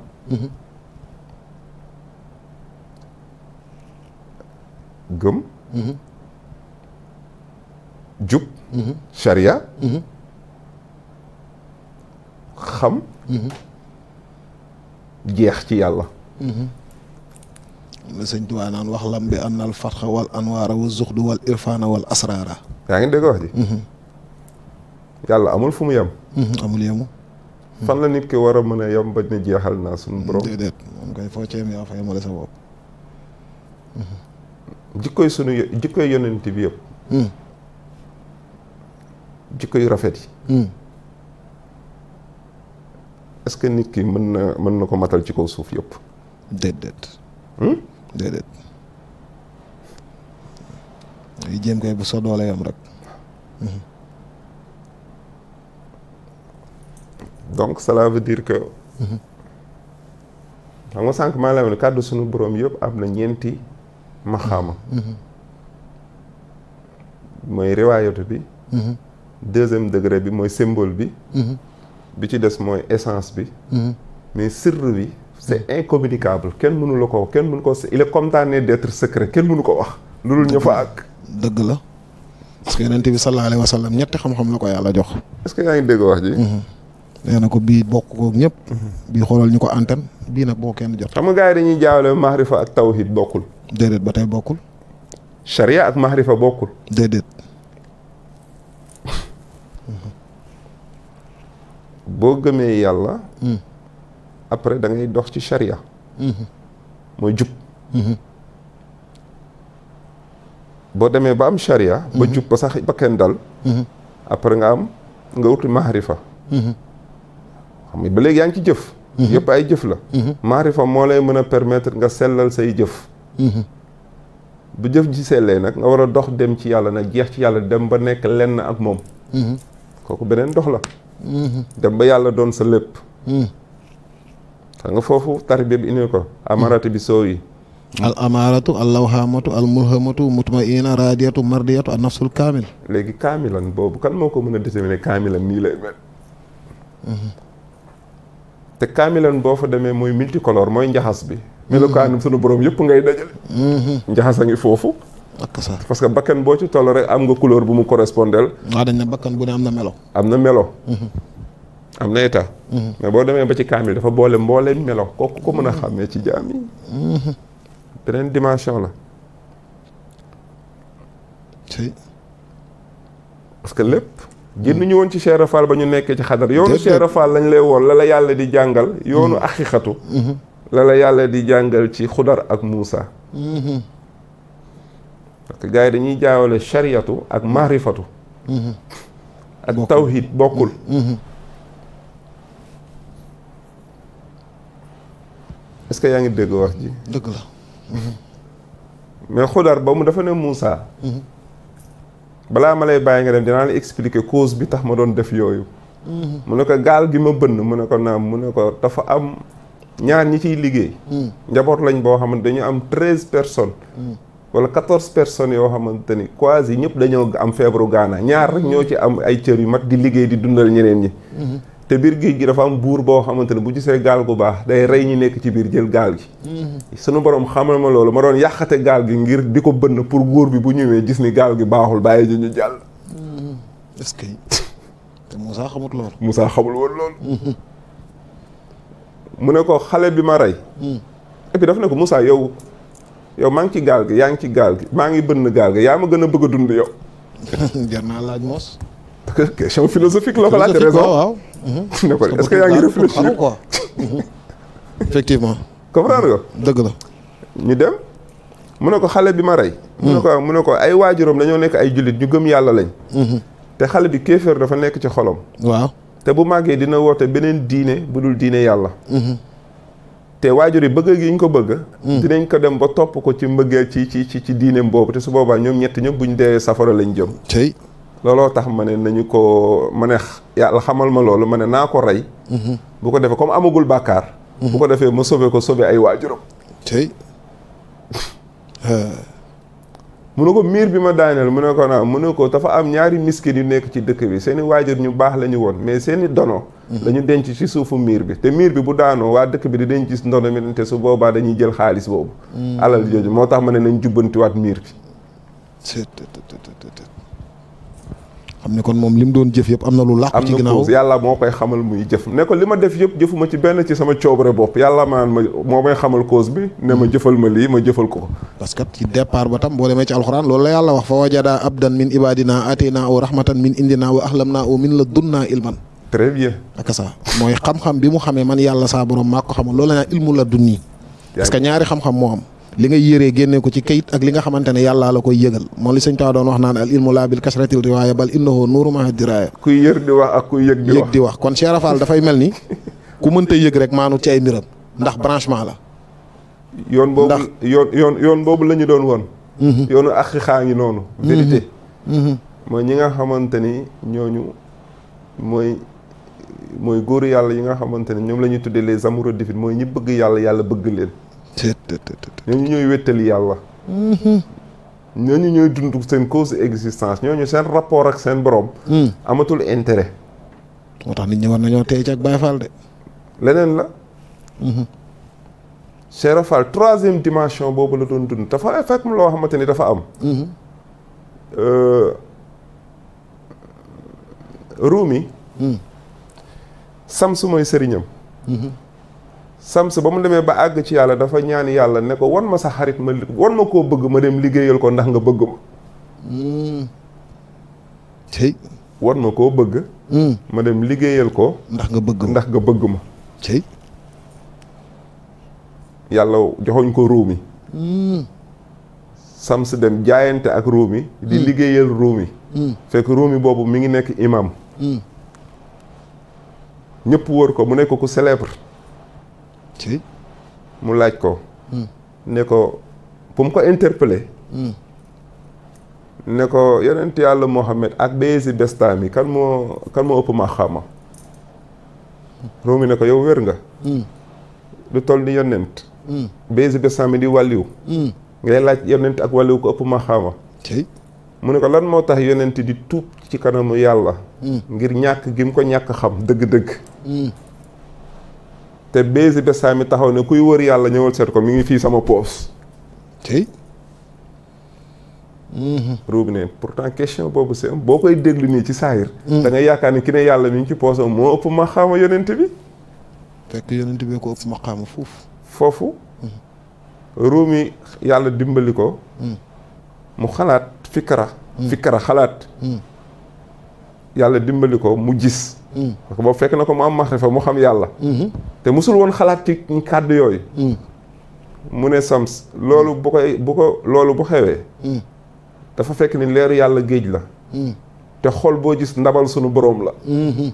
gëm. jub charia xam jeex ci yàlla la sëñ Tuubaa naan wax lam bi an al fatxa wal anwaara wa zuxdu wal irfaana wal asraara yaa ngi dégg wax ji yàlla amul fu mu yem amul yemu fan la nit ki war a mën a yem ba ne jeexal naa suñu borom déedéet moom koy foo ceem yaa fa yemale sa bopp jikkoy sunu jikkoy yonent bi yëpp. Hmm. jikko yu rafet yi. Hmm. est-ce que nit ki mën na mën na ko matal ci kaw suuf yëpp. déedéet. Hmm? déedéet. ay jéem koy bu soo doole yam rek. donc cela veut dire que. xam nga sànq maa ngi lay wax ne kàddu sunu borom yëpp am na ñeenti. maxaama mm-hmm. mooy riwaayatu bi mm-hmm. deuxième degré bi mooy symbole bi mm-hmm. bi ci des mooy essence bi mais sirr bi c'est incommunicable kenn mënu la ko kenn mënu ko il est condamné d'être secret kenn mënu ko wax loolu ñu fa ak dëgg la parce que yonent bi sallallahu alayhi ñetti xam-xam la ko yàlla jox est que yaa ngi dégg wax ji nee na ko bii bokk koog ñëpp bii xoolal ñu ko antan bii nag boo kenn jox xam nga gars yi dañuy jaawale maarifa ak tawhid bokkul déedéet ba tey bokkul. charia ak maxrifa bokkul. déedéet. boo gëmee yàlla. Hmm. après da ngay dox ci charia. Hmm. mooy jub. Hmm. boo demee ba am charia. ba jub ba sax ba kenn dal. après nga am nga wuti maxrifa. xam nga ba léegi yaa ngi ci jëf. yëpp ay jëf la. maarifa moo lay mën a permetre nga sellal say jëf. Mhm. bu jëf ji sellee nag nga war a dox dem ci yàlla nag jeex ci yàlla dem ba nekk lenn ak moom mhm. kooku beneen dox la mhm. dem ba yàlla doon sa lépp xam nga foofu tarbiya bi indi ko amarati bi soo yi al amaaratu al lawhaamatu al mulhamatu mutmaina raadiyatu mardiyatu an nafsul kaamil léegi kaamilan boobu kan moo ko mën a déterminer kaamilan nii lay mel te kaamilan boo fa demee mooy multicolore mooy njaxas bi melokaanum mm-hmm. sunu boroom yëpp ngay dajale mm-hmm. njaxas a ngi foofu parce que bakkan boo ci toll rek am nga couleur bu mu correspondel waaw dañ ne bakkan bu ne am na melo am na melo mm-hmm. am mais boo demee ba ci kaamil dafa boole mbooleen melo kooku ko mën a xàmmee ci jaam yi beneen dimension la parce que lépp génn ñu woon ci Cheikh Rafal ba ñu nekkee ci xadar yoonu Cheikh Rafal lañ lay woon la la yàlla di jàngal yoonu mm-hmm. axixatu mm-hmm. la la yàlla di jàngal ci xudar ak Muusa mm-hmm. parce que gars yi dañuy jaawale chariatu ak maarifatu ak tawhid bokkul est que yaa ngi dégg wax ji dëgg la mais xudar ba mu dafa ne Muusa balaa ma lay bàyyi nga dem dinaa la expliquer cause bi tax ma doon def yooyu. mu ne ko gaal gi ma bënn mu ne ko naam mu ne ko dafa am ñaar ñi ciy liggéey. njaboot lañ boo xamante dañu am treize personnes. wala quatorze personnes yoo xamante ni quasi ñëpp dañoo am feebaru gaana ñaar rek ñoo ci am ay cër yu mag di liggéey di dundal ñeneen ñi. te biir géej gi dafa am buur boo xamante ne bu gisee gaal gu baax day rey ñi nekk ci biir jël gaal gi mm-hmm. sunu borom xamal ma loolu ma doon yàqate gaal gi ngir di ko bënn pour góor bi bu ñëwee gis ni gaal gi baaxul bàyyi ji ñu jàll mm-hmm. est-ce que te Moussa xamut loolu mm-hmm. mu ne ko xale bi ma rey et puis dafa ne ko musaa yow yow maa ngi ci gaal gi yaa ngi ci gaal gi maa ngi bënn gaal gi yaa ma gën a bëgg a dund yow jar naa laaj moos question philosophique la ko laaj raison waaw ne mhm. ko est-ce que yaa ngi réfléchir quoi mhm. effectivement comprendre nga dëgg la ñu dem mu ne ko xale bi ma rey mu ne mhm. ko mu ne ko ay waajuram dañoo nekk ay jullit ñu gëm yàlla lañ te xale bi kéeféer dafa nekk ci xolom waaw te bu màggee dina woote beneen diine bu dul diine yàlla te waajur yi bëgg gi ñu ko bëgg dinañ ko dem ba topp ko ci mbëggeel ci ci ci ci diineem boobu te su boobaa ñoom ñett bu ñu dee safara lañ jëm looloo tax ma ne nañu ko ma ne yàlla xamal ma loolu ma ne naa ko rey mhm. bu ko defee comme amagul bàkkaar bu ko defee ma sobee ko sobee ay waajuram tey mu ne ko miir bi ma daaneel mu ne ko naa mu ne ko dafa am ñaari miskin yu nekk ci dëkk bi seeni waajur ñu baax la ñu woon mais seeni dono mhm. la ñu denc ci suufu miir bi te miir bi bu daanoo waa dëkk bi di dañ gis ndono mi te su boobaa dañuy jël xaalis boobu mhm. alal jooju moo tax ma ne nañ jubbantiwaat miir bi xam ne kon moom li mu doon jëf yëpp am na lu làq ci ginnaaw yàlla moo koy xamal muy jëf ne ko li ma def yëpp jëfuma ci benn ci sama coobare bopp yàlla maan ma moo may xamal cause bi ne ma hmm. jëfal ma lii ma jëfal ko parce que ci départ ba tam boo demee ci alxuraan loolu la yàlla wax fa wajada abdan min ibadina atina o rahmatan min indina wa ahlamna o min la dunna ilman très bien ak mooy xam-xam bi mu xamee man yàlla saa borom maa ko xamal loolu la naa xam-xam moo li nga yéree génne ko ci kayit ak li nga xamante ne yàllaa la koy yëgal moom li sëñ Tuubaa doon wax naan al ilmu laa bil kasratil riwaaya bal innahu nuuru maa diraaya kuy yër di wax ak kuy yëg di wax di wax kon Cheikh Rafal dafay mel ni ku mënta yëg rek maanu ci ay mbiram ndax branchement la yoon boobu ndax yoon yoon boobu la ñu doon won mhm. yoonu ak xaa ngi noonu vérité mhm. Mhm. mooy ñi nga xamante ni ñooñu mooy mooy góoru yàlla yi nga xamante ne ñoom la ñuy tuddee les amoureux mooy ñi bëgg yàlla yàlla bëgg leen ñooñu ñooy wéttali yàlla ñooñu ñooy dund seen cause existence ñu seen rapport ak seen borom amatul intérêt moo tax nit ñi war nañoo tey ci ak Baye Fall de leneen la Cheikh Fall troisième dimension boobu la doon dund dafa fekk mu loo xamante ni dafa am euh, Rumi hmm. sam su mooy sëriñam hmm. Samsa ba mu demee ba àgg ci yàlla dafa ñaan yàlla ne ko wan ma sa xarit ma wan ma koo bëgg ma dem liggéeyal ko ndax nga bëgg ma. tey. Hmm. wan ma koo bëgg. Hmm. ma dem liggéeyal ko. ndax nga bëgg ma ndax nga bëgg ma. tey. yàlla joxoñ ko ruumi. Hmm. Samsa dem jaayante ak ruumi. di liggéeyal ruumi. fekk ruumi boobu mi ngi nekk imam. ñépp wër ko mu nekk ku célèbre. mu laaj ko. Hmm. ne ko bu mu ko interpeller hmm. ne ko yonent yàlla Muhammad ak Bayezid Bestami kan moo kan moo ëpp maxaama. Hmm. Roomi ne ko yow wér nga. lu toll ni yonent. Bayezid Bestami di wàlliw. ngay laaj yonent ak wàlliw ko ëpp maxaama. mu ne ko lan moo tax yonent di tuub ci kanamu yàlla. ngir ñàkk gi mu ko ñàkk xam dëgg-dëgg. te Bézi Bessa mi taxaw ne kuy wër yàlla ñëwal seet ko mu ngi fii sama poos. tey. Mhm. ruub boobu boo koy déglu nii ci saayir mhm. da yaakaar ni ki yàlla mi ngi ci poosam moo ëpp ma xaama yonent bi. fekk ko ëpp ma xaama foofu. foofu. Mhm. ruumi yàlla dimbali ko. mu xalaat fikara. fikara xalaat. yàlla dimbali ko mu gis. Mm. parce que boobu fekk na ko mu am maxrifa mu xam yàlla mm-hmm. te musul woon xalaat ci kàddu yooyu mm. mu ne sams loolu bu koy bu ko loolu bu xewee mm. dafa fekk ni leeru yàlla géej la te xol boo gis ndabal sunu boroom la mm-hmm.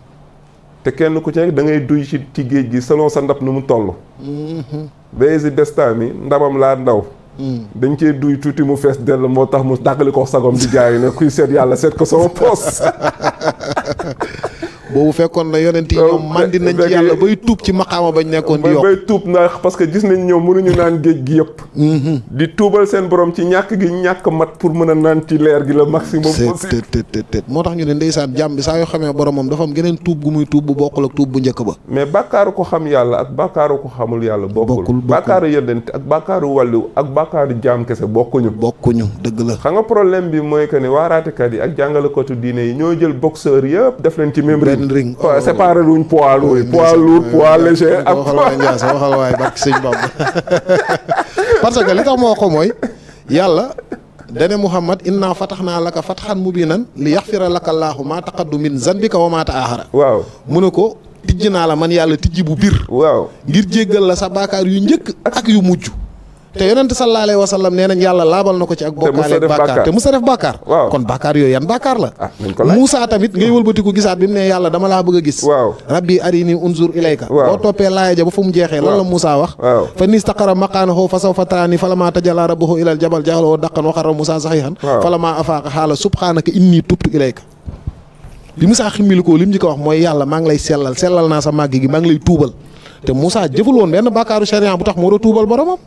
te kenn ku ci nekk da ngay duy ci ci géej gi selon sa ndab nu mu toll mm-hmm. bay si besta mi ndabam laa ndaw dañ cee duy tuuti mu fees dell moo tax mu dàggali ko sagom di jaay ne kuy seet yàlla seet ko sama poos boobu fekkoon na yeneen yi ñoom mandi nañ ci yàlla bay tuub ci maqaama bañ nekkoon di yokk bay tuub ndax parce que gis nañ ñoom mënuñu naan géej gi yëpp mm-hmm. di tuubal seen borom ci ñàkk gi ñàkk mat pour mën a naan ci leer gi la maximum possible tëtëtëtët moo tax ñu ne ndeysaan jàmm bi saa yoo xamee boromam dafa am geneen tuub gu muy tuub bu bokkul ak tuub bu njëkk ba mais bàkkaaru ko xam yàlla ak bàkkaaru ko xamul yàlla bokkul bàkkaaru yonent ak bàkkaaru wàllu ak bàkkaaru jaam kese bokkuñu bokkuñu dëgg la xam nga problème bi mooy que ne waaraatekat yi ak jàngalekatu diine yi ñoo jël boxeur yëpp def leen ci même ring ring. waaw oh. séparé luñ poids lourd poids lourd poids léger ak. waxal waay Ndiass waxal waay barki sëñ Bamba parce que li tax moo ko mooy yàlla dane Muhammad inna fatahnaa laka fathan mubiinan li yaxfira laka llaahu maa taqaddu min zanbika wa maa taaxara. waaw mu ne ko tijji naa la man yàlla tijji bu biir. ngir jéggal la sa baakaar yu njëkk ak yu mujj. te yonent sallallahu alayhi wa sallam nee yàlla laabal na ko ci ak bokkaale bàkkaar te musa def bàkkaar waaw kon bàkkaar yooyu yan bàkkaar la ah, Moussa tamit ngay wëlbatiku gisaat bi mu ne yàlla dama laa bëgg a gis waaw rabbi arini unzur ilayka la Moussa wax fa nistaqara maqaanahu fa sawfa a falamaa tajala rabbuhu ilal jabal jaxaloo daqan waxara Moussa saxihan falamaa afaaqa xaala subhaanaka inni tubtu ilayka bi Moussa ximmili ko li mu ko wax mooy yàlla maa ngi lay sellal sellal naa sa màgg gi maa ngi lay tuubal te Moussa woon benn bàkkaaru sharia bu tax moo doon tuubal boromam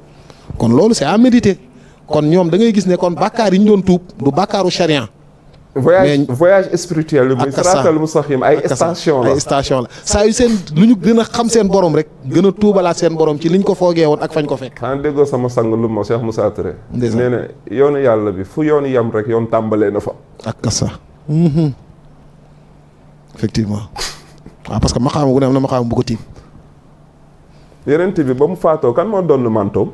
kon loolu c'est à méditer kon ñoom dangay gis ne kon bàkkaar yi ñu doon tuub du bàkkaaru charian voyage voyage bi bi siraatal lu mu sax la ay station la saa yu seen lu ñu gën a xam seen borom rek gën a tuubalaat seen borom ci liñ ko foogee woon ak fañ ko fekk xanaa déggoo sama sang lu ma Cheikh Moussa Touré nee na yoonu yàlla bi fu yoonu yam rek yoon tàmbalee na fa ak kasa mhm. effectivement waaw ah, parce que maxaama gu ne am na maxaama bu ko tiim yeneen bi ba mu faatoo kan moo doon mantoom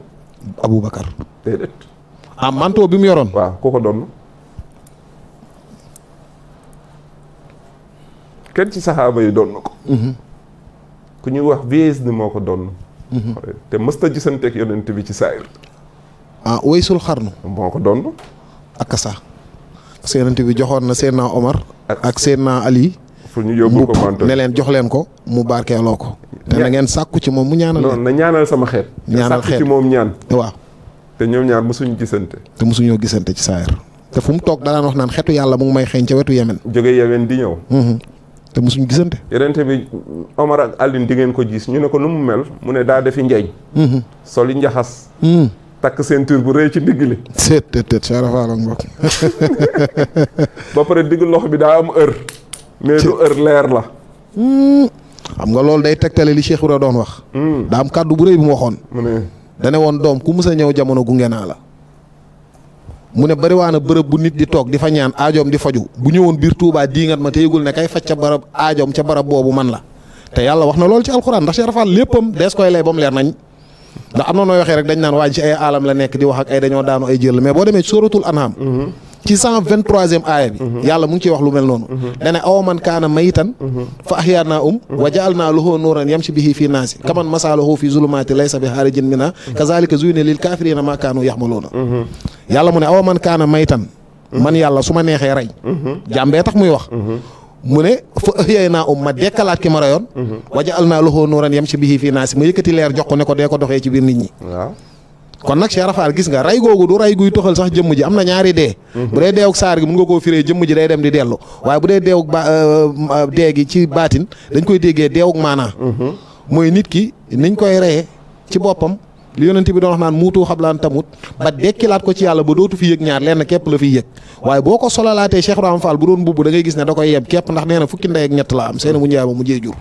Aboubacar. déedéet. ah manteau bi mu yoroon. waaw ku ko doon. kenn ci saxaaba yi doon na ko. Mhm. ku ñuy wax Véez ni moo ko donn mhm. te mës na gisanteeg yonent bi ci saayir. ah waysul xarnu. moo ko donn ak kasa. parce bi joxoon na Seydina Omar. ak Seydina Ali. pour ñu yóbbu ko manto ne leen jox leen ko mu barkeeloo ko te na ngeen sàkku ci moom mu ñaanal non na ñaanal sama xeet ñaanal xeet ci moom ñaan waaw te ñoom ñaar mosuñu gisante te mosuñoo gisante ci saayir te fu mu toog da daan wax naan xetu yàlla mu ngi may xeeñ ca wetu yemen jóge yemen di ñëw mhm. te mosuñu gisante yenente bi Omar ak Alioune di ko gis ñu ne ko nu mel mu ne daa defi njeeñ mhm. sol yi njaxas mhm. takk ceinture bu rëy ci ndigg li seet tët tët saarafaaloon mbokk ba pare digg loxo bi daa mais du heure leer la. xam nga loolu day tegtale li Cheikh Ibrahima doon wax. Hmm. daa am kàddu bu rëy bu mu waxoon. mu ne woon doom ku mus a ñëw jamono gunge naa la. mu ne bariwaana bërëb bu nit di toog di fa ñaan aajoom di faju bu ñëwoon biir Touba diingat ma te yëgul ne kay faj ca barab aajoom ca barab boobu man la. te yàlla wax na lool ci alxuraan ndax Cheikh Rafal léppam dees koy lay ba mu leer nañ. ndax am na nooy waxee rek dañ naan waa ci ay alam la nekk di wax ak dañoo daanu ay jël mais boo demee ci ci cent vingt troisième aaya bi mhm. yàlla mu ngi wax lu mel noonu dane mhm. aw man kaana mayitan mhm. fa axyaa naa um wa jaal naa lahu nuuran yamshi bihi fii naasi kaman masaalahu fi bi xaarijin ma neexee um, ma dekkalaat ki ma rayoon waja al naa loxoo nooran yam si bihi fii naa si ma yëkkati leer jox ko ne ko dee ko doxee ci biir nit ñi kon nag Cheikh Rafaal gis nga ray googu du ray guy toxal sax jëmm ji am na ñaari dee mhm. bu dee deewuk saar gi mun nga koo firee jëmm ji day dem di dellu waaye bu dee deewuk ba euh, euh, dee gi ci baatin dañ koy déggee deewuk maanaa mhm. mooy nit ki niñ koy reye ci boppam li yonent bi doon wax naan muutu xablaan tamut ba dekkilaat ko ci yàlla ba dootu fi yëg ñaar lenn képp la fiy yëg waaye boo ko solalaatee Cheikh Rahane Fall bu doon mbubb da ngay gis ne da koy yeb képp ndax nee na fukki ndey ak ñett la seen mu njaay ma mu jee jur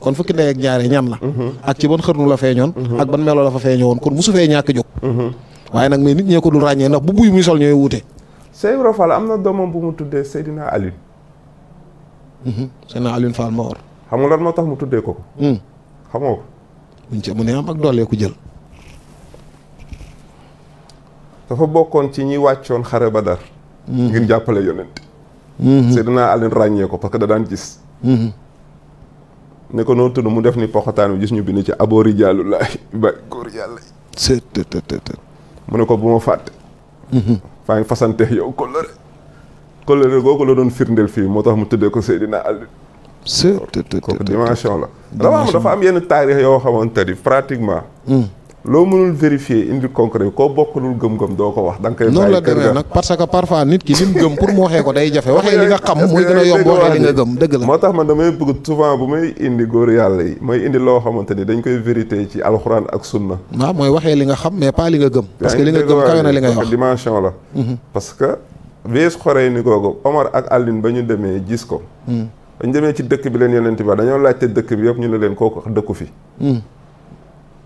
kon fukki ndey ak ñaare ñan la ak ci ban xërnu la feeñoon ak ban melo la fa feeñoon kon musu fee ñàkk jóg waaye nag mais nit ñee ko dul ràññee ndax bu buy muy sol ñooy wuute Cheikh Rahane Fall am na doomam bu mu tuddee Seydina Aliou Seydina Aliou Fall ma war xam nga lan moo tax mu tuddee ko ko hmm. xamoo ko mu ne am ak doolee ku jël dafa bokkoon ci ñi wàccoon xare ba Badar mhm. ngir jàppale yonent mhm. Seydina Ali ràññee ko parce que da daan gis mhm. ne ko tudd mu def ni poxataan bi gis ñu bi bind ci aboori jàllu laay ba góor yàlla yi mu ne ko bu ma fàtte faa ngi fasanteex yow kóllëre kóllëre la doon firndeel fii moo tax mu tuddee ko Seydina Ali kooku dimension la dafa am dafa am yenn taarix yoo xamante ni pratiquement loo mënul vérifié indi concret koo bokkulul gëm-gëm doo ko wax da nga koy parce que parfois nit ki lim gëm pour mu waxee ko day jafe waxee li nga xam mooy gën a yomb waxee li nga gëm indi góor yàlla yi indi loo xamante ni dañ koy vérité ci alxuraan ak sunna waaw ah, mooy waxee li nga xam mais pas li nga gëm parce que li nga gëm kawe na li ngay wax dimension la parce que wees xoree ni googu Omar ak Aline ba ñu demee jiis ko dañ hmm. demee ci dëkk bi leen yonent bi dañoo laajte dëkk bi yëpp ñu ne leen kooku dëkku fi hmm.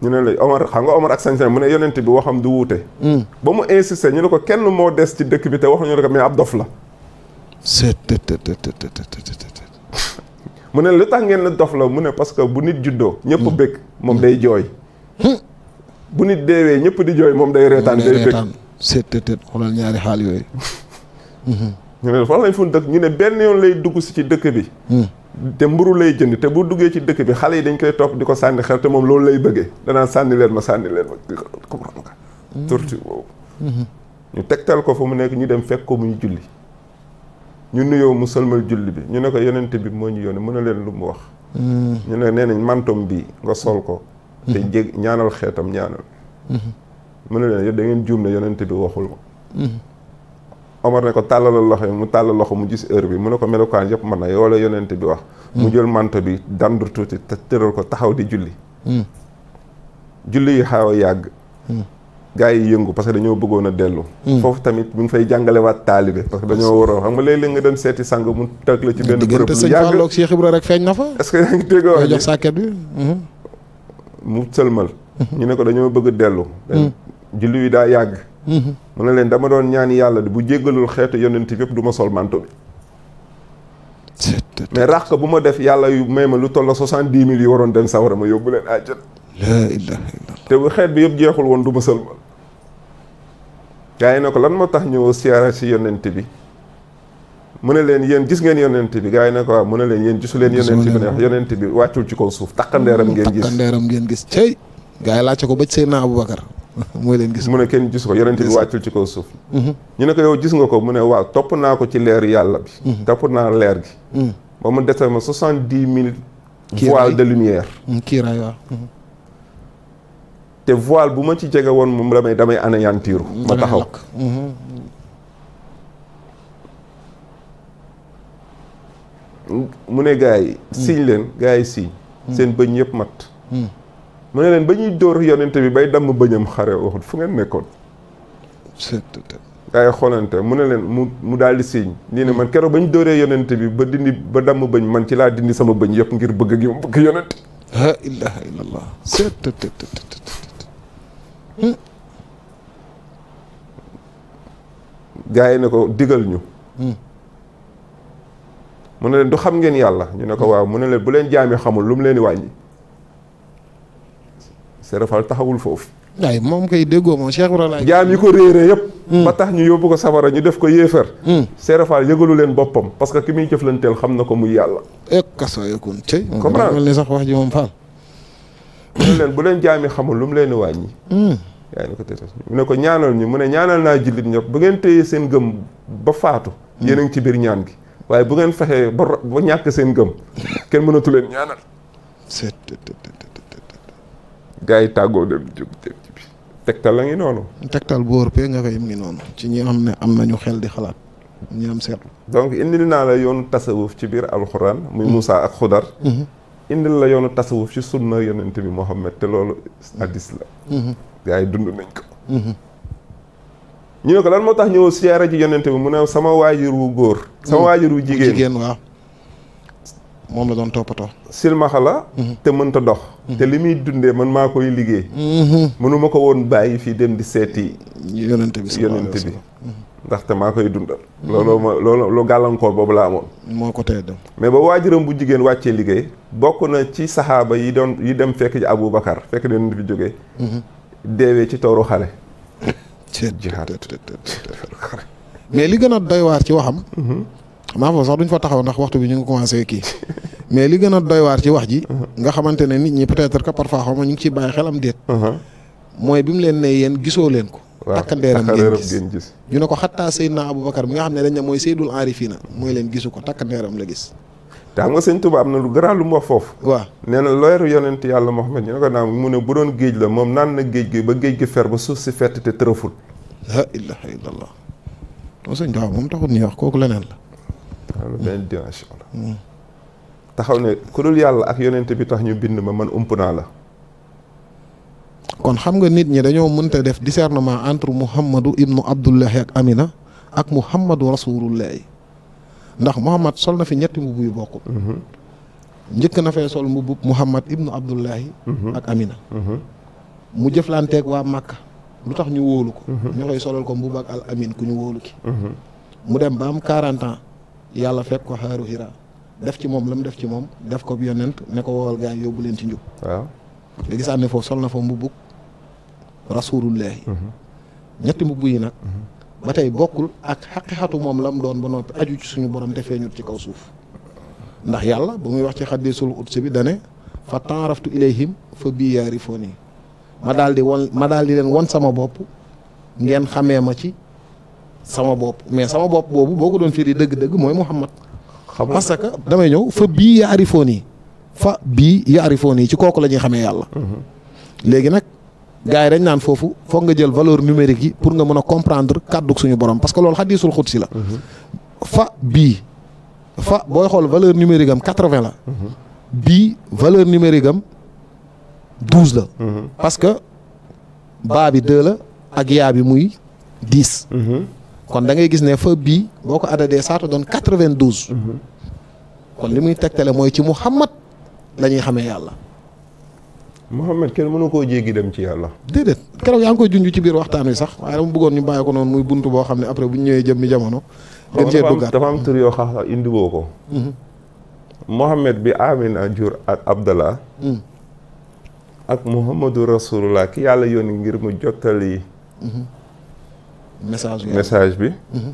ñu ne la Omar xam nga Omar ak sañ mu ne yonent bi waxam du wuute. Mm. ba mu insisté ñu ne ko kenn moo des ci dëkk bi te ñu ne ko mais ab dof la. mu ne lu tax ngeen dof la mu ne parce que bu nit juddoo. ñëpp mm. bëgg moom day jooy. Hmm. bu nit deewee ñëpp di jooy moom day reetaan day bëgg. seet xoolal ñaari xaal yooyu. Mm-hmm. ñu ne fan lañ fun dëkk ñu ne benn yoon lay dugg si ci dëkk bi. Hmm. te mburu lay jënd te bu duggee ci dëkk bi xale yi dañ koy topp di ko sànni xel te moom loolu lay bëggee danaan sànni leen ma sànni leen ma comprendre nga mm-hmm. torture boobu mm-hmm. ñu tegtal ko fa mu nekk ñu dem fekk ko muy julli ñu nuyoo mu sëlmal julli bi ñu ne ko yonent bi moo ñu yónni mën a leen lu mu wax mm-hmm. ñu ne nee nañ mantom bi nga sol ko te jég ñaanal xeetam ñaanal mën a leen yow da ngeen juum ne yonent bi waxul ma Omar ne ko tàllalal loxo yi mu tàllal loxo mu gis heure bi mu ne ko melokaan yëpp mën na yow la yonent bi wax mu jël manto bi dandu tuuti te tëral ko taxaw di julli hmm. julli yi xaaw a yàgg hmm. gaa yi yëngu parce que dañoo bëggoon a dellu hmm. foofu tamit mu ngi fay jàngalewaat waat taalibe parce que dañoo war a xam nga léeg-léeg nga dem seeti sang mu teg la ci benn bërëb lu yàgg ak na fa est-ce que yaa ngi dégg wax mu sëlmal ñu ne ko dañoo bëgg dellu julli yi daa yàgg mu ne leen dama doon ñaani yàlla bu jéggalul xeetu yonent bi yëpp du sol manto bi mais rax ko bu ma def yàlla yu may ma lu tolla soixante dix mille waroon dem sawara ma yóbbu leen àjjana laa te bu xeet bi yëpp jeexul woon du ma sëlmal gaa yi ne ko lan moo tax ñëw siyaara si yonent bi mu ne leen yéen gis ngeen yonent bi gaa ne ko waaw mu ne leen yéen gisu leen yonent bi bi wàccul ci kaw suuf takkandeeram ngeen gis takkandeeram ngeen gis cey gaa yi laajte ko ba Seydina Aboubacar mooy leen gis. mu ne kenn gis ko yonent bi wàccul ci kaw suuf. Mhm. ñu ne ko yow gis nga ko mu ne waaw topp naa ko ci leer yàlla bi. Mhm. topp naa leer gi. Mhm. ba mu desal ma soixante dix mille. voile de lumière. kiiraay waaw. te voile bu ma ci jege woon moom damay damay anéantiru ma taxaw. mu ne gaa yi. siñ leen gaa yi siñ. seen bëñ yëpp mat. mu ne leen ba ñuy dóor yonent bi bay damm bëñam xare waxut fu ngeen nekkoon gaa yi xoolante mu ne leen mu mu daal di siiñ nii ne man keroog ba ñu dóoree yonent bi ba dindi ba damm bëñ man ci laa dindi sama bëñ yëpp ngir bëgg gi ma bëgg yonent la ilaha illallah gaa yi ne ko digal ñu hmm. mu ne leen du xam ngeen yàlla ñu ne ko hmm. waaw mu ne leen bu leen jaami xamul lu mu leen di wàññi Serap taxawul foofu. waaye moom koy déggoo moom Cheikh Ibrahima. jaam yi ko réeree yëpp. Hmm. ba tax ñu yóbbu ko safara ñu def ko yéefar. Serap hmm. Fall leen boppam parce que ki muy jëflanteel xam na ko muy yàlla. ek kaso yëkkun tey. comprendre moom moom Fall. mu ne leen bu leen jaam yi xamul lu mu leen di wàññi. Hmm. yaa ko ne ko ñaanal ñu mu ne ñaanal naa jullit ñëpp bu ngeen téye seen gëm ba faatu. yéen a ci biir ñaan gi. waaye bu ngeen fexee ba ba ñàkk seen gëm kenn mënatu leen ñaanal. gars yi tàggoo dem jub tegtal la ngi noonu. tegtal bu wóor nga koy mu ngi noonu ci ñi am ne am na ñu xel di xalaat ñi am seetlu. donc indil naa la yoonu tasawuf ci biir alxuraan. muy mm-hmm. Moussa ak Xudar. Mm-hmm. indi la yoonu tasawuf ci sunna yonent bi xam Muhammad te loolu hadis la. Mm-hmm. gars yi dund nañ ko. ñu ne ko lan moo tax ñëw siyaara ji yonent bi mu ne sama waajur wu góor. sama waajur wu jigéen jigéen moom la doon toppatoo. silmaxa la. te mënta dox. te li muy dundee man maa koy liggéey. mënuma ko woon bàyyi fii dem di seeti. yonent bi yonent bi ndaxte maa koy dundal. looloo ma looloo lu gàllankoor boobu laa amoon. moo ko tee dem. mais ba waajuram bu jigéen wàccee liggéey. bokk na ci saxaaba yi doon yi dem fekk abu Aboubacar fekk na yonent bi jógee. deewee ci tooru xale. jihaad mais li gën a doy waar ci waxam. maa sax duñ fa taxaw ndax waxtu bi ñu ngi commencé mais li gën a doy waar wax ji. Uh-huh. nga xamante ne nit ñi peut-être que parfois xaw ma ngi ciy bàyyi xelam uh-huh. mooy bi leen ne yéen gisoo leen ko. waaw takkandeeram ngeen gis ñu ne ko xattaa Seydina Aboubacar mi nga xam ne dañ ne mooy Seydul Arifina mooy leen gisu ko takkandeeram la gis. te xam nga sëñ Tuba am na lu garaaw lu mu wax foofu. waaw nee na looyaru yonent yàlla Muhammad ñu ne ko naan mu ne bu doon géej la moom naan na géej gi ba géej gi fer ba suuf si fett te tërëful. la ilaha illallah. moom sëñ Tuba moom taxul ñuy wax kooku leneen la am la taxaw ne ku yàlla ak yonent bi tax ñu bind ma man ump naa la kon xam nga nit ñi dañoo mënta def discernement entre Muhammadu ibnu Abdullahi ak Amina ak Muhammadu rasulullahi ndax Muhammad sol na fi ñetti mbubb yu bokkul mhm. njëkk na fee sol mbubb Muhammad ibnu Abdullahi mhm. ak Amina mhm. mu jëflanteeg waa Màkka lu tax ñu wóolu ko ñoo koy ko mbubb ak al amin ku ñu wóolu ki mu dem ba am yàlla fekk ko xaaru hira def ci moom la mu def ci moom def ko yonent ne ko wowal gaa yi yóbbu leen ci njub waaw nga gisaat ne foofu sol na fa mbubbuk rasulullahi mhm. ñetti mbubb yi nag mhm. ba tey bokkul ak xaqiqatu moom la mu doon ba noppi aju ci suñu borom te feeñut ci kaw suuf ndax yàlla ba muy wax ci xaddisul utsi bi dane fa taaraftu ilayhim fa bii nii ma daal di won ma daal di leen won sama bopp ngeen xamee ma ci sama bopp mais sama bopp boobu boo ko doon firi dëgg-dëgg mooy Muhammad parce que damay ñëw fa bii yaarifoon yi fa bii yaari yaarifoon yi ci kooku la ñuy xamee yàlla mhm. léegi nag gars yi dañ naan foofu foog nga jël valeur numérique yi pour nga mën a comprendre kàddug suñu borom parce que loolu xadiisul si la mhm. fa bii fa booy xool valeur numérique am quatre-vingt la mhm. bii valeur numérique am douze la parce que baa bi deux la ak yaa bi muy dix kon da ngay gis ne fa bii boo ko adadee saatu doon quatre-vingt-douze kon li muy tegtale mooy ci Muhammad la ñuy xamee yàlla. Muhammad kenn mënu koo jéggi dem ci yàlla. déedéet keroog yaa ngi koy junj ci biir waxtaan wi sax waaye dama bëggoon ñu bàyyi ko noonu muy bunt boo xam ne après bu ñu ñëwee jëm ni jamono. gën cee duggaat dafa am tur yoo xam indi woo ko. Mm-hmm. Muhammad bi Amina jur ak Abdallah. Mm-hmm. ak Muhammadu Rasulullah ki yàlla yoon yónni ngir mu jottali. Mm-hmm. message message bi. Mhm.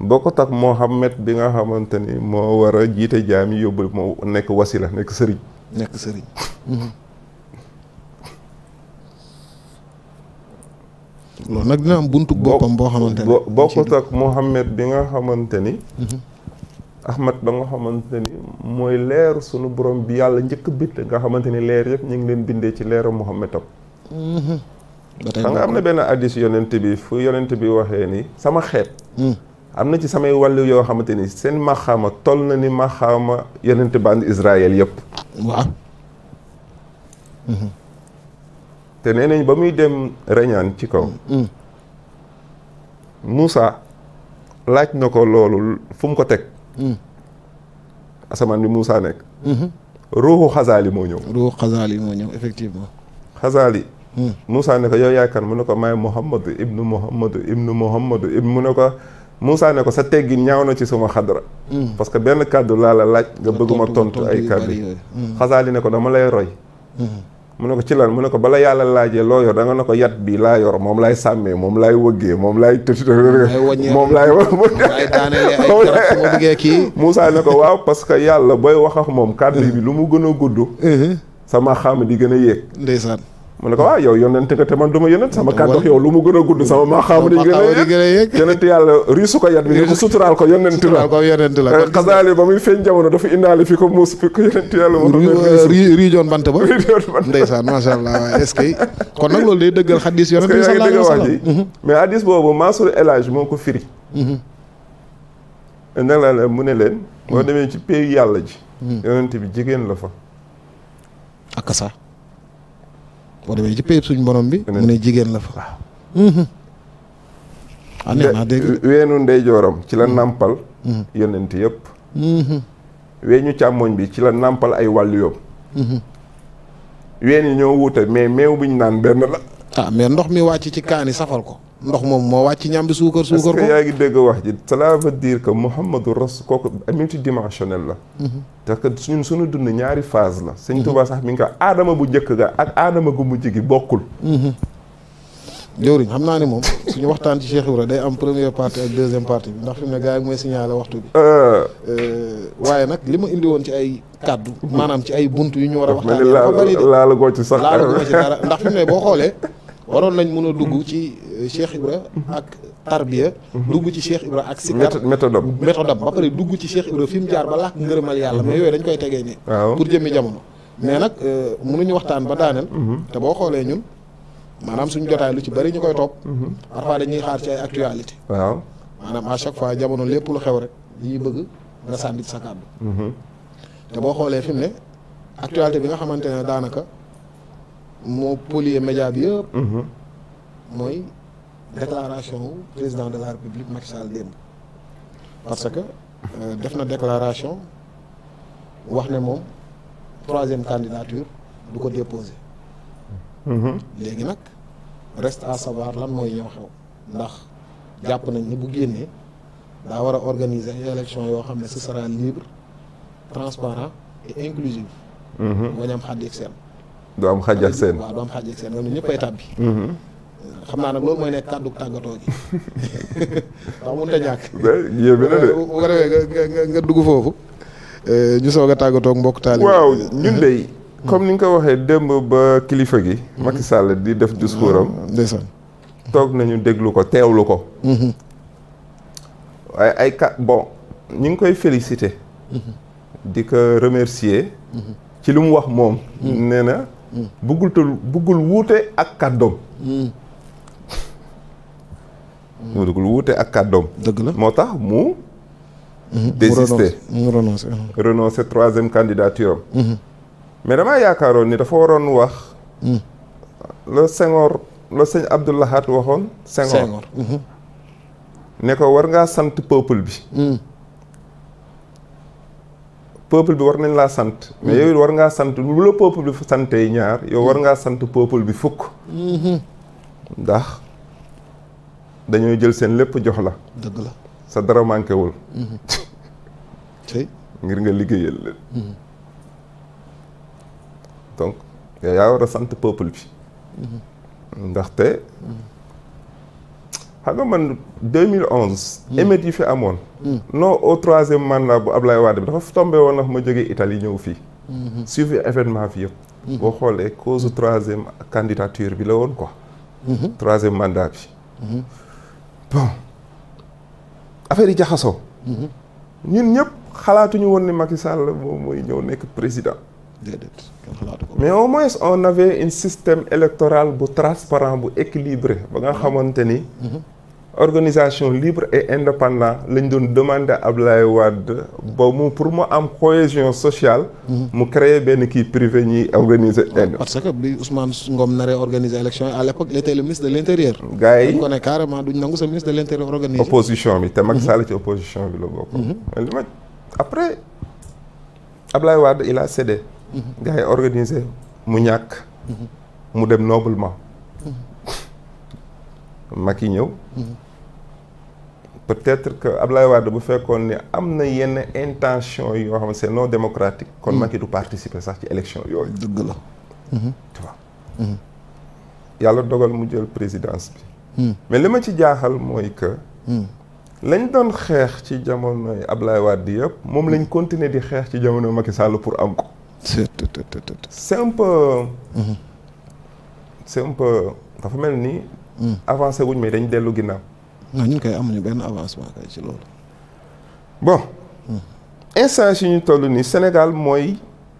bokkut ak Mohamed bi nga xamante ni moo war a jiite jaam yóbbu moo nekk wasila nekk sëriñ. nekk sëriñ. Mhm. loolu nag dina am buntu boppam boo xamante ni bokkut ak Mohamed bi nga xamante ni. Mhm. Ahmad ba nga xamante mooy leer sunu borom bi yàlla njëkk bind nga xamante ni leer yëpp ñu ngi leen bindee ci leeru Mohamed tam. xam nga am na benn addis yonent bi fu yonent bi waxee ni sama xeet hmm. am na ci samay wàllu yoo xamante ni seen maxaama toll na ni maxaama yonent band Israël yëpp waaw hmm. te nee nañ ba muy dem reñaan ci kaw hmm. Moussa laaj na ko loolu fu mu ko teg asamaan bi Moussa nekk ruuxu xasaali moo ñëw ruuxu xasaali moo ñëw effectivement xasaali Moussa ne ko yow yaay kan mu ne ko maay Mouhamadu ibnu Mouhamadu ibnu Mouhamadu ibnu mu ne ko Moussa ne ko sa teggi ñaaw na ci suma xadra mm. parce que benn kàddu laa la laaj nga bëgguma tontu ay kàddu yi mm. xasaali ne ko dama lay roy mm. mu ne ko ci lan mu ne ko bala yàlla laajee loo yor da nga ko yat bi laa yor moom laay sàmmee moom laay wëggee moom laay moom laay wëggee Moussa ne ko waaw parce que yàlla booy wax ak moom kàddu bi lu mu gën a gudd mm-hmm. sama xam di gën a yéeg ndeysaan mu ne ko waaw ah, yow yonent nga te man sama kàddox yow lu a gudd sama maxaama di ko yat bi ne eh, dafa indaale fi ko muus fi kon nag loolu day dëggal xadis mais hadis boobu Mansour El moo ko firi mm-hmm. nag laa mu ne leen boo mm-hmm. demee ci pays yàlla ji mm-hmm. yonent bi jigéen la fa ak boo demee ci payib suñ borom bi. mu ne jigéen la fa. Mhm. ah nee weenu ndeyjooram ci la mhm. nàmpal. Mhm. yonent yëpp. weeñu càmmooñ bi ci la nàmpal ay wàllu yóob. ween yi ñoo wuute mais meew bi ñu naan benn la. ah mais ndox mi wàcc ci kaani safal ko. ndox moom moo wàcc ñam bi suukar suukar ko yaa ngi dégg wax ji cela veut dire que Mouhamadou Rasul kooku multidimensionnel la mhm. parce que ñun suñu dund ñaari phase la sëñ mhm. Tuubaa sax mi ngi ko aadama bu njëkk ga ak aadama gu mujj gi bokkul mhm. jëwriñ xam naa ni moom suñu waxtaan ci Cheikh Ibra day am première partie ak deuxième partie ndax fi mu ne gars yi mooy signalé waxtu bi euh. Euh, waaye nag li ma indi woon ci ay kàddu maanaam ci ay bunt yu ñu war a waxtaan dafa bari de laa la goo ci sax a la goo ci dara ndax fi ne boo xoolee waroon nañ mun a dugg ci euh, Cheikh Ibra ak tarbiya mhm. dugg ci Cheikh Ibra ak sikar méthodam méthodam ba pare dugg ci Cheikh Ibra fi mu jaar ba làkk ngërëmal yàlla mais yooyu dañ koy tegee nii pour jëmmi jamono mais nag euh, mënuñu waxtaan ba daaneel mhm. te boo xoolee ñun maanaam suñu jotaay lu ci bari ñu koy toog mhm. parfois dañuy xaar ci ay actualité waaw maanaam à chaque fois jamono lépp lu xew rek dañuy bëgg nga sànni sa kàddu te boo xoolee fi ne actualité bi nga xamante ne daanaka moo polier média bi yëpp. Mhm. mooy déclaration wu président de la république Macky Sall démb. parce que euh, def na déclaration wax ne moom troisième candidature du ko déposer. Mhm. léegi nag reste à savoir lan mooy ñëw xew ndax jàpp nañ ni bu génnee daa war a organiser élection yoo xam ne ce sera libre transparent et inclusive. Mhm. wañam xàddi ak du am xaaj ak seen waaw du tàbbi xam naa nag loolu mooy nekk kàddu tàggatoo gi yéeme na de bu nga dugg foofu eh, ñu soog a tàggatoo mbokk taali waaw ñun mm-hmm. de comme ni nga ko waxee mm-hmm. démb ba kilifa gi mm-hmm. Macky Sall di def discoursam ndeysaan toog nañu déglu ko teewlu ko waaye ay kat bon ñu ngi koy féliciter di ko remercier ci li mu wax moom nee buggul te buggul wuute ak kàddoom. mu hmm. buggul wuute ak kàddoom. dëgg la moo tax mu. désisté hmm. mu renoncé renoncé troisième hmm. mais damaa yaakaaroon ni dafa waroon wax. la Senghor la sëñ Abdou Lahad waxoon. Senghor ne ko war ngaa sant peuple bi. peuple bi war nañ laa sant. mais mm-hmm. yow it war ngaa sant bu la peuple bi santee ñaar yow war ngaa sant peuple bi fukk. Mm-hmm. ndax dañoo jël seen lépp jox la. dëgg la sa dara manqué wul. Mm-hmm. ngir nga liggéeyal leen. donc yow yaa war a sant peuple bi. ndaxte. xam nga man mille 2011. Hmm. émeutes yi fi amoon. Hmm. non au troisième mandat bu Ablaye Wade bi dafa tombé woon ndax ma jógee Italie ñëw fii. Hmm. suivi événement fii yëpp. boo xoolee cause troisième candidature bi la woon ko troisième mandat bi. bon affaire yi jaxasoo. ñun ñëpp xalaatuñu woon ni Macky Sall moom mooy ñëw nekk président. mais au moins on avait une système électoral bu transparent bu équilibré ba nga xamante ni. organisation libre et indépendant lañ doon demandé Ablaye Wade ba mu pour mu am cohésion sociale. Mhm. mu créer benn kii privé ñuy organiser. parce que bi Ousmane Ngom naree organiser élection yi à l' époque il ministre de l' intérieur. gars yi ne carrément duñ nangu sa ministre de l' intérieur organiser. opposition bi te Macky mhm. Sall ci opposition bi mhm. ma après Ablaye Wade il organiser mu ñàkk. mu dem noblement. yi ñëw. peut-être que Ablaye Wade bu fekkoon ne am na yenn intention yoo xam ne c'est non démocratique. kon mm. Macky du participer sax ci élection yooyu. dëgg la. Mm-hmm. tu mm-hmm. yàlla dogal mu jël présidence bi. Mm. mais li ma ci jaaxal mooy que. Mm. lañ doon xeex ci jamonoy Ablaye Wade yëpp moom lañ continuer di xeex ci jamono Macky Sall pour am ko. c'est un peu. Mm-hmm. c'est dafa mel nii avancé wuñ mais dañ dellu ginnaaw. non ñun koy amuñu benn avancement kay ci loolu. bon. Hmm. instance yi ñu toll nii Sénégal mooy.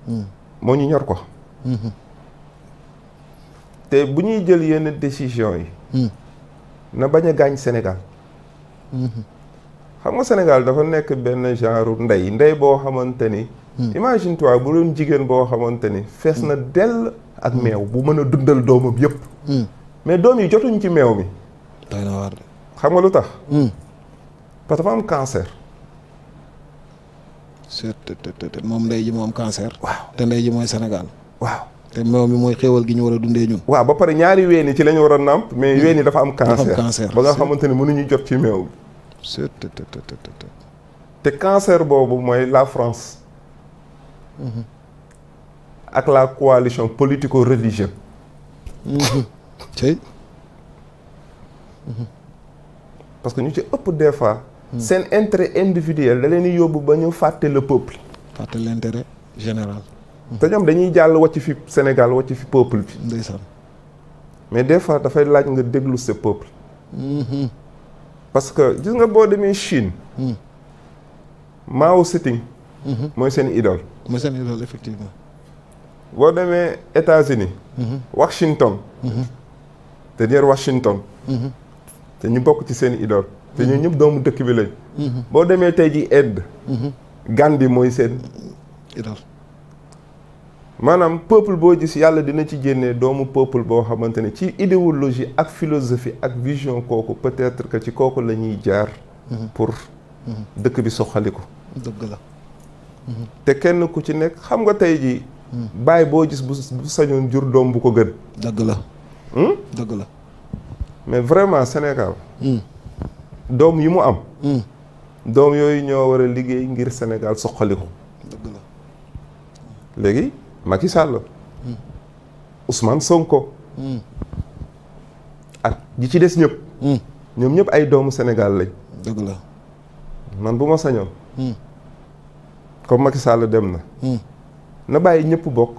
Hmm. moo ñu ñor ko. Hmm. te bu ñuy jël yenn décision yi. na bañ a gaañ Sénégal. xam nga Sénégal dafa nekk benn genre ndey ndey boo xamante ni. imagine toi bu doon jigéen boo xamante ni fees na dell ak meew bu mën a dundal doomam yëpp. mais doom yi jotuñ ci meew mi. xam nga lu tax. Hmm. parce que dafa am cancer. c'est moom ndey ji moom cancer. waaw te ndey ji mooy Sénégal. waaw te moom mi mooy xéewal gi ñu war a dundee ñun. waaw ba pare ñaari ween yi ci la ñu war a nàmp. mais hmm. ween yi dafa am. cancer ba nga xamante ne mënuñu jot ci meew bi. te cancer boobu mooy la France. Hmm. ak la coalition politico-religieuse. parce que ñu ci ëpp des fois. seen intérêt individuel da leen di yóbbu ba ñu fàtte le peuple. fàtte l' intérêt général. te ñoom dañuy jàll wàcc fi Sénégal wàcc fi peuple bi. ndeysaan. mais des fois dafay laaj nga déglu sa peuple. Mm-hmm. parce que gis nga boo demee Chine. Mm. Mao tse mm-hmm. mooy seen idole. mooy seen idole effectivement. boo demee États-Unis. Mm-hmm. Washington. dernier Washington. te bokk ci seen idole te ñun ñëpp doomu dëkk bi lañ. Mhm. boo demee tey ji mhm. aide. bi mooy seen. idole maanaam peuple boo gis yàlla dina ci génnee doomu peuple boo xamante ne ci idéologie ak philosophie ak vision kooku peut-être que ci kooku lañuy jaar. Mhm. pour dëkk bi soxaliku. dëgg la. te kenn ku ci nekk xam nga tey ji baay boo gis bu sañoon jur doom bu ko gën. dëgg la. Hmm? dëgg la. mais vraiment Sénégal. Hmm. doom yi mu am. Hmm. doom yooyu ñoo war a liggéey ngir Sénégal soqaliku. dëgg la léegi Macky Sall. Hmm. Ousmane Sonko. ak ñi ci des ñëpp. ñoom ñëpp ay doomu Sénégal lañ. dëgg la man bu ma sañoon. comme Macky Sall dem na. na bàyyi ñëpp bokk.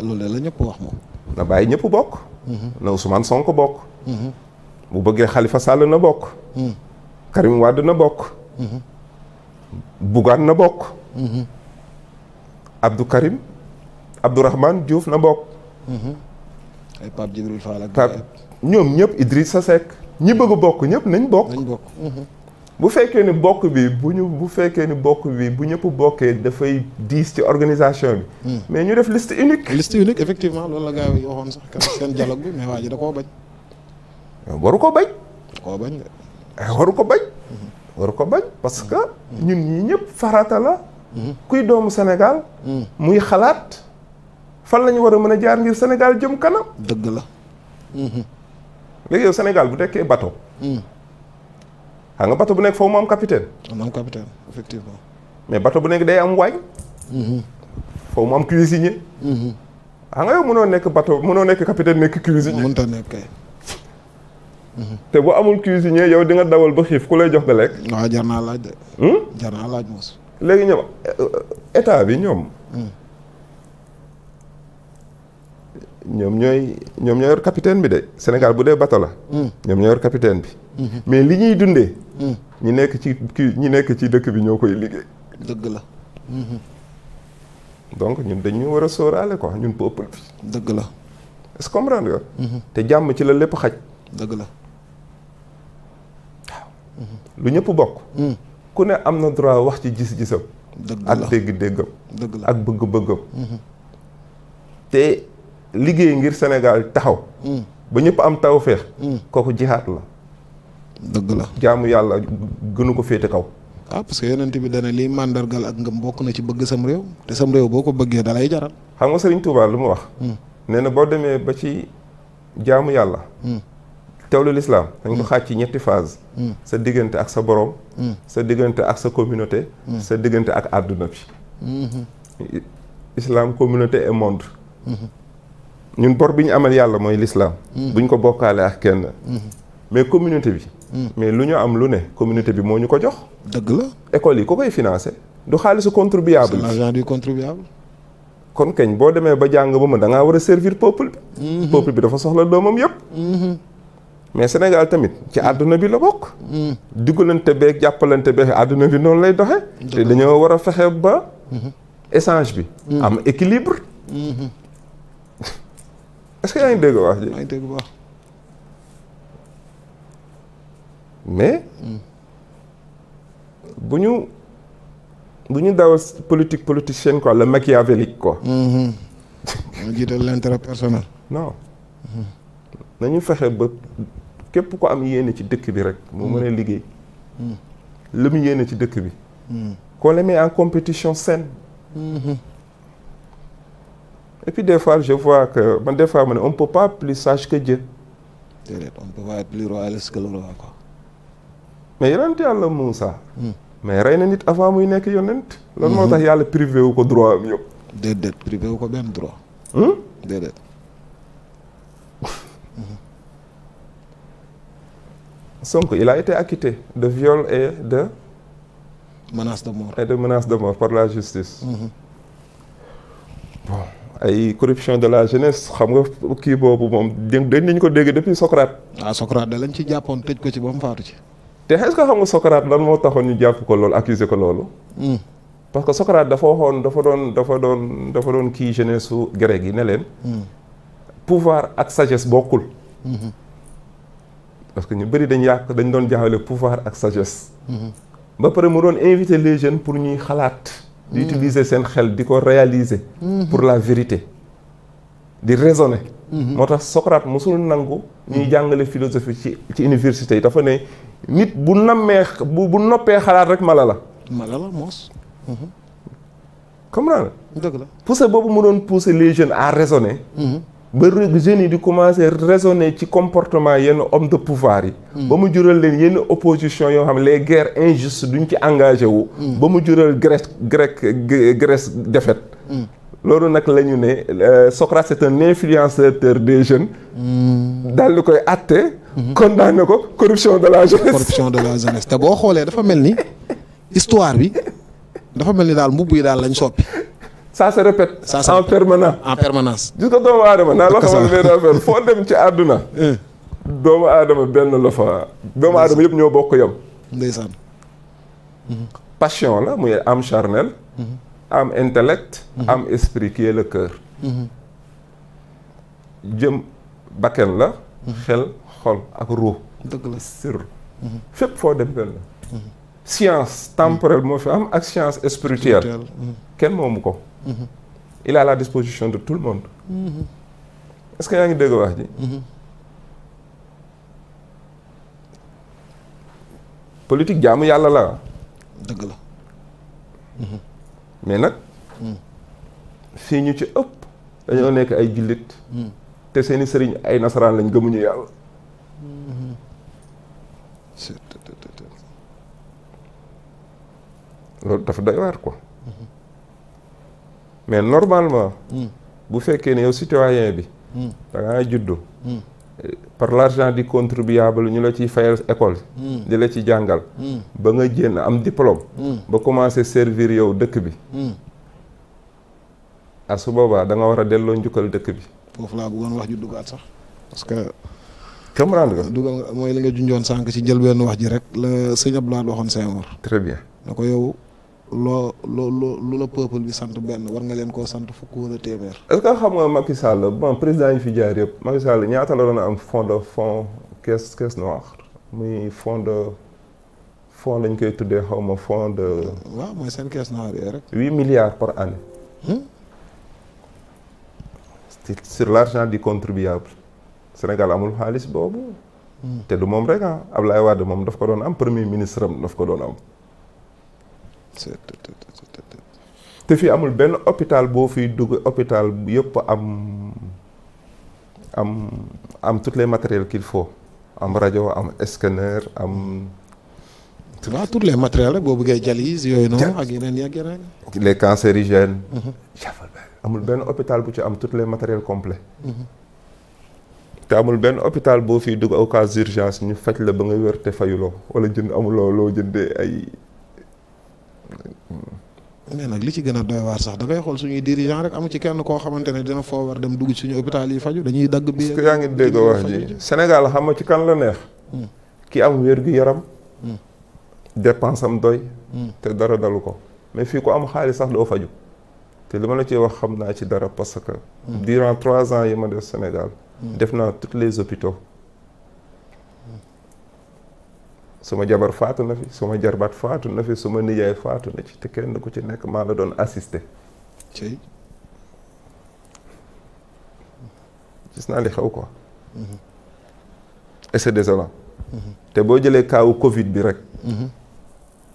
loolu la ñëpp wax moom. na bàyyi ñëpp bokk. na Ousmane Sonko bokk. bu bëggee xalifa Sall na bokk. Hmm. Karim Wade na bokk. Hmm. Bougane na bokk. Hmm. Abdou Karim Abdourahmane Diouf na bokk. ay Pape Djibril Fall ak Pape ñoom ñëpp Idrissa Seck ñi bëgg bokk ñëpp nañ bokk. nañ bokk. bu fekkee ni bokk bi bu ñu bu fekkee ni bokk bi bu ñëpp bokkee dafay diis ci organisation bi. mais ñu def liste unique. liste unique effectivement loolu la gars yi waxoon sax seen dialogue bi mais waa da koo bañ. waru ko bañ. koo waru ko bañ. waru ko bañ parce que. ñun ñi ñëpp faraata la. kuy doomu senegal muy xalaat fan lañu war a mën a jaar ngir senegal jëm kanam. dëgg la. léegi yow Sénégal bu nekkee bato. xam nga bato bu nekk foofu mu am capitaine. mu mais bato bu nekk day am waañ. foofu mu am cuisinier. Mhm. xam nga yow mënoo nekk bato mënoo nekk capitaine nekk cuisinier. mënta nekk kay. te bu amul cuisinier yow di nga dawal ba xiif ku lay jox nga lekk. waaw jar naa laaj de. Hmm? jar naa laaj mos. léegi ñoom état bi ñoom. Hmm. ñoom ñooy ñoom ñoo yor capitaine bi de Sénégal bu dee bato la. Hmm. ñoom ñoo yor capitaine bi. mais li ñuy dundee. ñi nekk ci kii ñi nekk ci dëkk bi ñoo koy liggéey. dëgg la. donc ñun dañu war a sóoraale quoi ñun peuple bi. dëgg la. est-ce te jàmm ci la lépp xaj. dëgg la. lu ñëpp bokk. Hmm. ku ne am na droit wax ci gis-gisam. ak dégg-déggam. dëgg la ak bëgg-bëggam. Hmm. te liggéey ngir senegal taxaw. Hmm. ba ñëpp am tawféex. kooku jihaat la. dëgg la jaamu yàlla gënu ko féete kaw. ah parce que yonent bi dana lii màndargal ak ngëm bokk na ci bëgg sam réew te sam réew boo ko bëggee da lay jaral. xam nga Serigne Touba lu mu wax. nee na boo demee ba ci jaamu yàlla. teewlu lislaam dañ ko mm. xaaj ci ñetti phase mm. sa diggante ak sa borom mm. sa diggante ak sa communauté sa diggante ak àdduna bi mm-hmm. islam communauté et monde mm-hmm. ñun bor bi ñu amal yàlla mooy lislaam buñ ko bokkaale ak kenn mm-hmm. mais communauté bi mais lu ñu am lu ne communauté bi moo ñu ko jox dëgg la école yi ko koy financé du xaalisu contribuable l'argent du contribuable kon kañ boo demee ba jàng ba mën da ngaa war a servir peuple bi peuple bi dafa soxla doomam yëpp mais Sénégal tamit ci àdduna bi la bokk. Mm. dugalante beeg jàppalante beeg àdduna bi noonu lay doxe te dañoo war a fexe ba. Mm-hmm. échange bi. Mm-hmm. am équilibre. Mm-hmm. est-ce que yaa ngi dégg wax ji. yaa ngi dégg wax. mais. Mm. bu ñu bu ñu daaw politique politicienne quoi le machiavélique quoi. moo jiital l'intérêt personnel. non. nañu fexe ba képp ko am yéene ci dëkk bi rek. mu mm. mën liggéey. Mm. li mu yéene ci dëkk bi. Mm. qu'on les met en compétition saine. Mmh. et des fois je vois que man des fois ma ne on peut pas plus sage que Dieu. déedéet on peut pas être plus mais yonent yàlla Moussa. mais rey na nit avant muy nekk yonent. lan moo mm-hmm. tax yàlla privé wu ko droit am yëpp. déedéet privé wu Sonko il a été acquitté de viol et de. menace de mort et de menace de mort par la justice. Mmh. ay corruption de la jeunesse xam nga kii boobu moom dañ nañ ko dégg depuis Socrate. waaw ah, Socrate da lañ ci jàppoon tëj ko ci ba mu faatu te est-ce xam nga Socrate lan moo taxoon ñu jàpp ko loolu accuser ko loolu. Hmm. parce que Socrate dafa waxoon dafa doon dafa doon dafa doon kii jeunesse su grec yi ne leen. Hmm. pouvoir ak sagesse bokkul. Hmm. parce que ñu bëri dañ yàq dañ doon jaawale pouvoir ak sagesse. Mhm. ba pare mu doon invité les jeunes pour ñuy xalaat. di mhm. utiliser seen xel di ko réaliser. Mhm. pour la vérité. di raisonner. moo tax Socrate mosul nangu. ñuy jàngale philosophie ci ci université yi dafa ne nit bu nammee bu bu noppee xalaat rek mala la. mala la moos. comme la. dëgg la boobu mu doon pousser les jeunes à raisonner. ba jeunes yi di commencer raisonner ci comportement yenn homme de pouvoir yi hmm. ba mu jural leen yenn opposition yoo xam les guerres injustes duñ ci engagé wu hmm. ba mu jural Grèce Grèce Grèce defet hmm. loolu nag la ñu ne euh, Socrate c'est un influenceur des jeunes daal di koy atte condamné ko corruption de la jeunesse corruption de la jeunesse te boo xoolee dafa mel ni histoire bi dafa mel ni daal mbubb yi daal lañ soppi ça se répète. ça se répète en permanence en permanence. doomu aadama naa la xamal benn ci àdduna. Eh. doomu aadama benn la fa. doomu aadama yëpp ñoo bokk yam. passion la muy am charnel. am mm-hmm. intellect. am mm-hmm. esprit qui est le cœur. Mm-hmm. jëm bakken la. xel xol ak ruux. fépp foo dem benn science temporelle moo fi am ak science spirituelle. kenn moomu ko. il est la disposition de tout le monde. est que yaa ngi dégg wax ji. politique jaamu yàlla la. dëgg la. mais nag. fii ñu ci ëpp. dañoo nekk ay jullit. te seeni sëriñ ay nasaraan lañ gëmuñu yàlla. loolu dafa doy waar quoi. mais normalement. Hmm. bu fekkee ne yow citoyen bi. Hmm. dangaa juddu. Hmm. par l'argent du contribuable ñu la ciy fayal école. di la ci jàngal. ba nga génn am diplôme. ba commencé servir yow dëkk bi. a ah, su boobaa da nga war a delloo njukkal dëkk bi. foofu laa bëggoon wax ju duggaat sax parce que. comprendre nga. dugal nga mooy li nga junjoon sànk ci jël benn wax ji rek la sëñ Abdoulaye waxoon Senghor. très bien na ko yow. loo loo loo la peuple bi sant benn war nga leen koo sant fukk wala téeméer. est-ce xam nga Macky Sall bon président yi fi jaar yëpp Macky Sall ñaata la am fond de fond caisse caisse muy fond de fond lañ koy tuddee xaw ma fond de. waaw mooy seen caisse noire yooyu rek. huit milliards par année. Hmm? sur l'argent du contribuable. Sénégal amul xaalis boobu. Hmm. te du moom rek ah Ablaye Wade moom daf ko doon am premier ministre am daf ko doon am. te fii amul benn hôpital boo fiy dugg hôpital yëpp am am am tous les matériels qu'il faut am rajo am scanner am. tu vois tous les matériels rek boo bëggee dialyse yooyu noonu. ak yeneen yeeg yeneen. les cancérigènes. Mhm. amul benn hôpital bu ci am tous les matériels complets. Mhm. te amul benn hôpital boo fiy dugg au cas d'urgence ñu faj la ba nga wér te fayuloo wala jënd amuloo loo jëndee ay. mais nag li ci gën a doy waar sax da ngay xool suñuy dirigeant rek amu ci kenn koo xamante ne dina foo war dem dugg suñu hôpital yi faju dañuy dagg bi yaa ngi dégg wax ji Sénégal xam nga ci kan la neex hmm. ki am wér-gu-yaram hmm. dépense am doy hmm. te dara dalu ko mais fii ko am xaalis sax doo faju te li ma la ci wax xam naa ci dara parce que durant trois ans yi ma def Sénégal def naa tous les hôpitaux suma jabar faatu na fi ma jarbaat faatu na fi suma nijaay faatu na ci te kenn ku ci nekk maa la doon ci gis naa li xew ko mhm. et c'est désolant mhm. te boo jëlee kaawu covid bi rek mhm.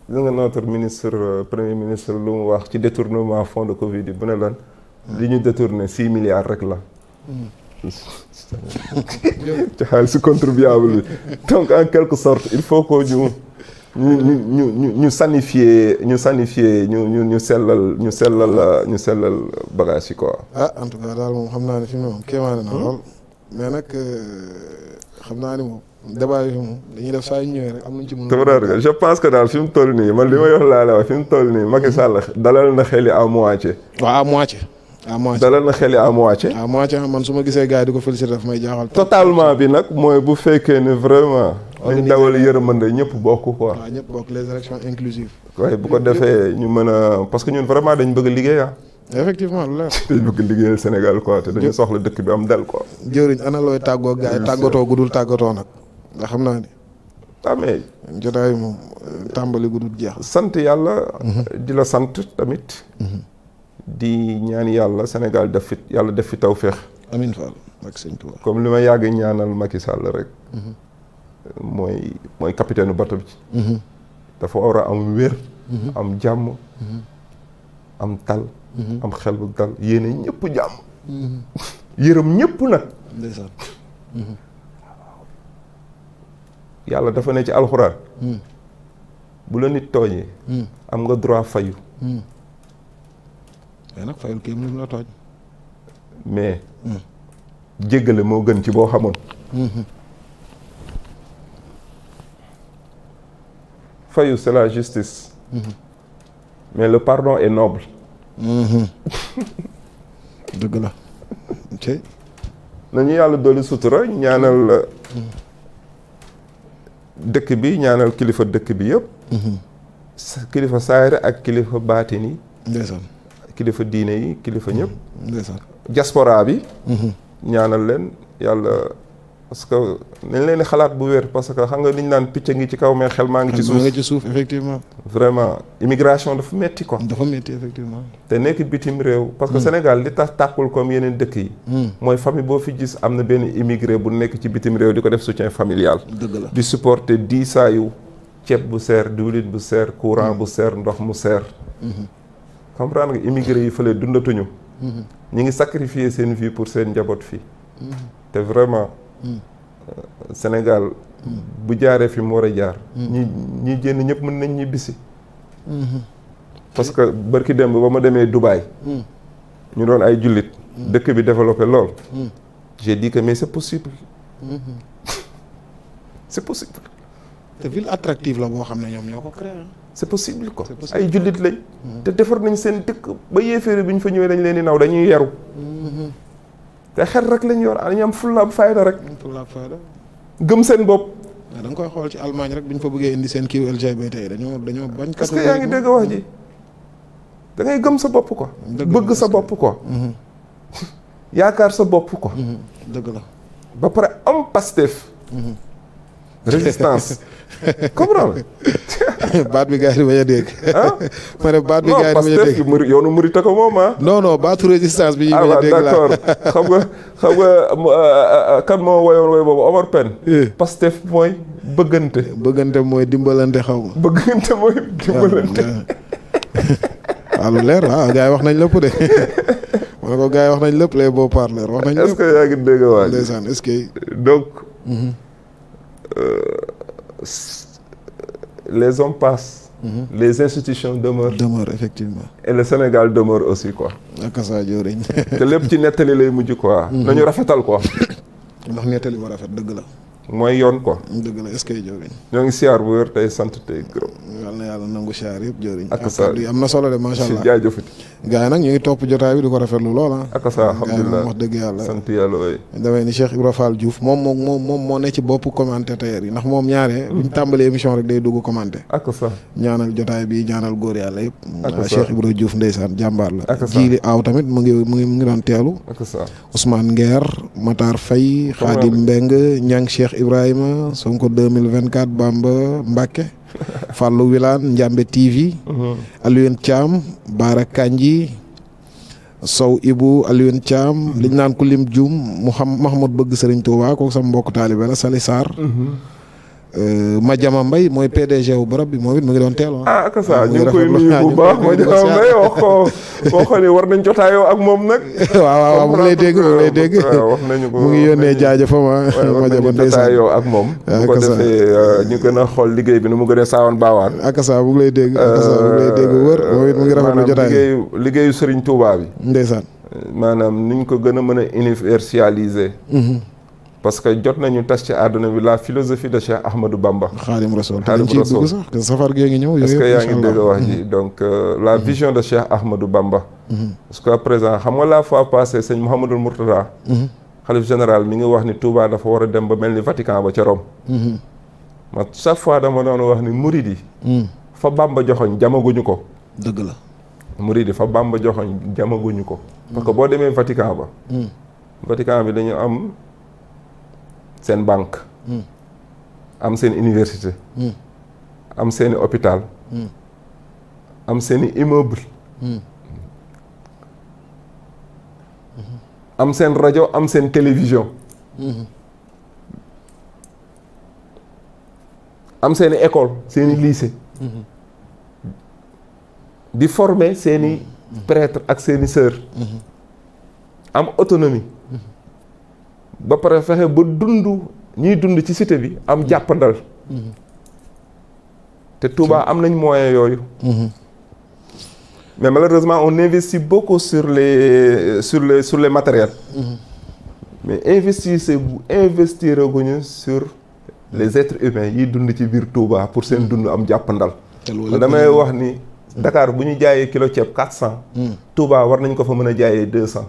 gis nga notre ministre euh, premier ministre lu mu wax ci détournement fonds de covid yi bu ne lan li ñu détourné six milliards rek la ci xaalisu contribuable bi donc en quelque sorte il faut ko ñu ñu ñu ñu ñu sanifier ñu sanifier ñu ñu ñu sellal ñu sellal ñu sellal bagage yi quoi. ah en tout daal moom xam naa ne fi mu moom kéemaane na lool mais nag euh, xam naa ni moom. débat yi moom dañuy def saa rek am ñu ci mën a. je pense que daal fi mu toll nii man li ma yor laa la wax fi mu toll nii Macky Sall dalal na xeli à moitié. waaw à moitié. à moitié dalal na xel yi à moitié. à moitié man su ma gisee gars yi di ko féliciter daf may jaaxal. totalement bi nag mooy bu fekkee ne vraiment. dañ dawal yërmande ñëpp bokk quoi. waaw ñëpp bokk les élections inclusives. waaye bu ko defee ñu mën a parce que ñun vraiment dañ bëgg liggéey ah. effectivement lu leer. dañ bëgg liggéeyal Sénégal quoi te dañu soxla dëkk bi am dal quoi. jëriñ ana looy tàggoo gars yi tàggatoo gudul tàggatoo nag nga xam naa ni. amee ah, jotaay moom tàmbali gudul jeex. sant yàlla. Mhm. di la sant tamit. Mhm. di ñaan yàlla senegal def fi yàlla def fi taw amiin Fall ak comme li ma yàgg ñaanal Macky Sall rek. mooy mooy capitaine bu bato mhm. dafa war a am wér. Mhm. am jàmm. Mhm. am tal. am xel bu dal yéene ñëpp jàmm. yërëm ñëpp nag. yàlla dafa ne ci alxuraan. bu la nit tooñee. am nga droit fayu. mais nag fayul kii mu la tooñ. mais. Hmm. jéggale moo gën ci boo xamoon. Hmm. fayu c'est la justice. Hmm. mais le pardon est noble. dëgg la. nañu yàlla dolli sutura ñaanal euh, dëkk bi ñaanal kilifa dëkk bi yëpp. kilifa saayir ak kilifa baatini. ndeysaan. kilifa diine yi kilifa ñëpp. Mm-hmm. diaspora bi. Mm-hmm. ñaanal leen yàlla parce que nañ leen xalaat bu wér parce que xam nga niñ naan picc ngi ci kaw mais xel maa ngi ci suuf maa ci suuf effectivement. vraiment immigration dafa metti quoi. dafa metti effectivement. te nekk bitim réew. parce que mm. Sénégal li tax tàkkul comme yeneen dëkk yi. Mm. mooy famille boo fi gis am na benn immigré bu nekk ci bitim réew di ko def soutien familial. dëgg la di supporter diisaayu ceeb bu seer diwlin bu seer courant mm. bu seer ndox mu seer. Mm-hmm. comprendre nga immigré yi fële dundatuñu. Mhm. ñu ngi sacrifier seen vie pour seen njaboot fii. Mhm. te vraiment. Mhm. Euh, Sénégal bu jaaree fi mu war a jaar. ñi ñi génn ñëpp mën nañ ñibbisi. parce que barki démb ba ma demee Dubaï. ñu doon ay jullit. dëkk bi développé lool. j'ai que mais c'est possible. c'est possible. te ville attractive la boo xam ne ñoom ñoo ko créé c'est possible quoi ay jullit lañ hmm. te defar nañ seen dëkk ba yéeféeri bi ñu fa ñëwee dañ leen di naw dañuy yaru hmm. te xel rek lañ yor dañu am fulla fayda rek hmm, fulla fayda gëm seen bopp da koy xool ci Allemagne rek bi ñu fa bëggee indi seen kiiw LGBT yi dañoo dañoo bañ parce que yaa ngi dégg wax ji da ngay gëm sa bopp quoi bëgg sa bopp ko yaakaar sa bopp ko dëgg la ba pare am Pastef résistance comprendre baat bi gars yi bañ a dégg. ah ma ne baat bi gars yi bañ a dégg non yoonu Mouride moom ah. non non baatu résistance bi ñu bañ a ah, dégg laa d'accord xam nga xam euh, euh, kan moo woyoon woy boobu Omar Pène. Eh. Pastef mooy bëggante. bëggante mooy dimbalante xaw ma. bëggante mooy dimbalante. waaw ah, leer waaw ah, gars yi wax nañ lépp de ma ne ko gars yi wax nañ lépp les beaux parleurs wax nañ lépp. est-ce que yaa ngi est les hommes passent. Mm -hmm. les institutions demeurent. demeurent effectivement. et le Sénégal demeure aussi quoi. akasaa jëriñ. te lépp ci nettali lay mujj quoi. Mhm. nañu rafetal ko ndax nettali ma rafet dëgg la. mooy yoon quoi. dëgg la est-ce que jëriñ. ñoo ngi siyaar bu wér tey sant tey gërëm. yal na yàlla nangu siyaar yëpp jëriñ ak am na solo de macha allah jaajëfati nag ñu topp jotaay bi di ko rafetlu loola ah. ak sa wax dëgg yàlla sant yàlla ooy damay ni Cheikh moom moom moom moom moo ne ci bopp commentateur yi ndax moom ñaare buñ tàmbalee émission rek day dugg commenté ak sa ñaanal góor yàlla yëpp Cheikh Ibra Diouf ndeysaan jàmbaar la jiili tamit mu ngi mu ngi mu ngi doon teelu ak sa Ousmane Nguer Matar Faye Khadim Mbeng Ñang Cheikh Ibrahima Sonko 2024 Bamba Mbacke Fallou Wilane Njambe TV. Mhm. Alioune Thiam Baara Kanji Sow Ibu Alioune Thiam. Mhm. liñ ku lim Dioum Mouhamed bëgg Serigne Touba kooku sama mbokk taalibe la Sali Euh, Madiama mbay mooy PDG wu barab bi mooy it mu ngi doon teel ah ak ça ñu ngi koy nuyu bu baax Madiama Mbaye wax war nañ jotaayoo ak moom nag waaw waaw mu lay dégg mu ngi lay dégg wax nañu ko mu ngi yónnee jaajëfam ah, Madiama jotaayoo ak moom ah, bu euh, ñu gën a xool liggéey bi nu mu gën a saawoon baawaan ak ah, ça lay dégg ak ça mu ngi lay dégg wër euh, moom it mu ngi rafetlu jotaay liggéeyu liggéeyu Serigne Touba bi maanaam nuñ ko gën a mën a universaliser mm-hmm. parce que jot nañu tas ci àdduna bi la philosophie de Cheikh Ahmadou Bamba. xaadim rasool xaadim rasool sax que safar gee ngi ñëw. est-ce que yaa ngi dégg wax ji mm-hmm. donc euh, la mm-hmm. vision de Cheikh Ahmadou Bamba. jusqu'à mm-hmm. présent xam nga la fois passée sëñ Mouhamadul Mourtada. xalif général mi ngi wax ni tuubaa dafa war a dem ba mel ni Vatican ba ca Rome. ma chaque fois dama doon wax ni Mouride. fa Bamba joxoñ jamaguñu ko. dëgg la. Mouride fa Bamba joxoñ jamaguñu ko. parce que boo demee Vatican ba. Vatican bi dañu seen banque. Hmm. am seen université. Hmm. am seeni hôpital. Hmm. am seeni immeuble. am seen rajo am seen télévision. am seeni école seeni lycée. di former seeni prêtre ak seeni sœur. am autonomie. ba pare fexe ba dund ñiy dund ci cité bi am mm-hmm. jàppandal mm-hmm. te Touba am nañ moyen yooyu mm-hmm. mais malheureusement on investit beaucoup sur les sur les sur les matériels mais investir c'est investir guñu sur les êtres humains yiy dund ci biir Touba pour seen dund am jàppandal damay wax ni Dakar bu ñu jaayee kilo ceeb quatre cent Touba war nañ ko fa mën a jaayee deux sants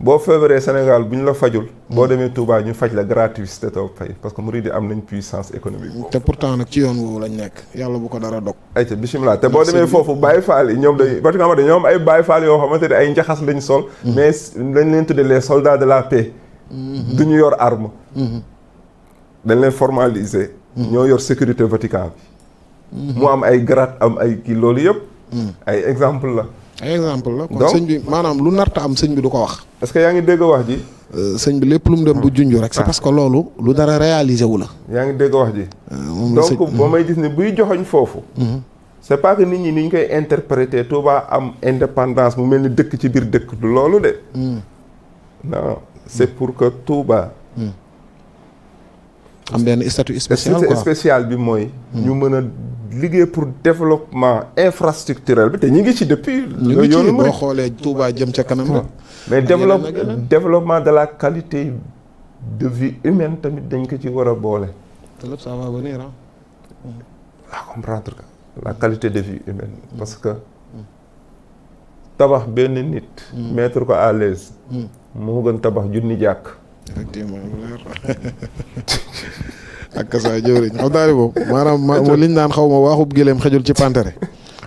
boo feebaree Sénégal bu ñu la fajul boo demee Touba ñu faj la gratuit te doo fay parce que murid yi am nañ puissance économique. te pourtant nag ci yoon woowu lañ nekk yàlla bu ko dara dog. ayca bisimilah te boo demee foofu Baye Fall yi ñoom dañuy parce que xamante ñoom ay Baye Fall yoo xamante ne ay njaxas lañ sol. Mm-hmm. mais dañ leen tuddee les soldats de la paix. Mm-hmm. du ñu yor arme. Mm-hmm. dañ leen formaliser. ñoo yor sécurité Vatican bi. mu am ay grade am ay kii loolu yëpp. ay exemple la. exemple la kon sëñ bi maanaam lu narta am sëñ bi du ko wax. est que yaa ngi dégg wax ji. Euh, sëñ bi lépp lu mu dem bu junj rek. c'est ah. parce que loolu lu dara réalisé wu la. yaa ngi dégg wax ji. Euh, donc ba may gis ne buy joxoñ foofu. Mhm. c'est pas nit ñi ni ñu koy interpréter Touba am indépendance mu mel ni dëkk ci biir dëkk du loolu de. Mhm. non c'est pour que Touba. Mhm. am benn statut spécial quoi statut spécial bi mooy. ñu mën a. liggéey pour développement infrastructurel bi te ñu ngi ci depuis. ñu ngi ci boo xoolee Touba jëm ca kanam la. mais développe développement de la qualité de vie humaine tamit dañ ko ci war a boole. te lépp ça la qualité de vie humaine parce que tabax benn nit. Mm. mettre ko à l'aise mm. moo gën tabax junni jàkk. effectivement. ak kasaay jëwriñ xam daal di boobu maanaam liñ naan xaw ma waaxub gileem xejul ci pantere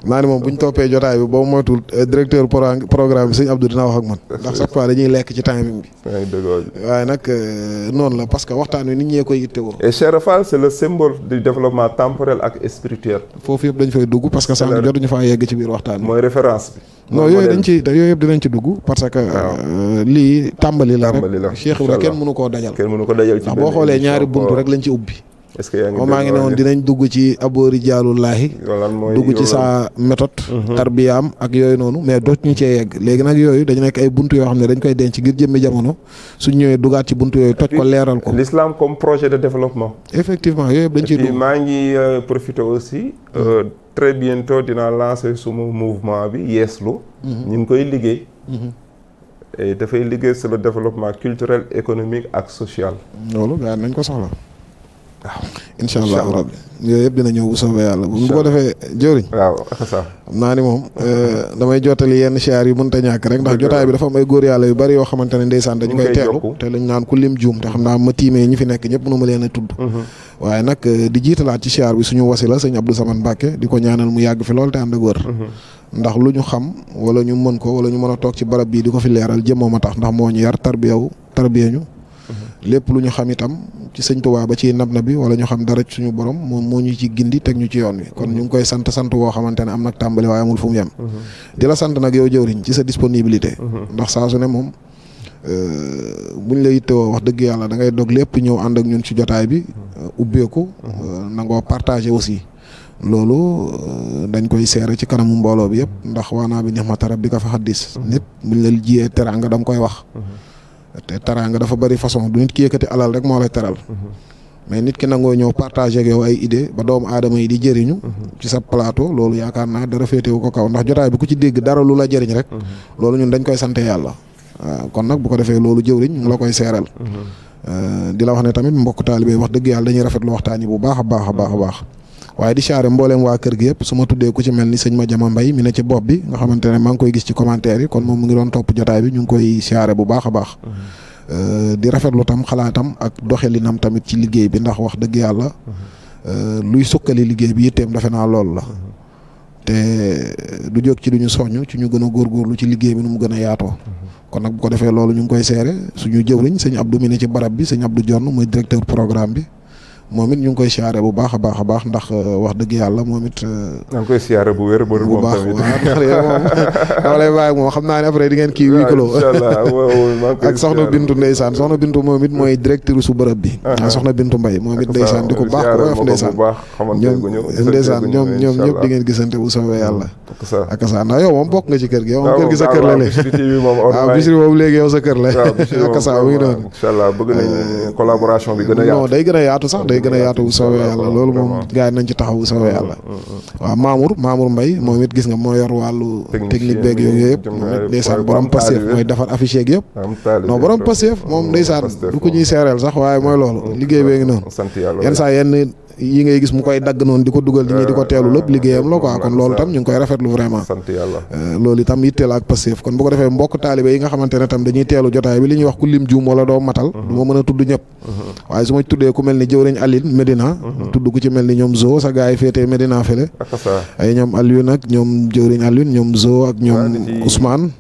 naa moom bu ñu toppee jotaay bi boobu moytul eh, directeur programme bi sëñ Abdou dina wax ak man ndax chaque fois dañuy lekk ci timing bi eh, parce que waxtaan wi nit ñee koy ittewoo et Cheikh Fall c'est le symbole du développement temporel foofu yëpp dañ fay dugg parce que sànq jotuñu faa yegg ci biir waxtaan mooy référence bi non yooyu dañ ci yooyu yëpp dinañ ci dugg parce que eh, lii tàmbali la rek Cheikh Ibra kenn mënu koo dajal kenn mënu ko dajal ndax boo xoolee ñaari buntu rek lañ ci ubbi est-ce que yaa ngi maa ngi ne woon dinañ dugg ci aboori jaalullaahi dugg ci sa méthode mhm. tarbiyaam ak yooyu noonu mais dooc ñu cee yegg léegi nag yooyu dañu nekk ay buntu yoo xam ne dañ koy denc ngir jëmmi jamono suñ ñëwee dugaat ci buntu yooyu toj ko leeral ko lislaam comme projet de développement effectivement yooyu yëpp dañ ci dugg maa ngi euh, profité aussi euh, mhm. très bientôt dinaa lancer suma mouvement bi yeeslu mhm. ñu ngi koy liggéey dafay liggéey sur développement culturel économique ak social loolu gaa nañ ko soxla waaw incha rabbi yooyu yëpp dina ñëw bu soobee yàlla bu ko defee jëriñ waaw naa ni moom euh, damay jottali yenn siyaar yu mënta ñàkk rek ndax jotaay bi dafa may ay góor yàlla yu bari yoo xamante ne ndeysaan dañu koy teelu te lañ naan ku lim juum te xam naa ma tiimee ñi fi nekk ñëpp mënu ma leen a tudd mm-hmm. waaye nag euh, di jiitalaat ci siyaar bi suñu wasila sëñ Abdou Samane Mbacke di ko ñaanal mu yàgg fi lool te ànd ak mm-hmm. ndax lu ñu xam wala ñu mën ko wala ñu mën a toog ci barab bii di ko fi leeral jëmmoo ma tax ndax moo ñu yar tarbiyaw tarbiya ñu lépp lu ñu xam itam ci sëñ ba ci nab na bi wala ñu xam dara suñu borom moom moo ñu ci gindi teg ñu ci yoon wi kon ñu ngi koy sant sant woo xamante ne am nag tàmbali waaye amul fu mu yem mhm. di la sant nag yow jëwriñ ci sa disponibilité mhm. ndax saa su ne moom euh, buñ la yittewoo wax dëgg yàlla da ngay dog lépp ñëw ànd ak ñun ci jotaay bi mhm. ubbeeku euh, nangoo partagé aussi loolu euh, dañ koy seere ci kanamu mbooloo bi yëpp ndax naa bi nixmata rabbika fa xaddis nit buñ la jiyee teranga da nga koy wax te teraanga dafa bëri façon du nit ki yëkkati alal rek moo la teral mais nit ki nangoo ñëw partagé ak yow ay idée ba doomu aadama yi di jëriñu ci sa plateau loolu yaakaar naa dara féetewu ko kaw ndax jotaay bi ku ci dégg dara lu la jëriñ rek loolu ñun dañ koy sante yàlla waaw ah, kon nag bu ko defee loolu jëwriñ mu la koy seeral mhm. ah, di la wax ne tamit mbokk taalibe wax dëgg yàlla dañuy rafetlu waxtaan yi bu baax a baax a baax a baax waaye di charé mbooleem waa kër gi yëpp su ma tuddee ku ci mel ni sëñ ma jama mbay mi ne ci bopp bi nga xamante ne maa ngi koy gis ci commentaire yi kon moom mu ngi koy charé bu baax a euh, di rafetlu tam xalaatam ak doxalinam tamit ci liggéey bi ndax wax dëgg yàlla euh, luy sukkali liggéey bi yitteem defe naa loolu la te du jóg ci duñu soññ ci ñu gën a góorgóorlu ci liggéey bi nu mu gën a yaatoo kon nag bu ko defee loolu ñu ngi koy seere suñu jëwriñ sëñ Abdou mi ne ci barab bi sëñ Abdou Diorn muy directeur programme bi moom it ñu ngi koy siyaare bu baax a baax a baax ndax euh, wax dëgg yàlla moom it. na euh, nga koy siyaare bu wér bu moom tamit bu baax waaw ndax moom lay bàyyi moom xam naa ne après di ngeen kii. waaw incha allah ak soxna Bintu ndeysaan soxna Bintu moom it mooy directrice su bërëb bi. soxna Bintu Mbaye moom it ndeysaan di ko baax ko woyof ndeysaan ñoom ndeysaan ñoom ñoom ñëpp di ngeen gisante bu soobee yàlla. ak sa ndax yow moom bokk nga ci kër gi yow moom kër gi sa kër la léegi moom la sa mu ngi doon incha euh, bi gën a day gën a yaatu sax day gën a yaatu bu soobee yàlla loolu moom gars a nañ ci taxaw bu soobee yàlla mm, mm, mm, waaw Mamour Mamour moom it gis nga moo yor wàllu technique beeg yooyu yëpp moom it ndeysaan borom Pastef mooy defar affiche yeeg yëpp non borom Pastef moom ndeysaan du ko ñuy seereel sax waaye mooy loolu liggéey bee ngi noonu yenn saa yenn yi ngay gis mu koy dagg noonu di ko dugal di ñuy di ko teelu lépp liggéeyam la quoi kon loolu tam ñu ngi koy rafetlu vraiment sant yàlla euh, loolu itam yitteel ak passif kon bu ko mbokk taalibe yi nga xamante ne tam dañuy teelu jotaay bi li ñuy wax ku lim juum wala doo matal du mën a tudd ñëpp mhm. waaye su ma tuddee ku mel ni jëwriñ Aline Medina mhm. tudd ku ci mel ni ñoom Zo sa gars yi féetee Medina fële ay ñoom Alioune ak ñoom jëwriñ Aline ñoom Zo ak ñoom Ousmane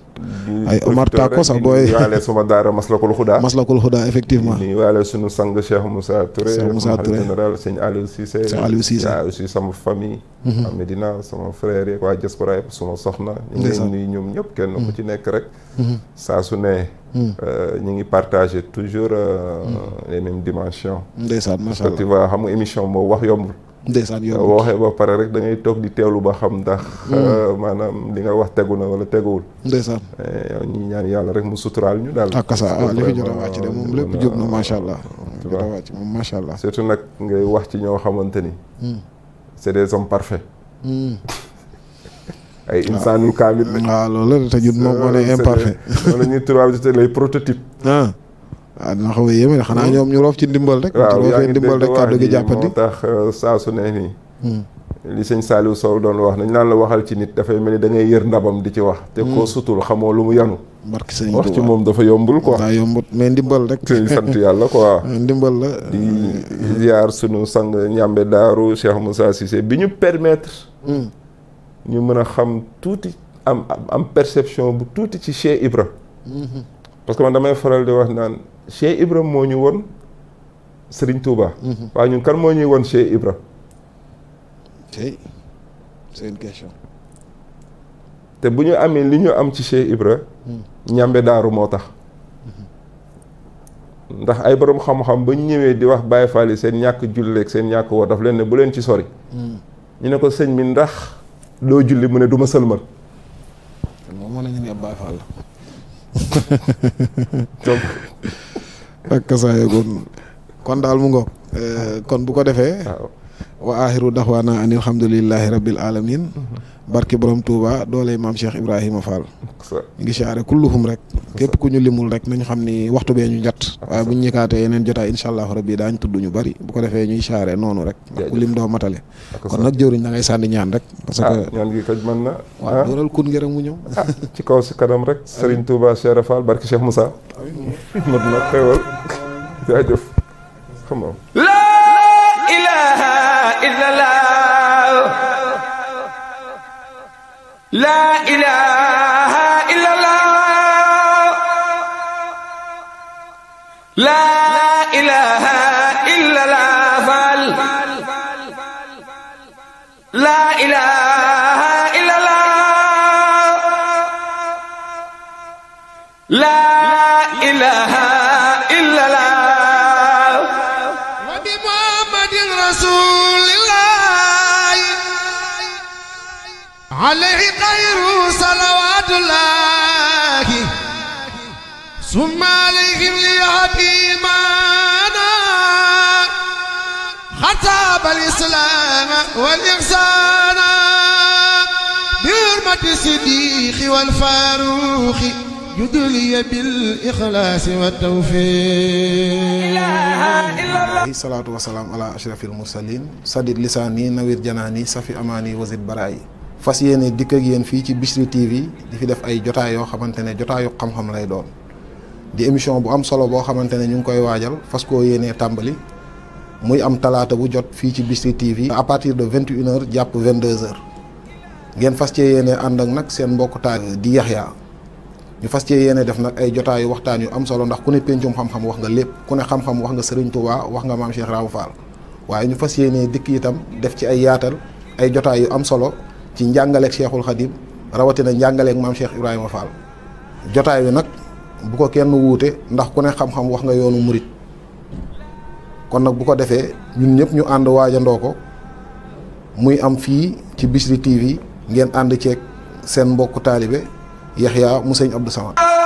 ay Omar Tako sax booy waale suma daara Maslakul Xuda Maslakul Xuda effectivement ni waale sunu sang Cheikh Moussa Touré Cheikh Moussa Touré général sëñ Aliou Cissé sëñ Aliou Cissé waaw sama famille mhm. a Medina sama frère yeeg waa diaspora yëpp suma soxna ñu ngi ñoom ñëpp kenn ku ci mhm. nekk rek mhm. saa su ne euh, ñu ngi partager toujours euh, les mêmes dimensions ndeysaan macha allah parce émission moo wax yombul ndeysaan yow waxee ba pare rek dangay toog di teewlu ba xam ndax. Mm. Euh, maanaam li nga wax tegu na wala teguwul. ndeysaan eh, ñaan yàlla rek mu suturaal ñu daal. ak ah, ah, moom lépp jub na macha allah. jot allah. surtout nag ngay wax ci ñoo xamante ni. Mm. c'est des hommes parfaits. Mm. ay insaanul ah. kaamil lañ. waaw loolu la te ñun moom moo lay imparfait. loolu la ñuy tubaab di les prototypes. waaw ah, dina xaw a yéeme xanaa hmm? ñoom ñu roof ci ndimbal rek. waaw yaa ngi ndimbal rek kàddu moo tax euh, saa su ne nii. Hmm. li sëñ Saliou Sow doon wax nañ naan la waxal ci nit dafay mel ni da ngay yër ndabam di ci wax. te koo hmm. sutul xamoo lu mu yanu. barke sëñ wax ci moom dafa yombul quoi. daa yombut mais ndimbal rek. te sant yàlla quoi. ndimbal la. di ziar sunu sang ñambe daaru Cheikh Moussa Cissé bi ñu permettre. ñu mën a xam tuuti am am perception bu tuuti ci Cheikh Ibra. parce man damay faral di wax naan. Cheikh Ibra moo ñu woon sëriñ Touba. Mhm. waaw ñun kan moo ñuy woon Cheikh Ibra. tey c'est question. te bu ñu amee li ñu am ci Cheikh Ibra. Hmm. ñàmbe daaru moo tax. Mhm. ndax ay borom xam-xam ba ñu ñëwee di wax Baye Fall yi seen ñàkk julleeg seen ñàkk woor daf leen ne bu leen ci sori. Hmm. ñu ne ko sëñ bi ndax doo julli mu ne duma ma sëlmal. moom moo ñu ne donc ak kasaayegoon kon daal mu ngoog eh, ah. kon bu ko defee ah. wa axiru daxwaana an alhamdulillahi rabbil alamin mm-hmm. barke borom Touba dooley maam Cheikh Ibrahima Fall. faal ngi siyaare kulluhum rek. képp ku ñu limul rek nañ xam ni waxtu bee ñu jat waaye bu ñu ñëkkaatee yeneen jotaay incha allah rabbi daañ tudd ñu bari bu ko defee ñuy siyaare noonu rek. ndax ku lim doo matale. kon nag jëwriñ da sànni ñaan rek. parce que ah, ñaan gi koj mën na. waaw dooral ah. kun ngi rek mu ñëw. Ah, ci kaw si kanam rek. Serigne Touba Cheikh Fall barke Cheikh Moussa. mën na xewal jaajëf xam laa ilaaha illallah laa ilaaha illallah faal laa ilaaha illallah laa ilaaha illallah wa bi muhammadin rasuulillah صلواتلاه ثم عليهم ليحبيمانا خطاب الإسلام والإحسان بحرمة الصديق والفاروق يدلي بالإخلاص والتوفيق الصلاة والسلام على أشرف المرسلين سدد لساني نوير جناني صفي أماني وزد برائي fas yéene dikk ak yéen fii ci Bichri TV di fi def ay jotaay yoo xamante ne jotaayu xam-xam lay doon di émission bu am solo boo xamante ne ñu ngi koy waajal fas koo yéenee tàmbali muy am talaata bu jot fii ci Bichri TV. à partir de vingt et une heures jàpp vingt deux heures ngeen fas cee yéene ànd ak nag seen mbokk taal di Yaxya ñu fas cee yéene def nag ay jotaayu waxtaan yu am solo ndax ku ne pencum xam-xam wax nga lépp ku ne xam-xam wax nga Serigne Touba wax nga maam Cheikh Raw Fall waaye ñu fas yéene dikk itam def ci ay yaatal ay jotaay yu am solo. ci njàngaleeg Cheikhul Khadim rawatina njàngaleek maam Cheikh Ibrahima Fall jotaay bi nag bu ko kenn wuute ndax ku ne xam-xam wax nga yoonu murit kon nag bu ko defee ñun ñëpp ñu ànd waajandoo ko muy am fii ci Bichri TV ngeen ànd ceeg seen mbokku taalibe Yaxya mu sëñ Abdou Samad